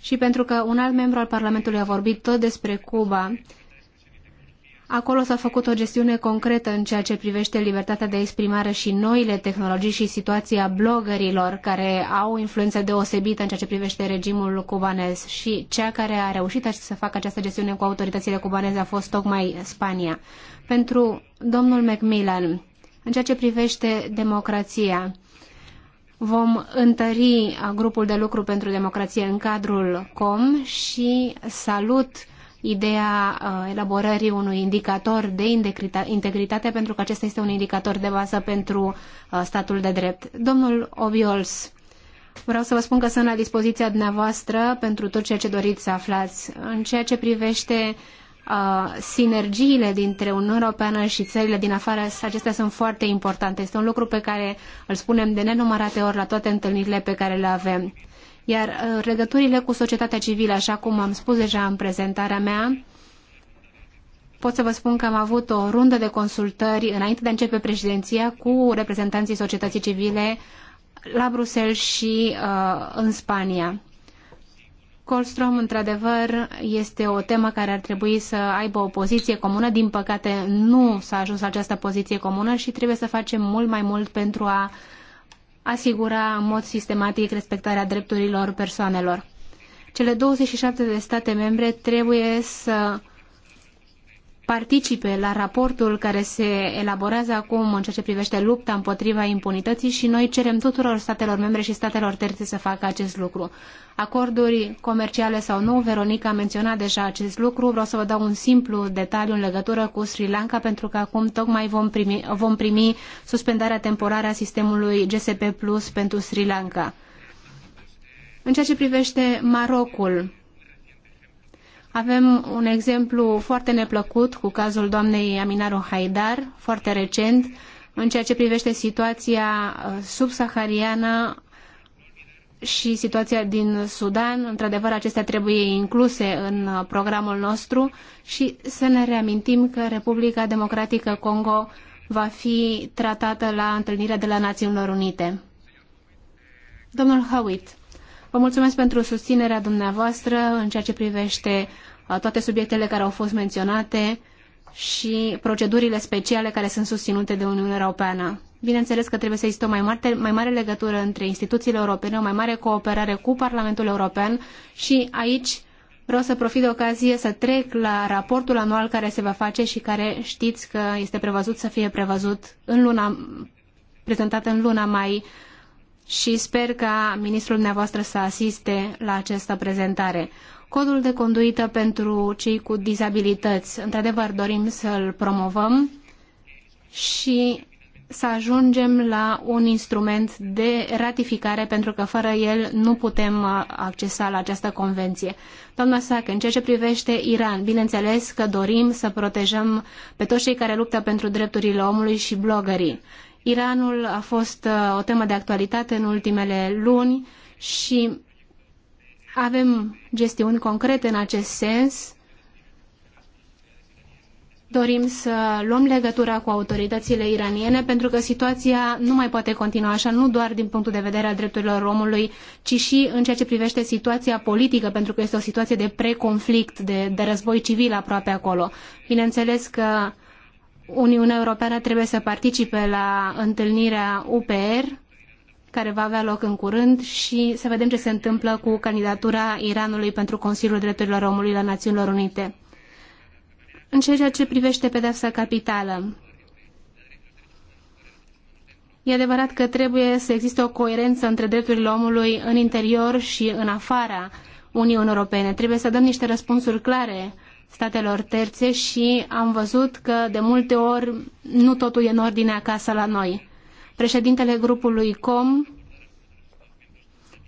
Și pentru că un alt membru al Parlamentului a vorbit tot despre Cuba, Acolo s-a făcut o gestiune concretă în ceea ce privește libertatea de exprimare și noile tehnologii și situația blogărilor care au influență deosebită în ceea ce privește regimul cubanez și cea care a reușit să facă această gestiune cu autoritățile cubaneze a fost tocmai Spania. Pentru domnul Macmillan, în ceea ce privește democrația, Vom întări grupul de lucru pentru democrație în cadrul COM și salut ideea uh, elaborării unui indicator de integritate, pentru că acesta este un indicator de bază pentru uh, statul de drept. Domnul Obiols, vreau să vă spun că sunt la dispoziția dumneavoastră pentru tot ceea ce doriți să aflați. În ceea ce privește uh, sinergiile dintre Uniunea Europeană și țările din afară, acestea sunt foarte importante. Este un lucru pe care îl spunem de nenumărate ori la toate întâlnirile pe care le avem. Iar legăturile uh, cu societatea civilă, așa cum am spus deja în prezentarea mea, pot să vă spun că am avut o rundă de consultări înainte de a începe președinția cu reprezentanții societății civile la Bruxelles și uh, în Spania. Colstrom, într-adevăr, este o temă care ar trebui să aibă o poziție comună. Din păcate, nu s-a ajuns la această poziție comună și trebuie să facem mult mai mult pentru a asigura în mod sistematic respectarea drepturilor persoanelor. Cele 27 de state membre trebuie să participe la raportul care se elaborează acum în ceea ce privește lupta împotriva impunității și noi cerem tuturor statelor membre și statelor terțe să facă acest lucru. Acorduri comerciale sau nu, Veronica a menționat deja acest lucru, vreau să vă dau un simplu detaliu în legătură cu Sri Lanka pentru că acum tocmai vom primi, vom primi suspendarea temporară a sistemului GSP Plus pentru Sri Lanka. În ceea ce privește Marocul, avem un exemplu foarte neplăcut cu cazul doamnei Aminaru Haidar, foarte recent, în ceea ce privește situația uh, subsahariană și situația din Sudan. Într-adevăr, acestea trebuie incluse în uh, programul nostru și să ne reamintim că Republica Democratică Congo va fi tratată la întâlnirea de la Națiunilor Unite. Domnul Hawit. Vă mulțumesc pentru susținerea dumneavoastră în ceea ce privește toate subiectele care au fost menționate și procedurile speciale care sunt susținute de Uniunea Europeană. Bineînțeles că trebuie să există o mai mare, mai mare legătură între instituțiile europene, o mai mare cooperare cu Parlamentul European și aici vreau să profit de ocazie să trec la raportul anual care se va face și care știți că este prevăzut să fie prevăzut în luna, prezentat în luna mai uh, și sper ca ministrul dumneavoastră să asiste la această prezentare. Codul de conduită pentru cei cu dizabilități. Într-adevăr, dorim să-l promovăm și să ajungem la un instrument de ratificare, pentru că fără el nu putem uh, accesa la această convenție. Doamna Sac, în ceea ce privește Iran, bineînțeles că dorim să protejăm pe toți cei care luptă pentru drepturile omului și blogării. Iranul a fost uh, o temă de actualitate în ultimele luni și avem gestiuni concrete în acest sens. Dorim să luăm legătura cu autoritățile iraniene pentru că situația nu mai poate continua așa, nu doar din punctul de vedere al drepturilor omului, ci și în ceea ce privește situația politică, pentru că este o situație de preconflict, de, de război civil aproape acolo. Bineînțeles că Uniunea Europeană trebuie să participe la întâlnirea UPR, care va avea loc în curând, și să vedem ce se întâmplă cu candidatura Iranului pentru Consiliul Drepturilor Omului la Națiunilor Unite. În ceea ce privește pedeapsa capitală, E adevărat că trebuie să existe o coerență între drepturile omului în interior și în afara Uniunii Europene. Trebuie să dăm niște răspunsuri clare statelor terțe și am văzut că de multe ori nu totul e în ordine acasă la noi. Președintele grupului COM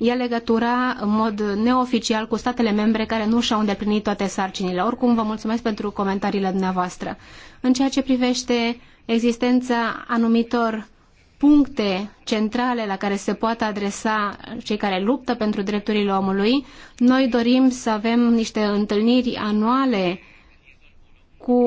ia legătura în mod neoficial cu statele membre care nu și-au îndeplinit toate sarcinile. Oricum, vă mulțumesc pentru comentariile dumneavoastră. În ceea ce privește existența anumitor puncte centrale la care se poate adresa cei care luptă pentru drepturile omului. Noi dorim să avem niște întâlniri anuale cu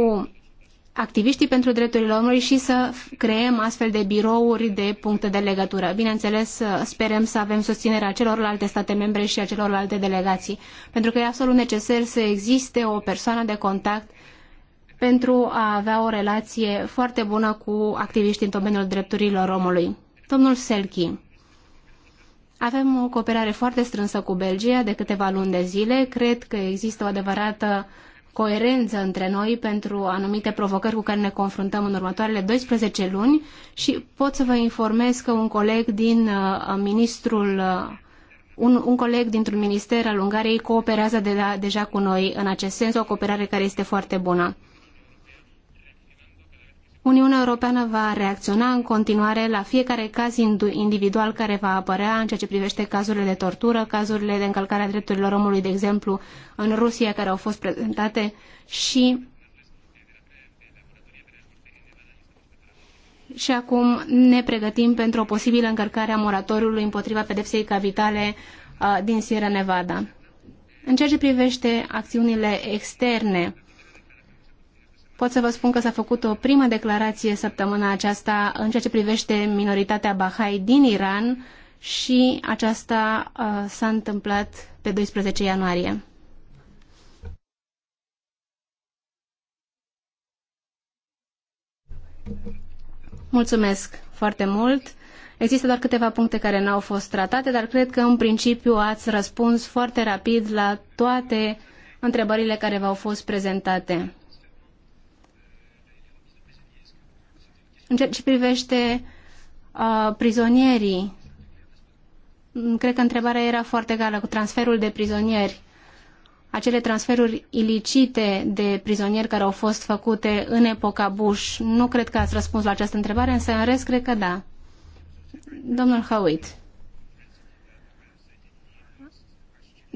activiștii pentru drepturile omului și să creăm astfel de birouri de puncte de legătură. Bineînțeles, sperăm să avem susținerea celorlalte state membre și a celorlalte delegații, pentru că e absolut necesar să existe o persoană de contact pentru a avea o relație foarte bună cu activiștii în domeniul drepturilor omului. Domnul Selki, avem o cooperare foarte strânsă cu Belgia de câteva luni de zile. Cred că există o adevărată coerență între noi pentru anumite provocări cu care ne confruntăm în următoarele 12 luni și pot să vă informez că un coleg din uh, ministrul uh, un, un coleg dintr-un minister al Ungariei cooperează de la, deja cu noi în acest sens, o cooperare care este foarte bună. Uniunea Europeană va reacționa în continuare la fiecare caz individual care va apărea în ceea ce privește cazurile de tortură, cazurile de încălcare a drepturilor omului, de exemplu, în Rusia, care au fost prezentate și și acum ne pregătim pentru o posibilă încărcare a moratoriului împotriva pedepsei capitale uh, din Sierra Nevada. În ceea ce privește acțiunile externe, Pot să vă spun că s-a făcut o primă declarație săptămâna aceasta în ceea ce privește minoritatea Bahai din Iran și aceasta uh, s-a întâmplat pe 12 ianuarie. Mulțumesc foarte mult. Există doar câteva puncte care nu au fost tratate, dar cred că în principiu ați răspuns foarte rapid la toate întrebările care v-au fost prezentate. În ceea ce privește uh, prizonierii, cred că întrebarea era foarte gală cu transferul de prizonieri. Acele transferuri ilicite de prizonieri care au fost făcute în epoca Bush, nu cred că ați răspuns la această întrebare, însă în rest cred că da. Domnul Hawit.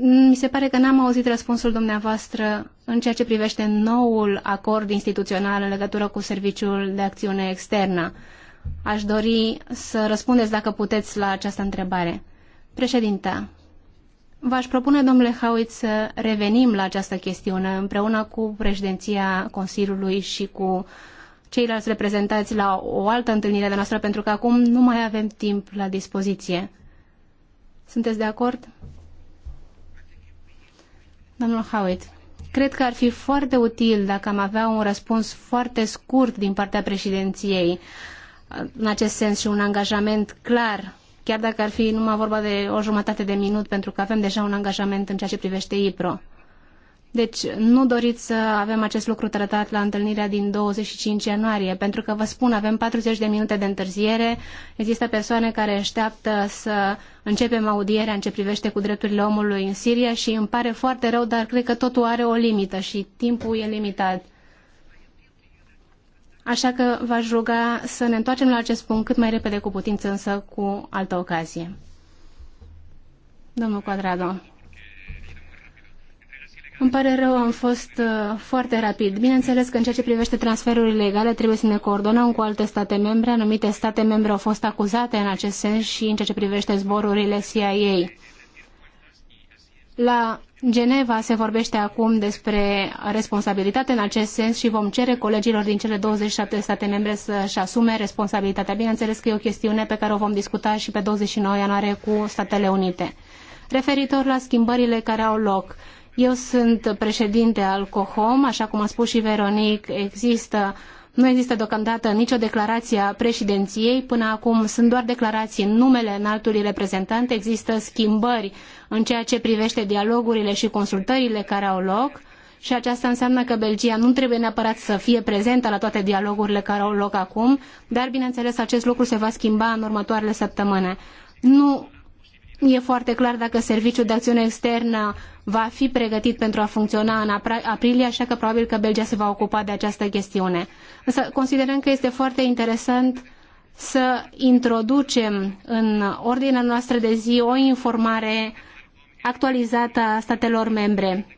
Mi se pare că n-am auzit răspunsul dumneavoastră în ceea ce privește noul acord instituțional în legătură cu Serviciul de Acțiune Externă. Aș dori să răspundeți, dacă puteți, la această întrebare. Președinte, v-aș propune, domnule Hauit, să revenim la această chestiune împreună cu președinția Consiliului și cu ceilalți reprezentați la o altă întâlnire de noastră, pentru că acum nu mai avem timp la dispoziție. Sunteți de acord? Domnul Howitt, cred că ar fi foarte util dacă am avea un răspuns foarte scurt din partea președinției, în acest sens și un angajament clar, chiar dacă ar fi numai vorba de o jumătate de minut, pentru că avem deja un angajament în ceea ce privește IPRO. Deci nu doriți să avem acest lucru tratat la întâlnirea din 25 ianuarie, pentru că vă spun, avem 40 de minute de întârziere, există persoane care așteaptă să începem audierea în ce privește cu drepturile omului în Siria și îmi pare foarte rău, dar cred că totul are o limită și timpul e limitat. Așa că v-aș ruga să ne întoarcem la acest punct cât mai repede cu putință, însă cu altă ocazie. Domnul Quadrado. Îmi pare rău, am fost uh, foarte rapid. Bineînțeles că în ceea ce privește transferurile legale trebuie să ne coordonăm cu alte state membre. Anumite state membre au fost acuzate în acest sens și în ceea ce privește zborurile CIA. La Geneva se vorbește acum despre responsabilitate în acest sens și vom cere colegilor din cele 27 state membre să-și asume responsabilitatea. Bineînțeles că e o chestiune pe care o vom discuta și pe 29 ianuarie cu Statele Unite. Referitor la schimbările care au loc, uh, eu sunt președinte al COHOM, așa cum a spus și Veronic, există nu există deocamdată nicio declarație a președinției, până acum sunt doar declarații în numele înaltului reprezentant, există schimbări în ceea ce privește dialogurile și consultările care au loc și aceasta înseamnă că Belgia nu trebuie neapărat să fie prezentă la toate dialogurile care au loc acum, dar bineînțeles acest lucru se va schimba în următoarele săptămâne. Nu e foarte clar dacă Serviciul de Acțiune Externă va fi pregătit pentru a funcționa în aprilie, așa că probabil că Belgia se va ocupa de această chestiune. Însă considerăm că este foarte interesant să introducem în ordinea noastră de zi o informare actualizată a statelor membre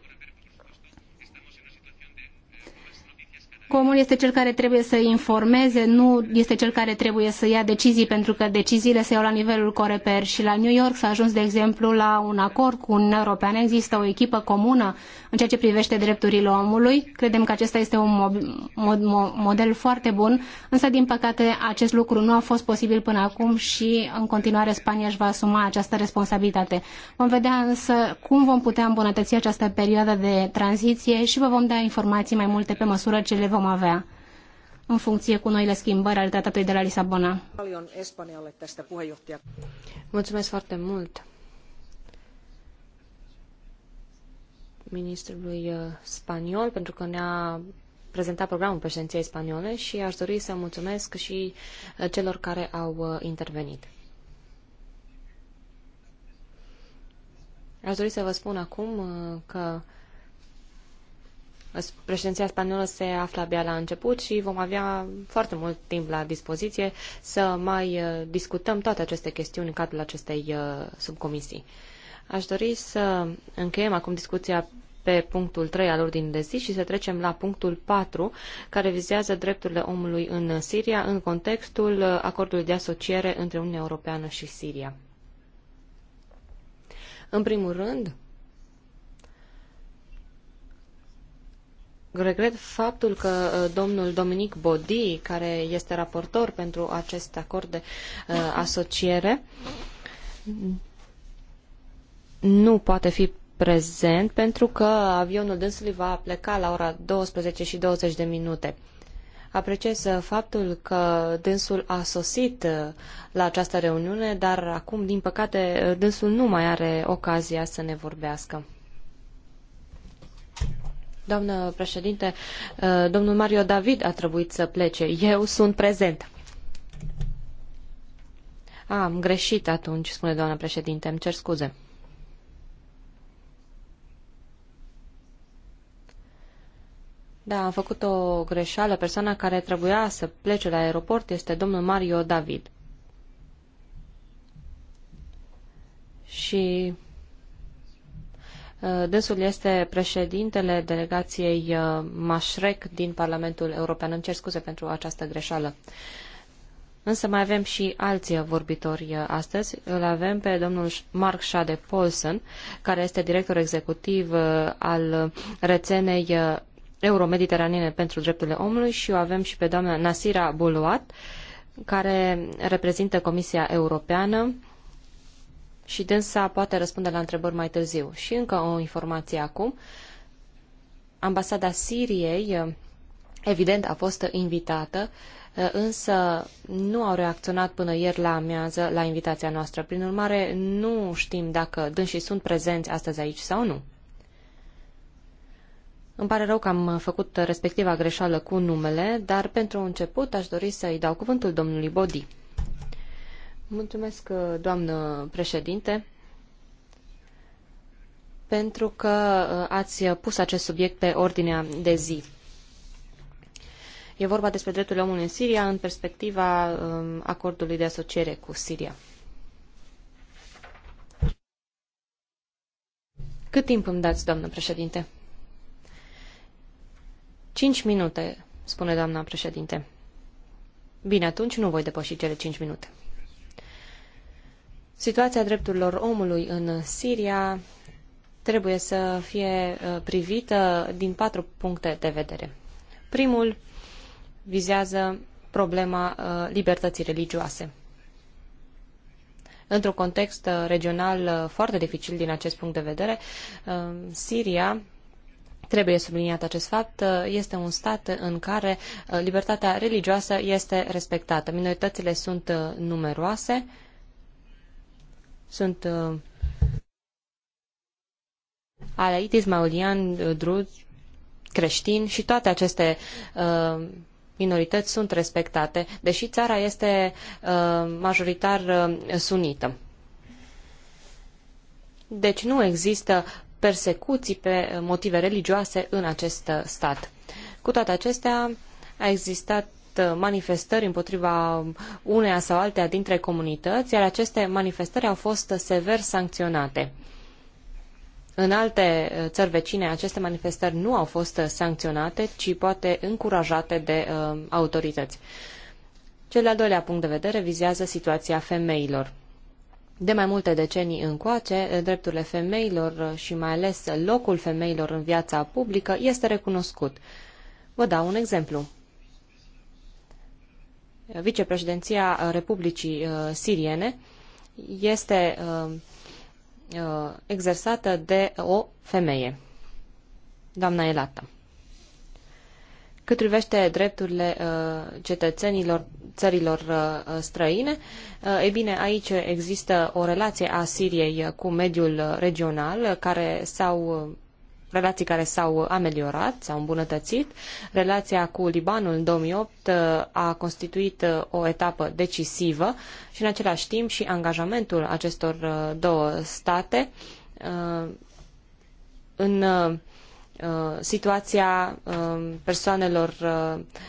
Comun este cel care trebuie să informeze, nu este cel care trebuie să ia decizii, pentru că deciziile se iau la nivelul Coreper și la New York s-a ajuns, de exemplu, la un acord cu Uniunea Europeană. Există o echipă comună în ceea ce privește drepturile omului. Credem că acesta este un model foarte bun, însă, din păcate, acest lucru nu a fost posibil până acum și, în continuare, Spania își va asuma această responsabilitate. Vom vedea, însă, cum vom putea îmbunătăți această perioadă de tranziție și vă vom da informații mai multe pe măsură ce le vom vom avea în funcție cu noile schimbări ale tratatului de la Lisabona. Mulțumesc foarte mult ministrului uh, spaniol pentru că ne-a prezentat programul președinției spaniole și aș dori să mulțumesc și uh, celor care au uh, intervenit. Aș dori să vă spun acum că Președinția spaniolă se află abia la început și vom avea foarte mult timp la dispoziție să mai uh, discutăm toate aceste chestiuni în cadrul acestei uh, subcomisii. Aș dori să încheiem acum discuția pe punctul 3 al ordinii de zi și să trecem la punctul 4, care vizează drepturile omului în Siria în contextul uh, acordului de asociere între Uniunea Europeană și Siria. În primul rând, regret faptul că uh, domnul Dominic Bodi, care este raportor pentru acest acord de uh, asociere, nu poate fi prezent pentru că avionul dânsului va pleca la ora 12 și 20 de minute. Apreciez uh, faptul că dânsul a sosit la această reuniune, dar acum, din păcate, dânsul nu mai are ocazia să ne vorbească. Doamnă președinte, uh, domnul Mario David a trebuit să plece. Eu sunt prezent. A, ah, am greșit atunci, spune doamna președinte. Îmi cer scuze. Da, am făcut o greșeală. Persoana care trebuia să plece la aeroport este domnul Mario David. Și Uh, dânsul este președintele delegației uh, Mașrec din Parlamentul European. Îmi cer scuze pentru această greșeală. Însă mai avem și alți vorbitori uh, astăzi. Îl avem pe domnul Mark Shade Paulsen, care este director executiv al rețenei euromediteranene pentru drepturile omului și o avem și pe doamna Nasira Buluat, care reprezintă Comisia Europeană și dânsa poate răspunde la întrebări mai târziu. Și încă o informație acum. Ambasada Siriei, evident, a fost invitată, însă nu au reacționat până ieri la amiază la invitația noastră. Prin urmare, nu știm dacă dânsii sunt prezenți astăzi aici sau nu. Îmi pare rău că am făcut respectiva greșeală cu numele, dar pentru început aș dori să-i dau cuvântul domnului Bodi. Mulțumesc, uh, doamnă președinte, pentru că uh, ați pus acest subiect pe ordinea de zi. E vorba despre drepturile omului în Siria în perspectiva um, acordului de asociere cu Siria. Cât timp îmi dați, doamnă președinte? Cinci minute, spune doamna președinte. Bine, atunci nu voi depăși cele cinci minute. Situația drepturilor omului în Siria trebuie să fie uh, privită din patru puncte de vedere. Primul vizează problema uh, libertății religioase. Într-un context uh, regional foarte dificil din acest punct de vedere, Siria Trebuie subliniat acest fapt, este un stat în care libertatea religioasă este respectată. Minoritățile sunt numeroase, sunt uh, alaitis, maulian, uh, druz, creștini și toate aceste uh, minorități sunt respectate, deși țara este uh, majoritar uh, sunită. Deci nu există persecuții pe uh, motive religioase în acest uh, stat. Cu toate acestea, a existat manifestări împotriva uneia sau alteia dintre comunități, iar aceste manifestări au fost sever sancționate. În alte uh, țări vecine, aceste manifestări nu au fost uh, sancționate, ci poate încurajate de uh, autorități. Cel de-al doilea punct de vedere vizează situația femeilor. De mai multe decenii încoace, uh, drepturile femeilor și mai ales locul femeilor în viața publică este recunoscut. Vă dau un exemplu vicepreședinția uh, Republicii uh, Siriene este uh, exersată de o femeie, doamna Elata. Cât privește drepturile cetățenilor țărilor străine, e bine, aici există o relație a Siriei cu mediul regional care s-au relații care s-au ameliorat, s-au îmbunătățit. Relația cu Libanul în 2008 uh, a constituit uh, o etapă decisivă și în același timp și angajamentul acestor uh, două state în situația persoanelor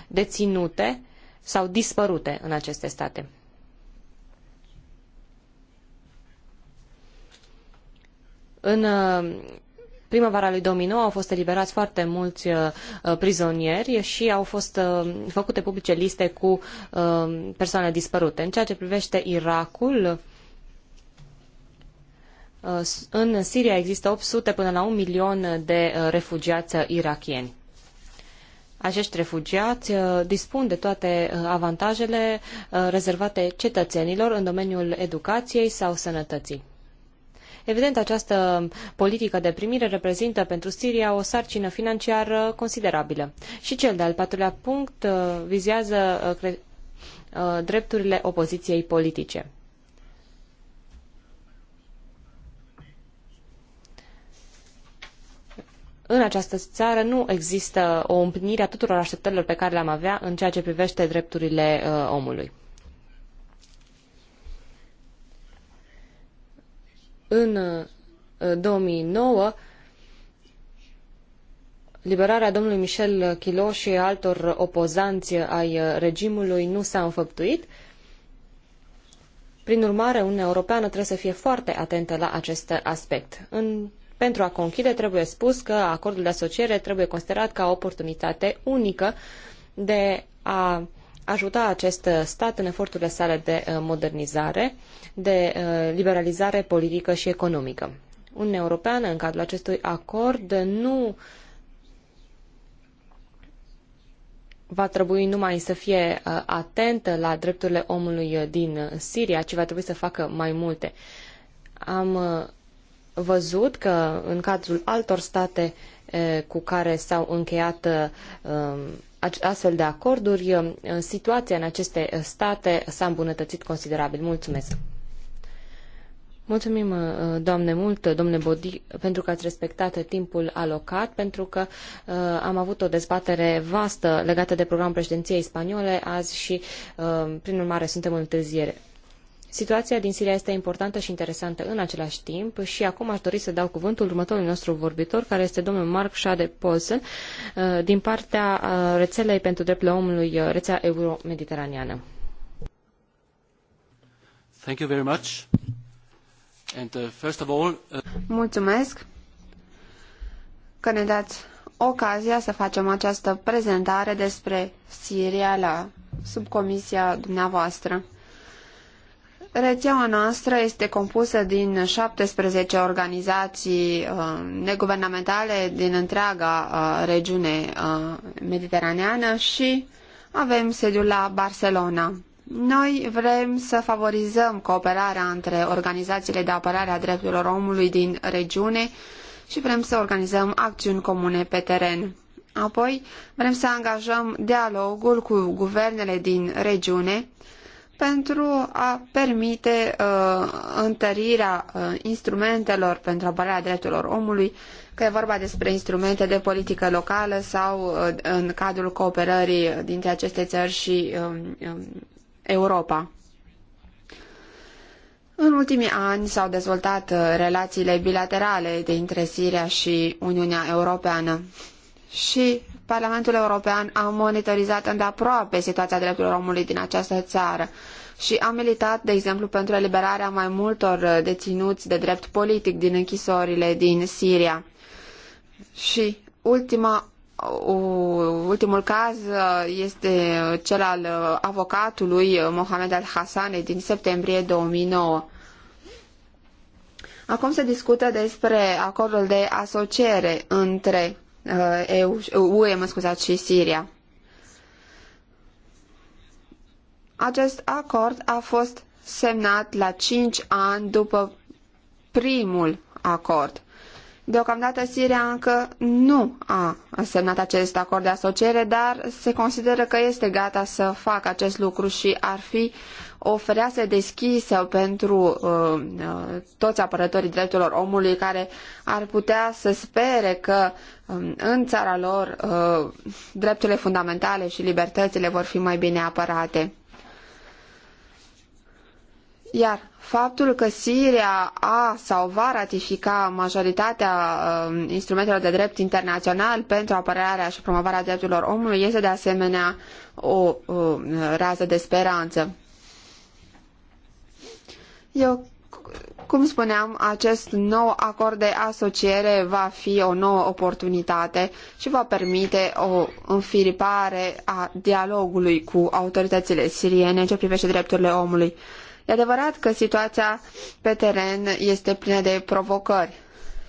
deținute sau dispărute în aceste state. În primăvara lui 2009 au fost eliberați foarte mulți uh, uh, prizonieri și au fost uh, făcute publice liste cu persoane dispărute. În ceea ce privește Irakul, în Siria există 800 până la un milion de refugiați irakieni. Acești refugiați dispun de toate avantajele rezervate cetățenilor în domeniul educației sau sănătății. Evident, această politică de primire reprezintă pentru Siria o sarcină financiară considerabilă. Și cel de-al patrulea punct uh, vizează uh, uh, drepturile opoziției politice. în această țară nu există o împlinire a tuturor așteptărilor pe care le-am avea în ceea ce privește drepturile omului. în 2009 uh, liberarea domnului Michel Chilo și altor opozanți ai regimului nu s-a înfăptuit. Prin urmare, Uniunea Europeană trebuie să fie foarte atentă la acest aspect. În, pentru a conchide, trebuie spus că acordul de asociere trebuie considerat ca o oportunitate unică de a ajuta acest stat în eforturile sale de uh, modernizare, de uh, liberalizare politică și economică. Uniunea Europeană, în cadrul acestui acord, nu va trebui numai să fie uh, atentă la drepturile omului din Siria, ci va trebui să facă mai multe. Am văzut că în cadrul altor state cu care s-au încheiat um, astfel de acorduri, um, situația în aceste state s-a îmbunătățit considerabil. Mulțumesc! Mulțumim, uh, doamne, mult, domnule Bodi, pentru că ați respectat timpul alocat, pentru că uh, am avut o dezbatere vastă legată de programul președinției spaniole azi și, uh, prin urmare, suntem în întârziere. Situația din Siria este importantă și interesantă în același timp și acum aș dori să dau cuvântul următorului nostru vorbitor, care este domnul Mark Shade Paulsen, uh, din partea uh, rețelei pentru drepturile omului, uh, rețea euro-mediteraneană. Thank you very much. And, uh, first of all, uh... Mulțumesc că ne dați ocazia să facem această prezentare despre Siria la subcomisia dumneavoastră. Rețeaua noastră este compusă din 17 organizații uh, neguvernamentale din întreaga uh, regiune uh, mediteraneană și avem sediul la Barcelona. Noi vrem să favorizăm cooperarea între organizațiile de apărare a drepturilor omului din regiune și vrem să organizăm acțiuni comune pe teren. Apoi, vrem să angajăm dialogul cu guvernele din regiune pentru a permite uh, întărirea uh, instrumentelor pentru apărarea drepturilor omului, că e vorba despre instrumente de politică locală sau uh, în cadrul cooperării dintre aceste țări și uh, Europa. În ultimii ani s-au dezvoltat uh, relațiile bilaterale dintre Siria și Uniunea Europeană și Parlamentul European a monitorizat îndeaproape situația drepturilor omului din această țară și a militat, de exemplu, pentru eliberarea mai multor uh, deținuți de drept politic din închisorile din Siria. Și ultima, ultimul caz uh, este cel al uh, avocatului Mohamed Al-Hassane din septembrie 2009. Acum se discută despre acordul de asociere între UE, uh, mă scuzați, și Siria. Acest acord a fost semnat la cinci ani după primul acord. Deocamdată Siria încă nu a semnat acest acord de asociere, dar se consideră că este gata să facă acest lucru și ar fi uh, o fereastră deschisă pentru uh, uh, toți apărătorii drepturilor omului care ar putea să spere că um, în țara lor uh, drepturile fundamentale și libertățile vor fi mai bine apărate. Iar faptul că Siria a sau va ratifica majoritatea uh, instrumentelor de drept internațional pentru apărarea și promovarea drepturilor omului este de asemenea o uh, rază de speranță. Eu, cum spuneam, acest nou acord de asociere va fi o nouă oportunitate și va permite o înfiripare a dialogului cu autoritățile siriene în ce privește drepturile omului. E adevărat că situația pe teren este plină de provocări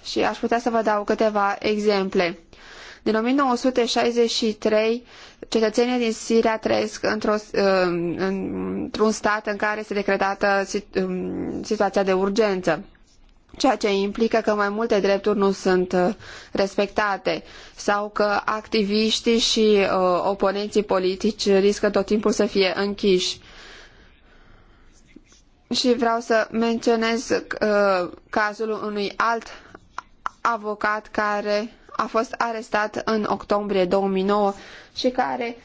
și aș putea să vă dau câteva exemple. Din 1963, cetățenii din Siria trăiesc um, într-un într stat în care este decretată um, situația de urgență ceea ce implică că mai multe drepturi nu sunt uh, respectate sau că activiștii și uh, oponenții politici riscă tot timpul să fie închiși. Și vreau să menționez uh, cazul unui alt avocat care a fost arestat în octombrie 2009 și care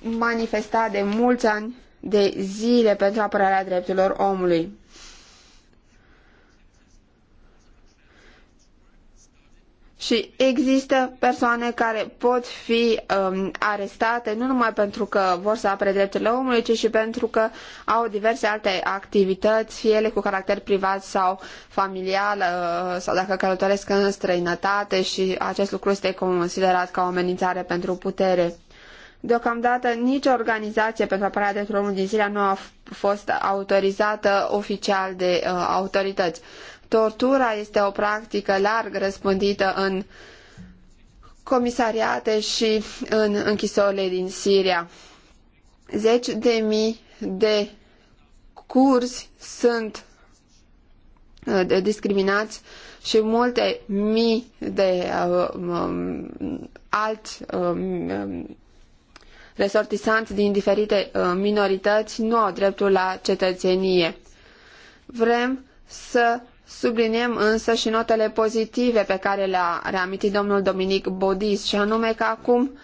manifesta de mulți ani de zile pentru apărarea drepturilor omului. Și există persoane care pot fi um, arestate nu numai pentru că vor să apere drepturile omului, ci și pentru că au diverse alte activități, fie ele cu caracter privat sau familial, uh, sau dacă călătoresc în străinătate și acest lucru este considerat ca o amenințare pentru putere. Deocamdată nicio organizație pentru apărarea drepturilor omului din Siria nu a fost autorizată oficial de uh, autorități. Tortura este o practică larg răspândită în comisariate și în închisorile din Siria. Zeci de mii de curzi sunt uh, discriminați și multe mii de uh, um, alți um, um, resortisanți din diferite uh, minorități nu au dreptul la cetățenie. Vrem să Subliniem însă și notele pozitive pe care le-a reamintit domnul Dominic Bodis, și anume că acum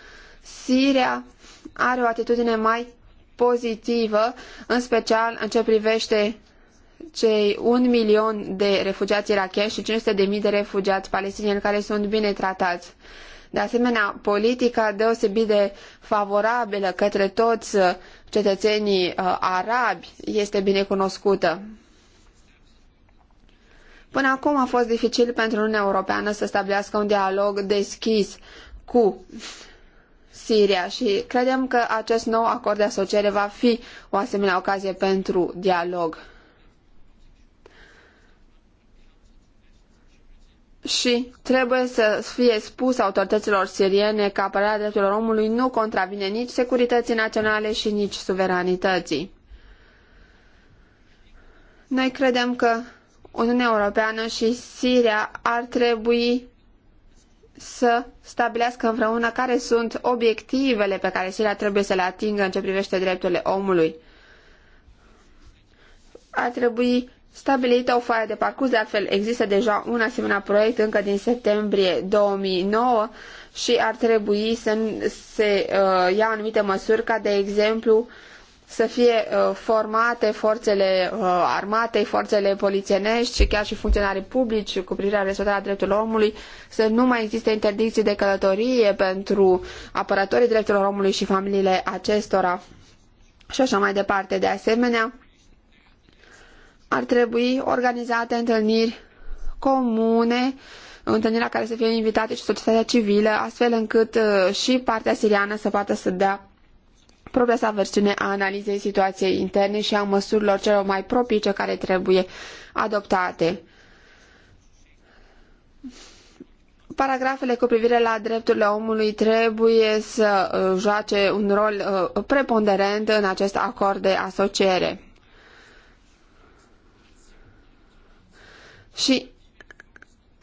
Siria are o atitudine mai pozitivă, în special în ce privește cei un milion de refugiați irakieni și 500 de mii de refugiați palestinieni care sunt bine tratați. De asemenea, politica deosebit de favorabilă către toți cetățenii uh, arabi este bine cunoscută. Până acum a fost dificil pentru Uniunea Europeană să stabilească un dialog deschis cu Siria și credem că acest nou acord de asociere va fi o asemenea ocazie pentru dialog. Și trebuie să fie spus autorităților siriene că apărarea drepturilor omului nu contravine nici securității naționale și nici suveranității. Noi credem că Uniunea Europeană și Siria ar trebui să stabilească împreună care sunt obiectivele pe care Siria trebuie să le atingă în ce privește drepturile omului. Ar trebui stabilită o foaie de parcurs, de altfel există deja un asemenea proiect încă din septembrie 2009 și ar trebui să se uh, ia anumite măsuri ca de exemplu uh, să fie uh, formate forțele uh, armate, forțele polițienești și chiar și funcționarii publici cu privire la respectarea drepturilor omului, să nu mai existe interdicții de călătorie pentru apărătorii drepturilor omului și familiile acestora și așa mai departe. De asemenea, ar trebui organizate întâlniri comune, întâlnirea care să fie invitate și societatea civilă, astfel încât uh, și partea siriană să poată să dea propria sa versiune a analizei situației interne și a măsurilor celor mai propice care trebuie adoptate. Paragrafele cu privire la drepturile omului trebuie să uh, joace un rol uh, preponderent în acest acord de asociere. Și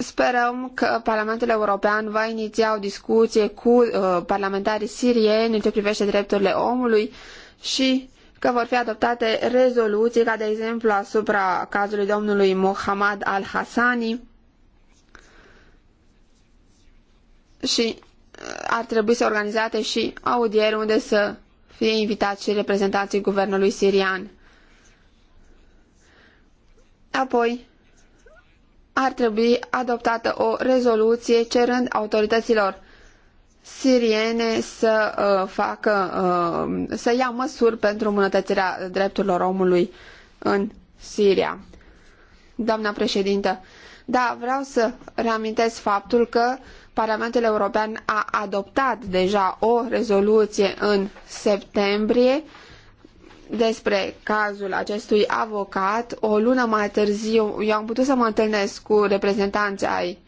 Sperăm că Parlamentul European va iniția o discuție cu uh, parlamentarii sirieni în ce privește drepturile omului și că vor fi adoptate rezoluții, ca de exemplu asupra cazului domnului Mohammad al-Hassani și uh, ar trebui să organizate și audieri unde să fie invitați și reprezentanții guvernului sirian. Apoi, ar trebui adoptată o rezoluție cerând autorităților siriene să uh, facă, uh, să ia măsuri pentru îmbunătățirea drepturilor omului în Siria. Doamna președintă, da, vreau să reamintesc faptul că Parlamentul European a adoptat deja o rezoluție în septembrie despre cazul acestui avocat. O lună mai târziu eu am putut să mă întâlnesc cu reprezentanții ai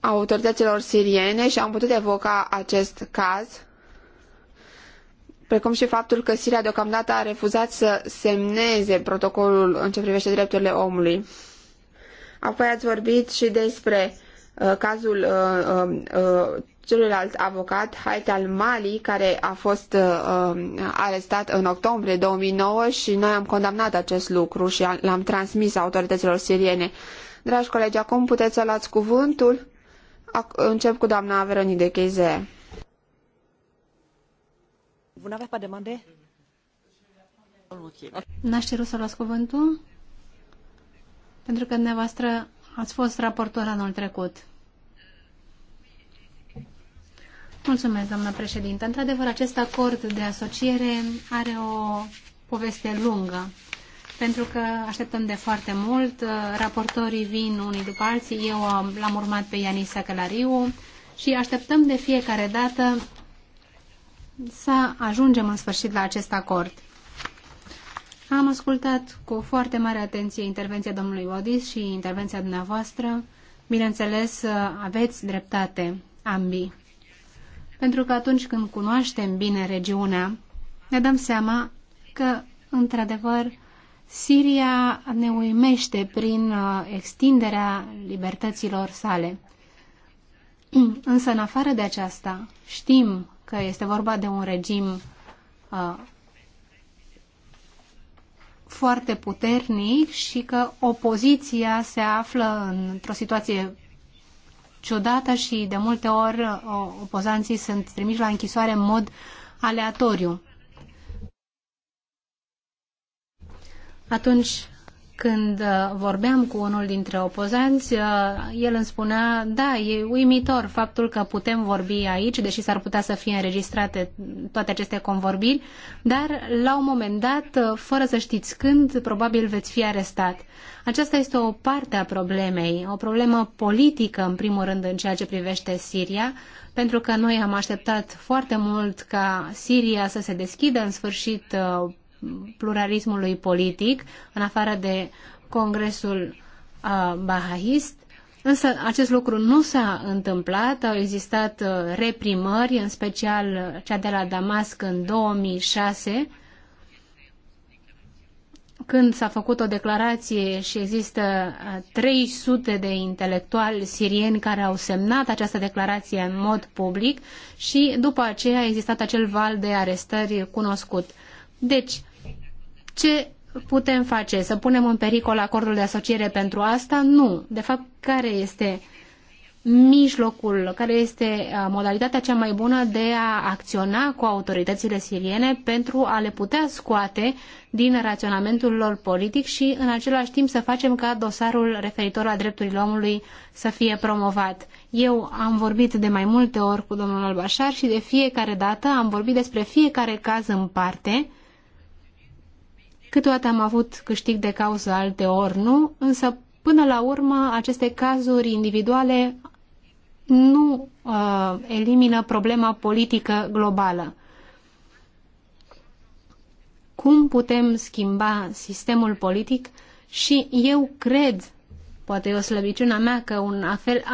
autorităților siriene și am putut evoca acest caz, precum și faptul că Siria deocamdată a refuzat să semneze protocolul în ce privește drepturile omului. Apoi ați vorbit și despre uh, cazul uh, uh, uh celălalt avocat, Haitham al-Mali, care a fost uh, um, arestat în octombrie 2009 și noi am condamnat acest lucru și l-am transmis autorităților siriene. Dragi colegi, acum puteți să luați cuvântul. Încep cu doamna Veronique de Cheize. Vous n'avez pas demandé? N-aș cerut să luați cuvântul? Pentru că dumneavoastră ați fost raportor anul trecut. Mulțumesc, doamnă președinte. Într-adevăr, acest acord de asociere are o poveste lungă, pentru că așteptăm de foarte mult. Raportorii vin unii după alții. Eu l-am urmat pe Ianis Sacălariu și așteptăm de fiecare dată să ajungem în sfârșit la acest acord. Am ascultat cu foarte mare atenție intervenția domnului Odis și intervenția dumneavoastră. Bineînțeles, aveți dreptate ambii. Pentru că atunci când cunoaștem bine regiunea, ne dăm seama că, într-adevăr, Siria ne uimește prin uh, extinderea libertăților sale. *clears throat* Însă, în afară de aceasta, știm că este vorba de un regim uh, foarte puternic și că opoziția se află într-o situație ciudată și de multe ori opozanții sunt trimiși la închisoare în mod aleatoriu. Atunci, când uh, vorbeam cu unul dintre opozanți, uh, el îmi spunea, da, e uimitor faptul că putem vorbi aici, deși s-ar putea să fie înregistrate toate aceste convorbiri, dar la un moment dat, uh, fără să știți când, probabil veți fi arestat. Aceasta este o parte a problemei, o problemă politică, în primul rând, în ceea ce privește Siria, pentru că noi am așteptat foarte mult ca Siria să se deschidă în sfârșit pluralismului politic, în afară de Congresul uh, Bahahist, însă acest lucru nu s-a întâmplat, au existat uh, reprimări, în special uh, cea de la Damasc în 2006, când s-a făcut o declarație și există 300 uh, de intelectuali sirieni care au semnat această declarație în mod public și după aceea a existat acel val de arestări cunoscut. Deci, ce putem face? Să punem în pericol acordul de asociere pentru asta? Nu. De fapt, care este mijlocul, care este uh, modalitatea cea mai bună de a acționa cu autoritățile siriene pentru a le putea scoate din raționamentul lor politic și în același timp să facem ca dosarul referitor la drepturile omului să fie promovat. Eu am vorbit de mai multe ori cu domnul Albașar și de fiecare dată am vorbit despre fiecare caz în parte Câteodată am avut câștig de cauză, ori nu, însă până la urmă aceste cazuri individuale nu uh, elimină problema politică globală. Cum putem schimba sistemul politic? Și eu cred, poate e o slăbiciunea mea, că un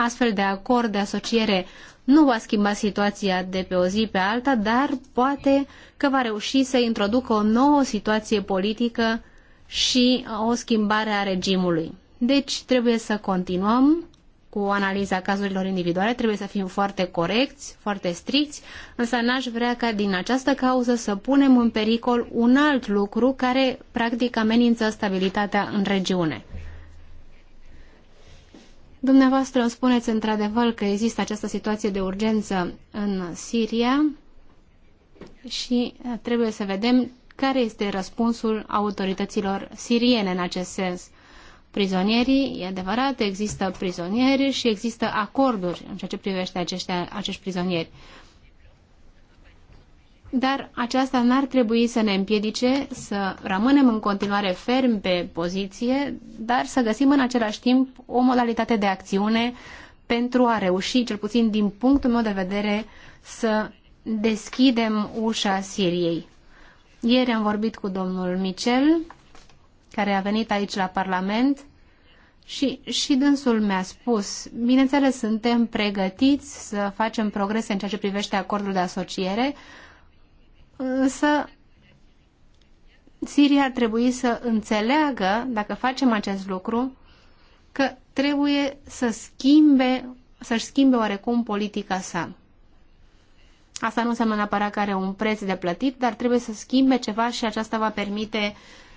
astfel de acord de asociere nu va schimba situația de pe o zi pe alta, dar poate că va reuși să introducă o nouă situație politică și o schimbare a regimului. Deci trebuie să continuăm cu analiza cazurilor individuale, trebuie să fim foarte corecți, foarte stricți, însă n-aș vrea ca din această cauză să punem în pericol un alt lucru care practic amenință stabilitatea în regiune. Dumneavoastră îmi spuneți într-adevăr că există această situație de urgență în Siria și uh, trebuie să vedem care este răspunsul autorităților siriene în acest sens. Prizonierii, e adevărat, există prizonieri și există acorduri în ceea ce privește aceștia, acești prizonieri dar aceasta n-ar trebui să ne împiedice să rămânem în continuare ferm pe poziție, dar să găsim în același timp o modalitate de acțiune pentru a reuși, cel puțin din punctul meu de vedere, să deschidem ușa Siriei. Ieri am vorbit cu domnul Michel, care a venit aici la Parlament, și, și dânsul mi-a spus, bineînțeles, suntem pregătiți să facem progrese în ceea ce privește acordul de asociere, Însă Siria ar trebui să înțeleagă, dacă facem acest lucru, că trebuie să schimbe, să-și schimbe oarecum politica sa. Asta nu înseamnă neapărat că are un preț de plătit, dar trebuie să schimbe ceva și aceasta va permite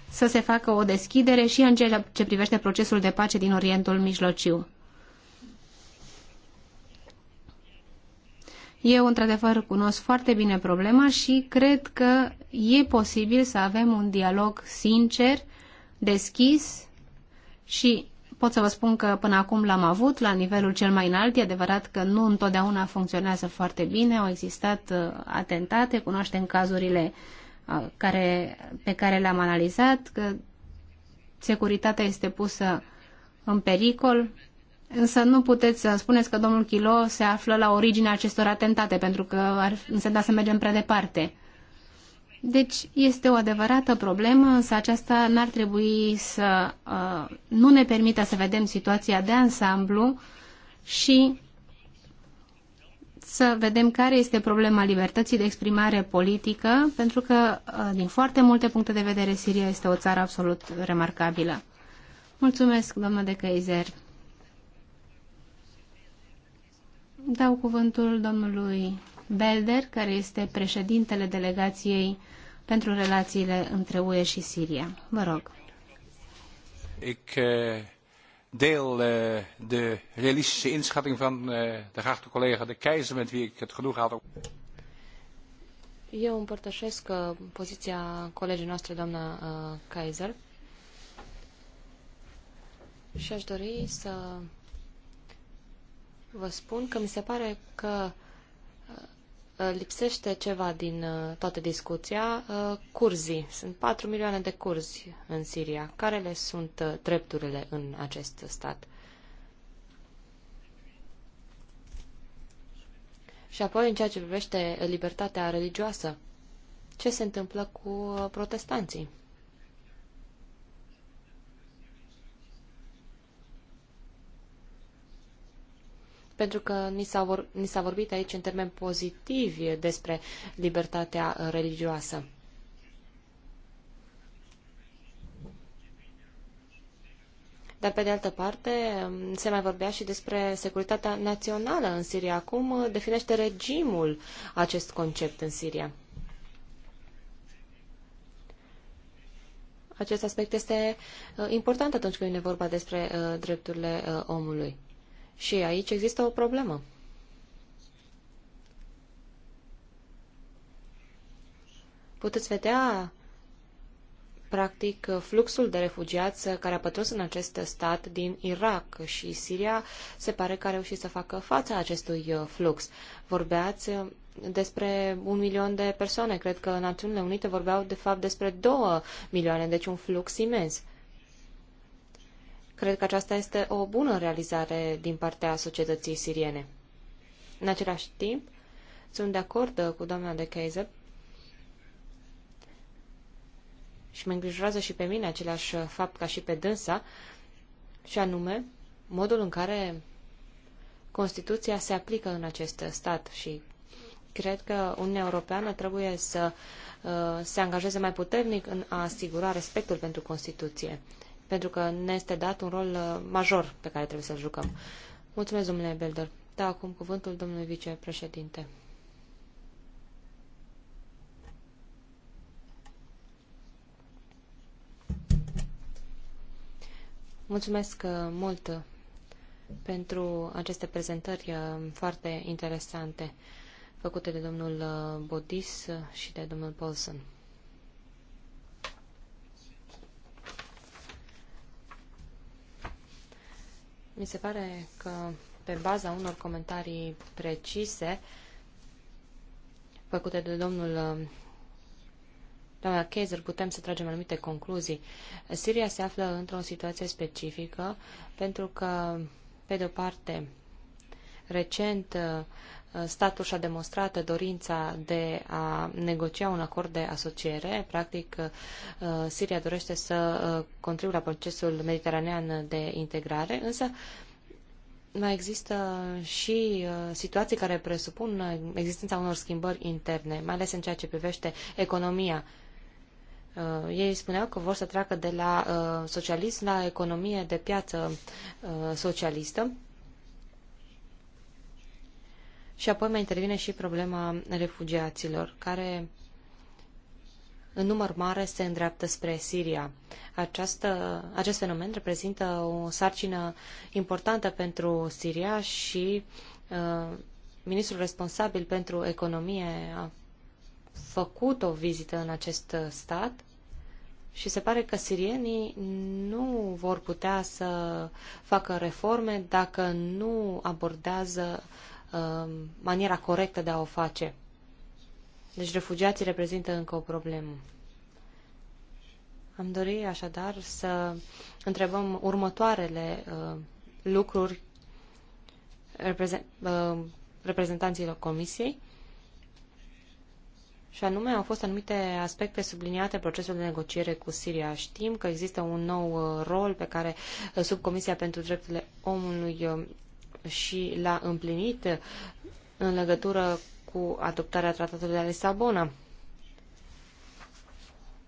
să se facă o deschidere și în ceea ce privește procesul de pace din Orientul Mijlociu. Eu, într-adevăr, cunosc foarte bine problema și cred că e posibil să avem un dialog sincer, deschis și pot să vă spun că până acum l-am avut la nivelul cel mai înalt. E adevărat că nu întotdeauna funcționează foarte bine, au existat uh, atentate, cunoaștem cazurile uh, care, pe care le-am analizat, că securitatea este pusă în pericol, Însă nu puteți să spuneți că domnul Chilo se află la originea acestor atentate, pentru că ar însemna să mergem prea departe. Deci este o adevărată problemă, însă aceasta n-ar trebui să uh, nu ne permită să vedem situația de ansamblu și să vedem care este problema libertății de exprimare politică, pentru că, uh, din foarte multe puncte de vedere, Siria este o țară absolut remarcabilă. Mulțumesc, doamnă de Căizer. dau cuvântul domnului Belder, care este președintele delegației pentru relațiile între UE și Siria. Vă rog. Ik eh, deel eh, de realistische inschatting van eh, de geachte collega de Keizer, met wie ik het genoeg had. Eu împărtășesc poziția colegii noastre, doamna Kaiser, și aș dori să vă spun că mi se pare că uh, lipsește ceva din uh, toată discuția. Uh, Curzii. Sunt 4 milioane de curzi în Siria. Care le sunt drepturile în acest stat? Și apoi, în ceea ce privește libertatea religioasă, ce se întâmplă cu protestanții? pentru că ni s-a, vor, vorbit aici în termeni pozitivi despre libertatea religioasă. Dar, pe de altă parte, se mai vorbea și despre securitatea națională în Siria. Acum definește regimul acest concept în Siria. Acest aspect este uh, important atunci când e vorba despre uh, drepturile uh, omului. Și aici există o problemă. Puteți vedea, practic, fluxul de refugiați care a pătruns în acest stat din Irak și Siria se pare că a reușit să facă fața acestui uh, flux. Vorbeați uh, despre un milion de persoane. Cred că Națiunile Unite vorbeau, de fapt, despre două milioane, deci un flux imens. Cred că aceasta este o bună realizare din partea societății siriene. În același timp, sunt de acord cu doamna de Keiser și mă îngrijorează și pe mine același fapt ca și pe dânsa, și anume modul în care Constituția se aplică în acest stat și cred că Uniunea Europeană trebuie să uh, se angajeze mai puternic în a asigura respectul pentru Constituție pentru că ne este dat un rol uh, major pe care trebuie să-l jucăm. Mulțumesc, domnule Belder. Da, acum cuvântul domnului vicepreședinte. Mulțumesc uh, mult uh, pentru aceste prezentări foarte interesante făcute de domnul Bodis și de domnul Paulson. Mi se pare că pe baza unor comentarii precise făcute de domnul um, doamna Kaiser, putem să tragem anumite concluzii. Siria se află într-o situație specifică pentru că, pe de-o parte, recent uh, statul și-a demonstrat dorința de a negocia un acord de asociere. Practic, uh, Siria dorește să uh, contribuie la procesul mediteranean de integrare, însă mai există și uh, situații care presupun existența unor schimbări interne, mai ales în ceea ce privește economia. Uh, ei spuneau că vor să treacă de la uh, socialism la economie de piață uh, socialistă și apoi mai intervine și problema refugiaților, care în număr mare se îndreaptă spre Siria. Această, acest fenomen reprezintă o sarcină importantă pentru Siria și uh, ministrul responsabil pentru economie a făcut o vizită în acest stat și se pare că sirienii nu vor putea să facă reforme dacă nu abordează Um, maniera corectă de a o face. Deci refugiații reprezintă încă o problemă. Am dori așadar să întrebăm următoarele uh, lucruri reprezent, uh, reprezentanților Comisiei și anume au fost anumite aspecte subliniate în procesul de negociere cu Siria. Știm că există un nou uh, rol pe care uh, Subcomisia pentru Drepturile Omului uh, și l-a împlinit în legătură cu adoptarea tratatului de la Lisabona.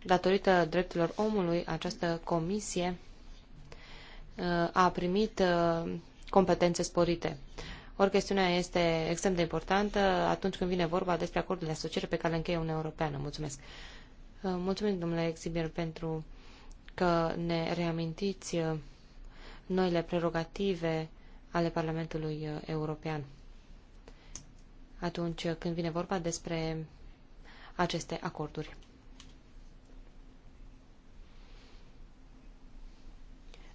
Datorită drepturilor omului, această comisie uh, a primit uh, competențe sporite. Ori chestiunea este extrem de importantă atunci când vine vorba despre acordul de asociere pe care le încheie Uniunea Europeană. Mulțumesc! Uh, mulțumim, domnule Exibir, pentru că ne reamintiți noile prerogative ale Parlamentului uh, European. Atunci uh, când vine vorba despre aceste acorduri.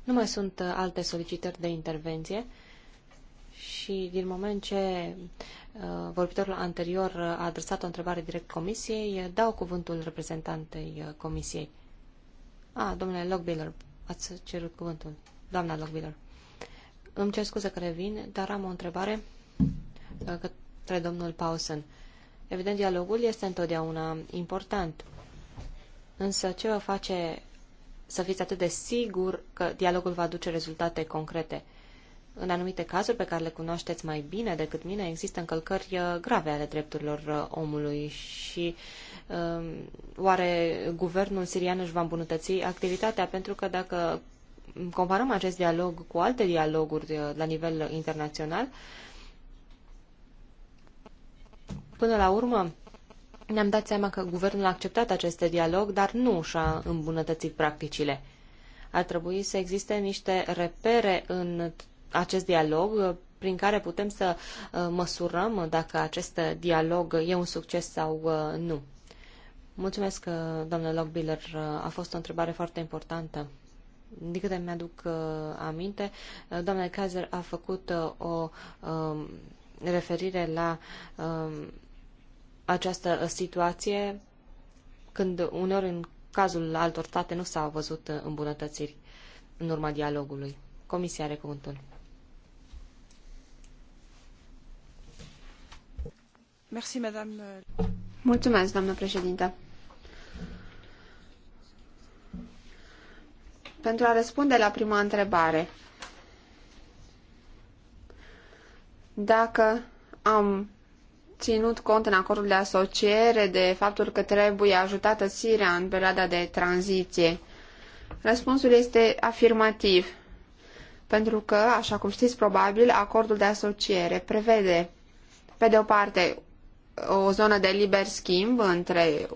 Nu mai sunt uh, alte solicitări de intervenție și din moment ce vorbitorul anterior a adresat o întrebare direct comisiei, dau cuvântul reprezentantei comisiei. A, ah, domnule Logbiller, ați cerut cuvântul. Doamna Logbiller. Îmi cer scuze că revin, dar am o întrebare uh, către domnul Paulsen. Evident, dialogul este întotdeauna important. Însă ce vă face să fiți atât de sigur că dialogul va aduce rezultate concrete? În anumite cazuri pe care le cunoașteți mai bine decât mine, există încălcări uh, grave ale drepturilor uh, omului și um, oare guvernul sirian își va îmbunătăți activitatea? Pentru că dacă comparăm acest dialog cu alte dialoguri uh, la nivel internațional, până la urmă ne-am dat seama că guvernul a acceptat acest dialog, dar nu și-a îmbunătățit practicile. Ar trebui să existe niște repere în acest dialog uh, prin care putem să uh, măsurăm dacă acest dialog e un succes sau nu. Mulțumesc, doamnă Lockbiller. A fost o întrebare foarte importantă din câte mi-aduc uh, aminte, uh, doamna Kaiser a făcut uh, o um, referire la um, această situație când uneori în cazul altor state nu s-au văzut îmbunătățiri în urma dialogului. Comisia are cuvântul. Mulțumesc, doamnă președintă. pentru a răspunde la prima întrebare. Dacă am ținut cont în acordul de asociere de faptul că trebuie ajutată Siria în perioada de tranziție? Răspunsul este afirmativ, pentru că, așa cum știți probabil, acordul de asociere prevede, pe de o parte, o zonă de liber schimb între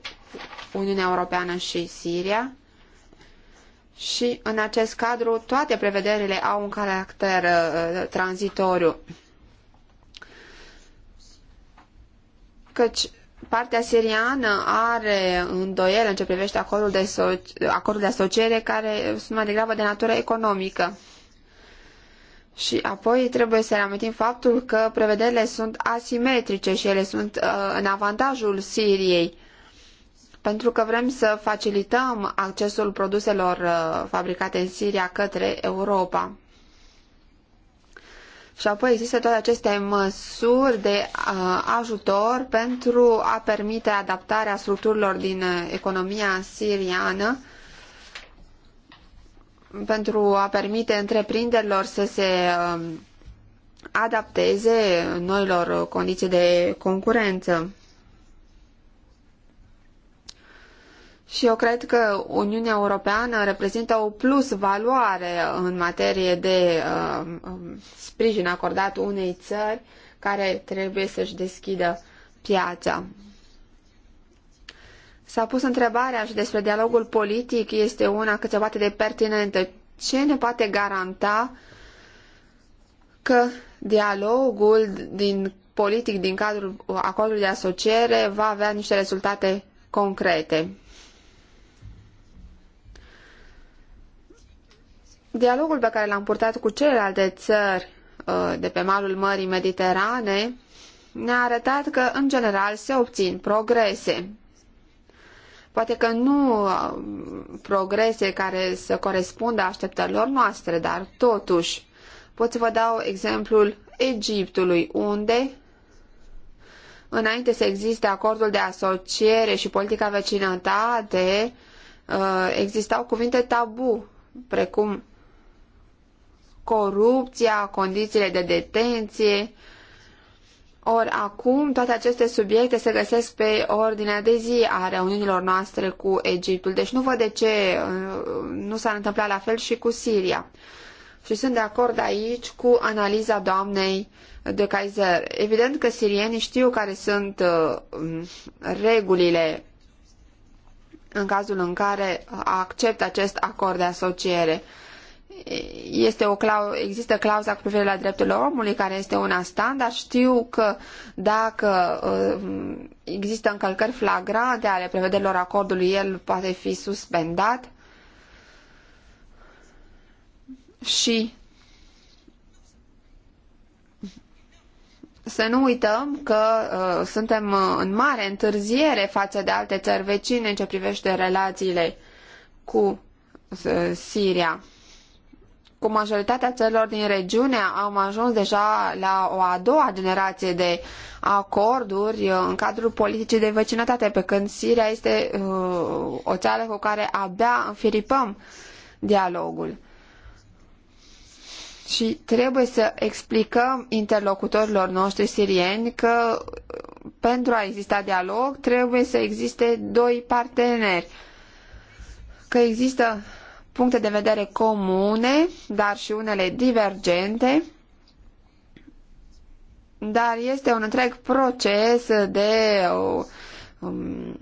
Uniunea Europeană și Siria, și în acest cadru toate prevederile au un caracter uh, tranzitoriu. Căci partea siriană are îndoiel în ce privește acordul de, so- acordul de asociere care sunt mai degrabă de natură economică. Și apoi trebuie să reamintim faptul că prevederile sunt asimetrice și ele sunt uh, în avantajul Siriei pentru că vrem să facilităm accesul produselor uh, fabricate în Siria către Europa. Și apoi există toate aceste măsuri de uh, ajutor pentru a permite adaptarea structurilor din uh, economia siriană, pentru a permite întreprinderilor să se adapteze noilor condiții de concurență. Și eu cred că Uniunea Europeană reprezintă o plus valoare în materie de uh, um, sprijin acordat unei țări care trebuie să-și deschidă piața. S-a pus întrebarea și despre dialogul politic, este una cât se poate de pertinentă. Ce ne poate garanta că dialogul din politic din cadrul acordului de asociere va avea niște rezultate concrete? Dialogul pe care l-am purtat cu celelalte țări uh, de pe malul Mării Mediterane ne-a arătat că, în general, se obțin progrese. Poate că nu uh, progrese care să corespundă așteptărilor noastre, dar totuși pot să vă dau exemplul Egiptului, unde înainte să existe acordul de asociere și politica vecinătate, uh, existau cuvinte tabu, precum corupția, condițiile de detenție. Ori acum toate aceste subiecte se găsesc pe ordinea de zi a reuniunilor noastre cu Egiptul. Deci nu văd de ce uh, nu s-ar întâmpla la fel și cu Siria. Și sunt de acord aici cu analiza doamnei de Kaiser. Evident că sirienii știu care sunt uh, regulile în cazul în care acceptă acest acord de asociere este o clau- există clauza cu privire la drepturile omului, care este una standard. Știu că dacă uh, există încălcări flagrante ale prevederilor acordului, el poate fi suspendat. Și să nu uităm că uh, suntem uh, în mare întârziere față de alte țări vecine în ce privește relațiile cu uh, Siria cu majoritatea țărilor din regiune am ajuns deja la o a doua generație de acorduri uh, în cadrul politicii de vecinătate, pe când Siria este uh, o țară cu care abia înfiripăm dialogul. Și trebuie să explicăm interlocutorilor noștri sirieni că uh, pentru a exista dialog trebuie să existe doi parteneri. Că există puncte de vedere comune, dar și unele divergente, dar este un întreg proces de um,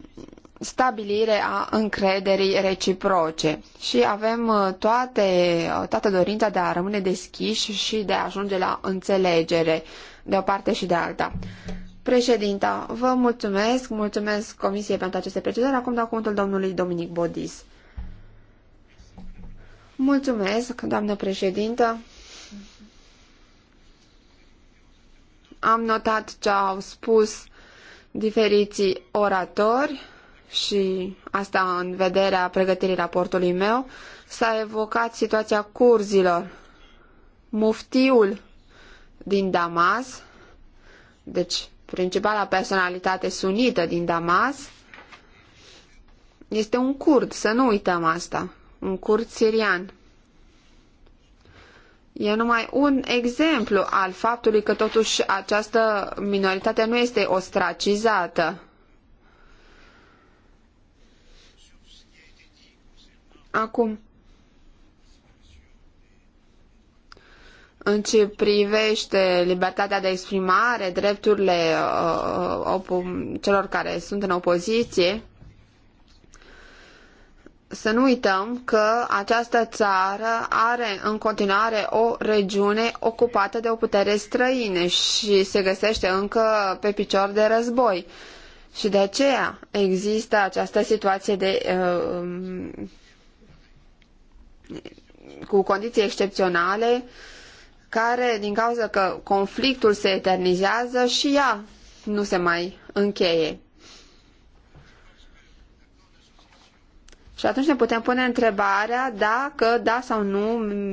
stabilire a încrederii reciproce și avem uh, toate, uh, toată dorința de a rămâne deschiși și de a ajunge la înțelegere de o parte și de alta. Președinta, vă mulțumesc, mulțumesc Comisiei pentru aceste precizări. Acum dau cuvântul domnului Dominic Bodis. Mulțumesc, doamnă președintă. Am notat ce au spus diferiții oratori și asta în vederea pregătirii raportului meu. S-a evocat situația curzilor. Muftiul din Damas, deci principala personalitate sunită din Damas, este un curd, să nu uităm asta un curt sirian. E numai un exemplu al faptului că totuși această minoritate nu este ostracizată. Acum, în ce privește libertatea de exprimare, drepturile uh, uh celor care sunt în opoziție, să nu uităm că această țară are în continuare o regiune ocupată de o putere străină și se găsește încă pe picior de război. Și de aceea există această situație de, uh, um, cu condiții excepționale care, din cauza că conflictul se eternizează, și ea nu se mai încheie. Și atunci ne putem pune întrebarea dacă, da sau nu,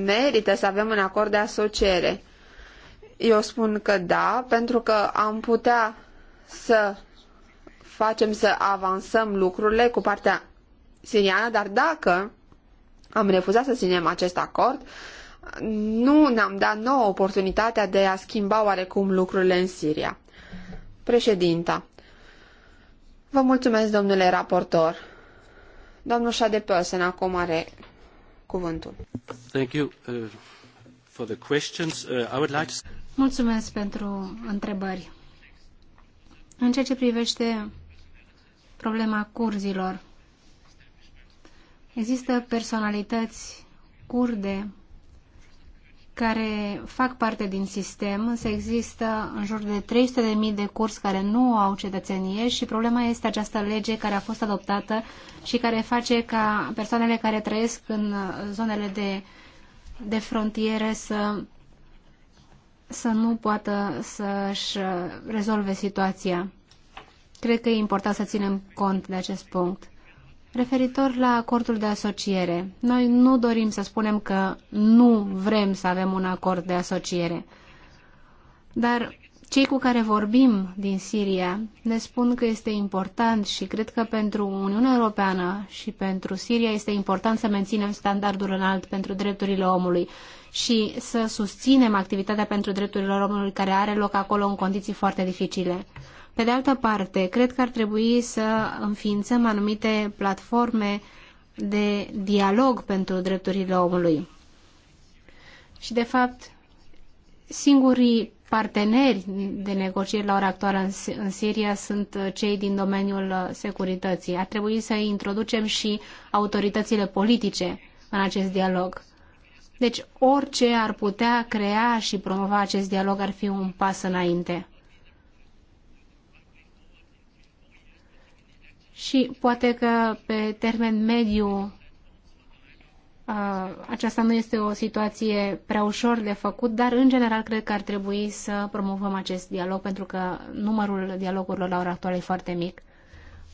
merită să avem un acord de asociere. Eu spun că da, pentru că am putea să facem să avansăm lucrurile cu partea siriană, dar dacă am refuzat să ținem acest acord, nu ne-am dat nouă oportunitatea de a schimba oarecum lucrurile în Siria. Președinta, vă mulțumesc, domnule raportor. Domnul Șade Pölsen acum are cuvântul. Thank you, uh, for the questions. Uh, I would like to... Mulțumesc pentru întrebări. În ceea ce privește problema curzilor, există personalități curde care fac parte din sistem, însă există în jur de 300.000 de curs care nu au cetățenie și problema este această lege care a fost adoptată și care face ca persoanele care trăiesc în zonele de, de frontiere să, să nu poată să-și rezolve situația. Cred că e important să ținem cont de acest punct. Referitor la acordul de asociere, noi nu dorim să spunem că nu vrem să avem un acord de asociere, dar cei cu care vorbim din Siria ne spun că este important și cred că pentru Uniunea Europeană și pentru Siria este important să menținem standardul înalt pentru drepturile omului și să susținem activitatea pentru drepturile omului care are loc acolo în condiții foarte dificile. Pe de altă parte, cred că ar trebui să înființăm anumite platforme de dialog pentru drepturile omului. Și, de fapt, singurii parteneri de negocieri la ora actuală în, în Siria sunt uh, cei din domeniul uh, securității. Ar trebui să introducem și autoritățile politice în acest dialog. Deci orice ar putea crea și promova acest dialog ar fi un pas înainte. și poate că pe termen mediu aceasta nu este o situație prea ușor de făcut, dar în general cred că ar trebui să promovăm acest dialog pentru că numărul dialogurilor la ora actuală e foarte mic.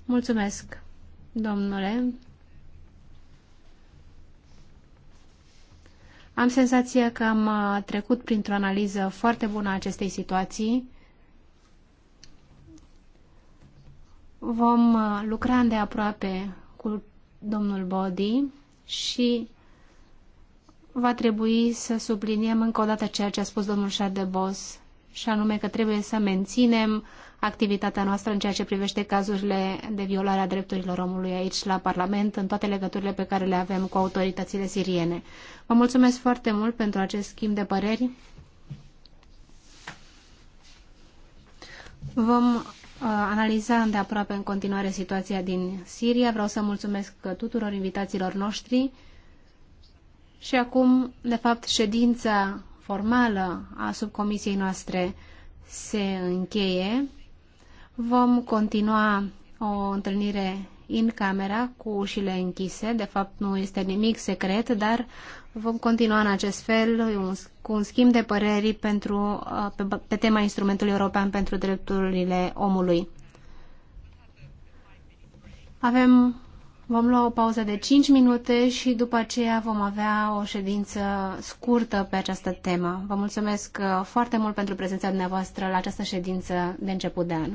Mulțumesc, domnule. Am senzația că am trecut printr-o analiză foarte bună a acestei situații Vom uh, lucra de aproape cu domnul Bodi și va trebui să subliniem încă o dată ceea ce a spus domnul Șardebos, și anume că trebuie să menținem activitatea noastră în ceea ce privește cazurile de violare a drepturilor omului aici la Parlament, în toate legăturile pe care le avem cu autoritățile siriene. Vă mulțumesc foarte mult pentru acest schimb de păreri. Vom Uh, analiza îndeaproape în continuare situația din Siria. Vreau să mulțumesc tuturor invitațiilor noștri și acum, de fapt, ședința formală a subcomisiei noastre se încheie. Vom continua o întâlnire în camera cu ușile închise. De fapt, nu este nimic secret, dar Vom continua în acest fel cu un schimb de păreri pentru, uh, pe, pe tema instrumentului european pentru drepturile omului. Avem, vom lua o pauză de 5 minute și după aceea vom avea o ședință scurtă pe această temă. Vă mulțumesc uh, foarte mult pentru prezența dumneavoastră la această ședință de început de an.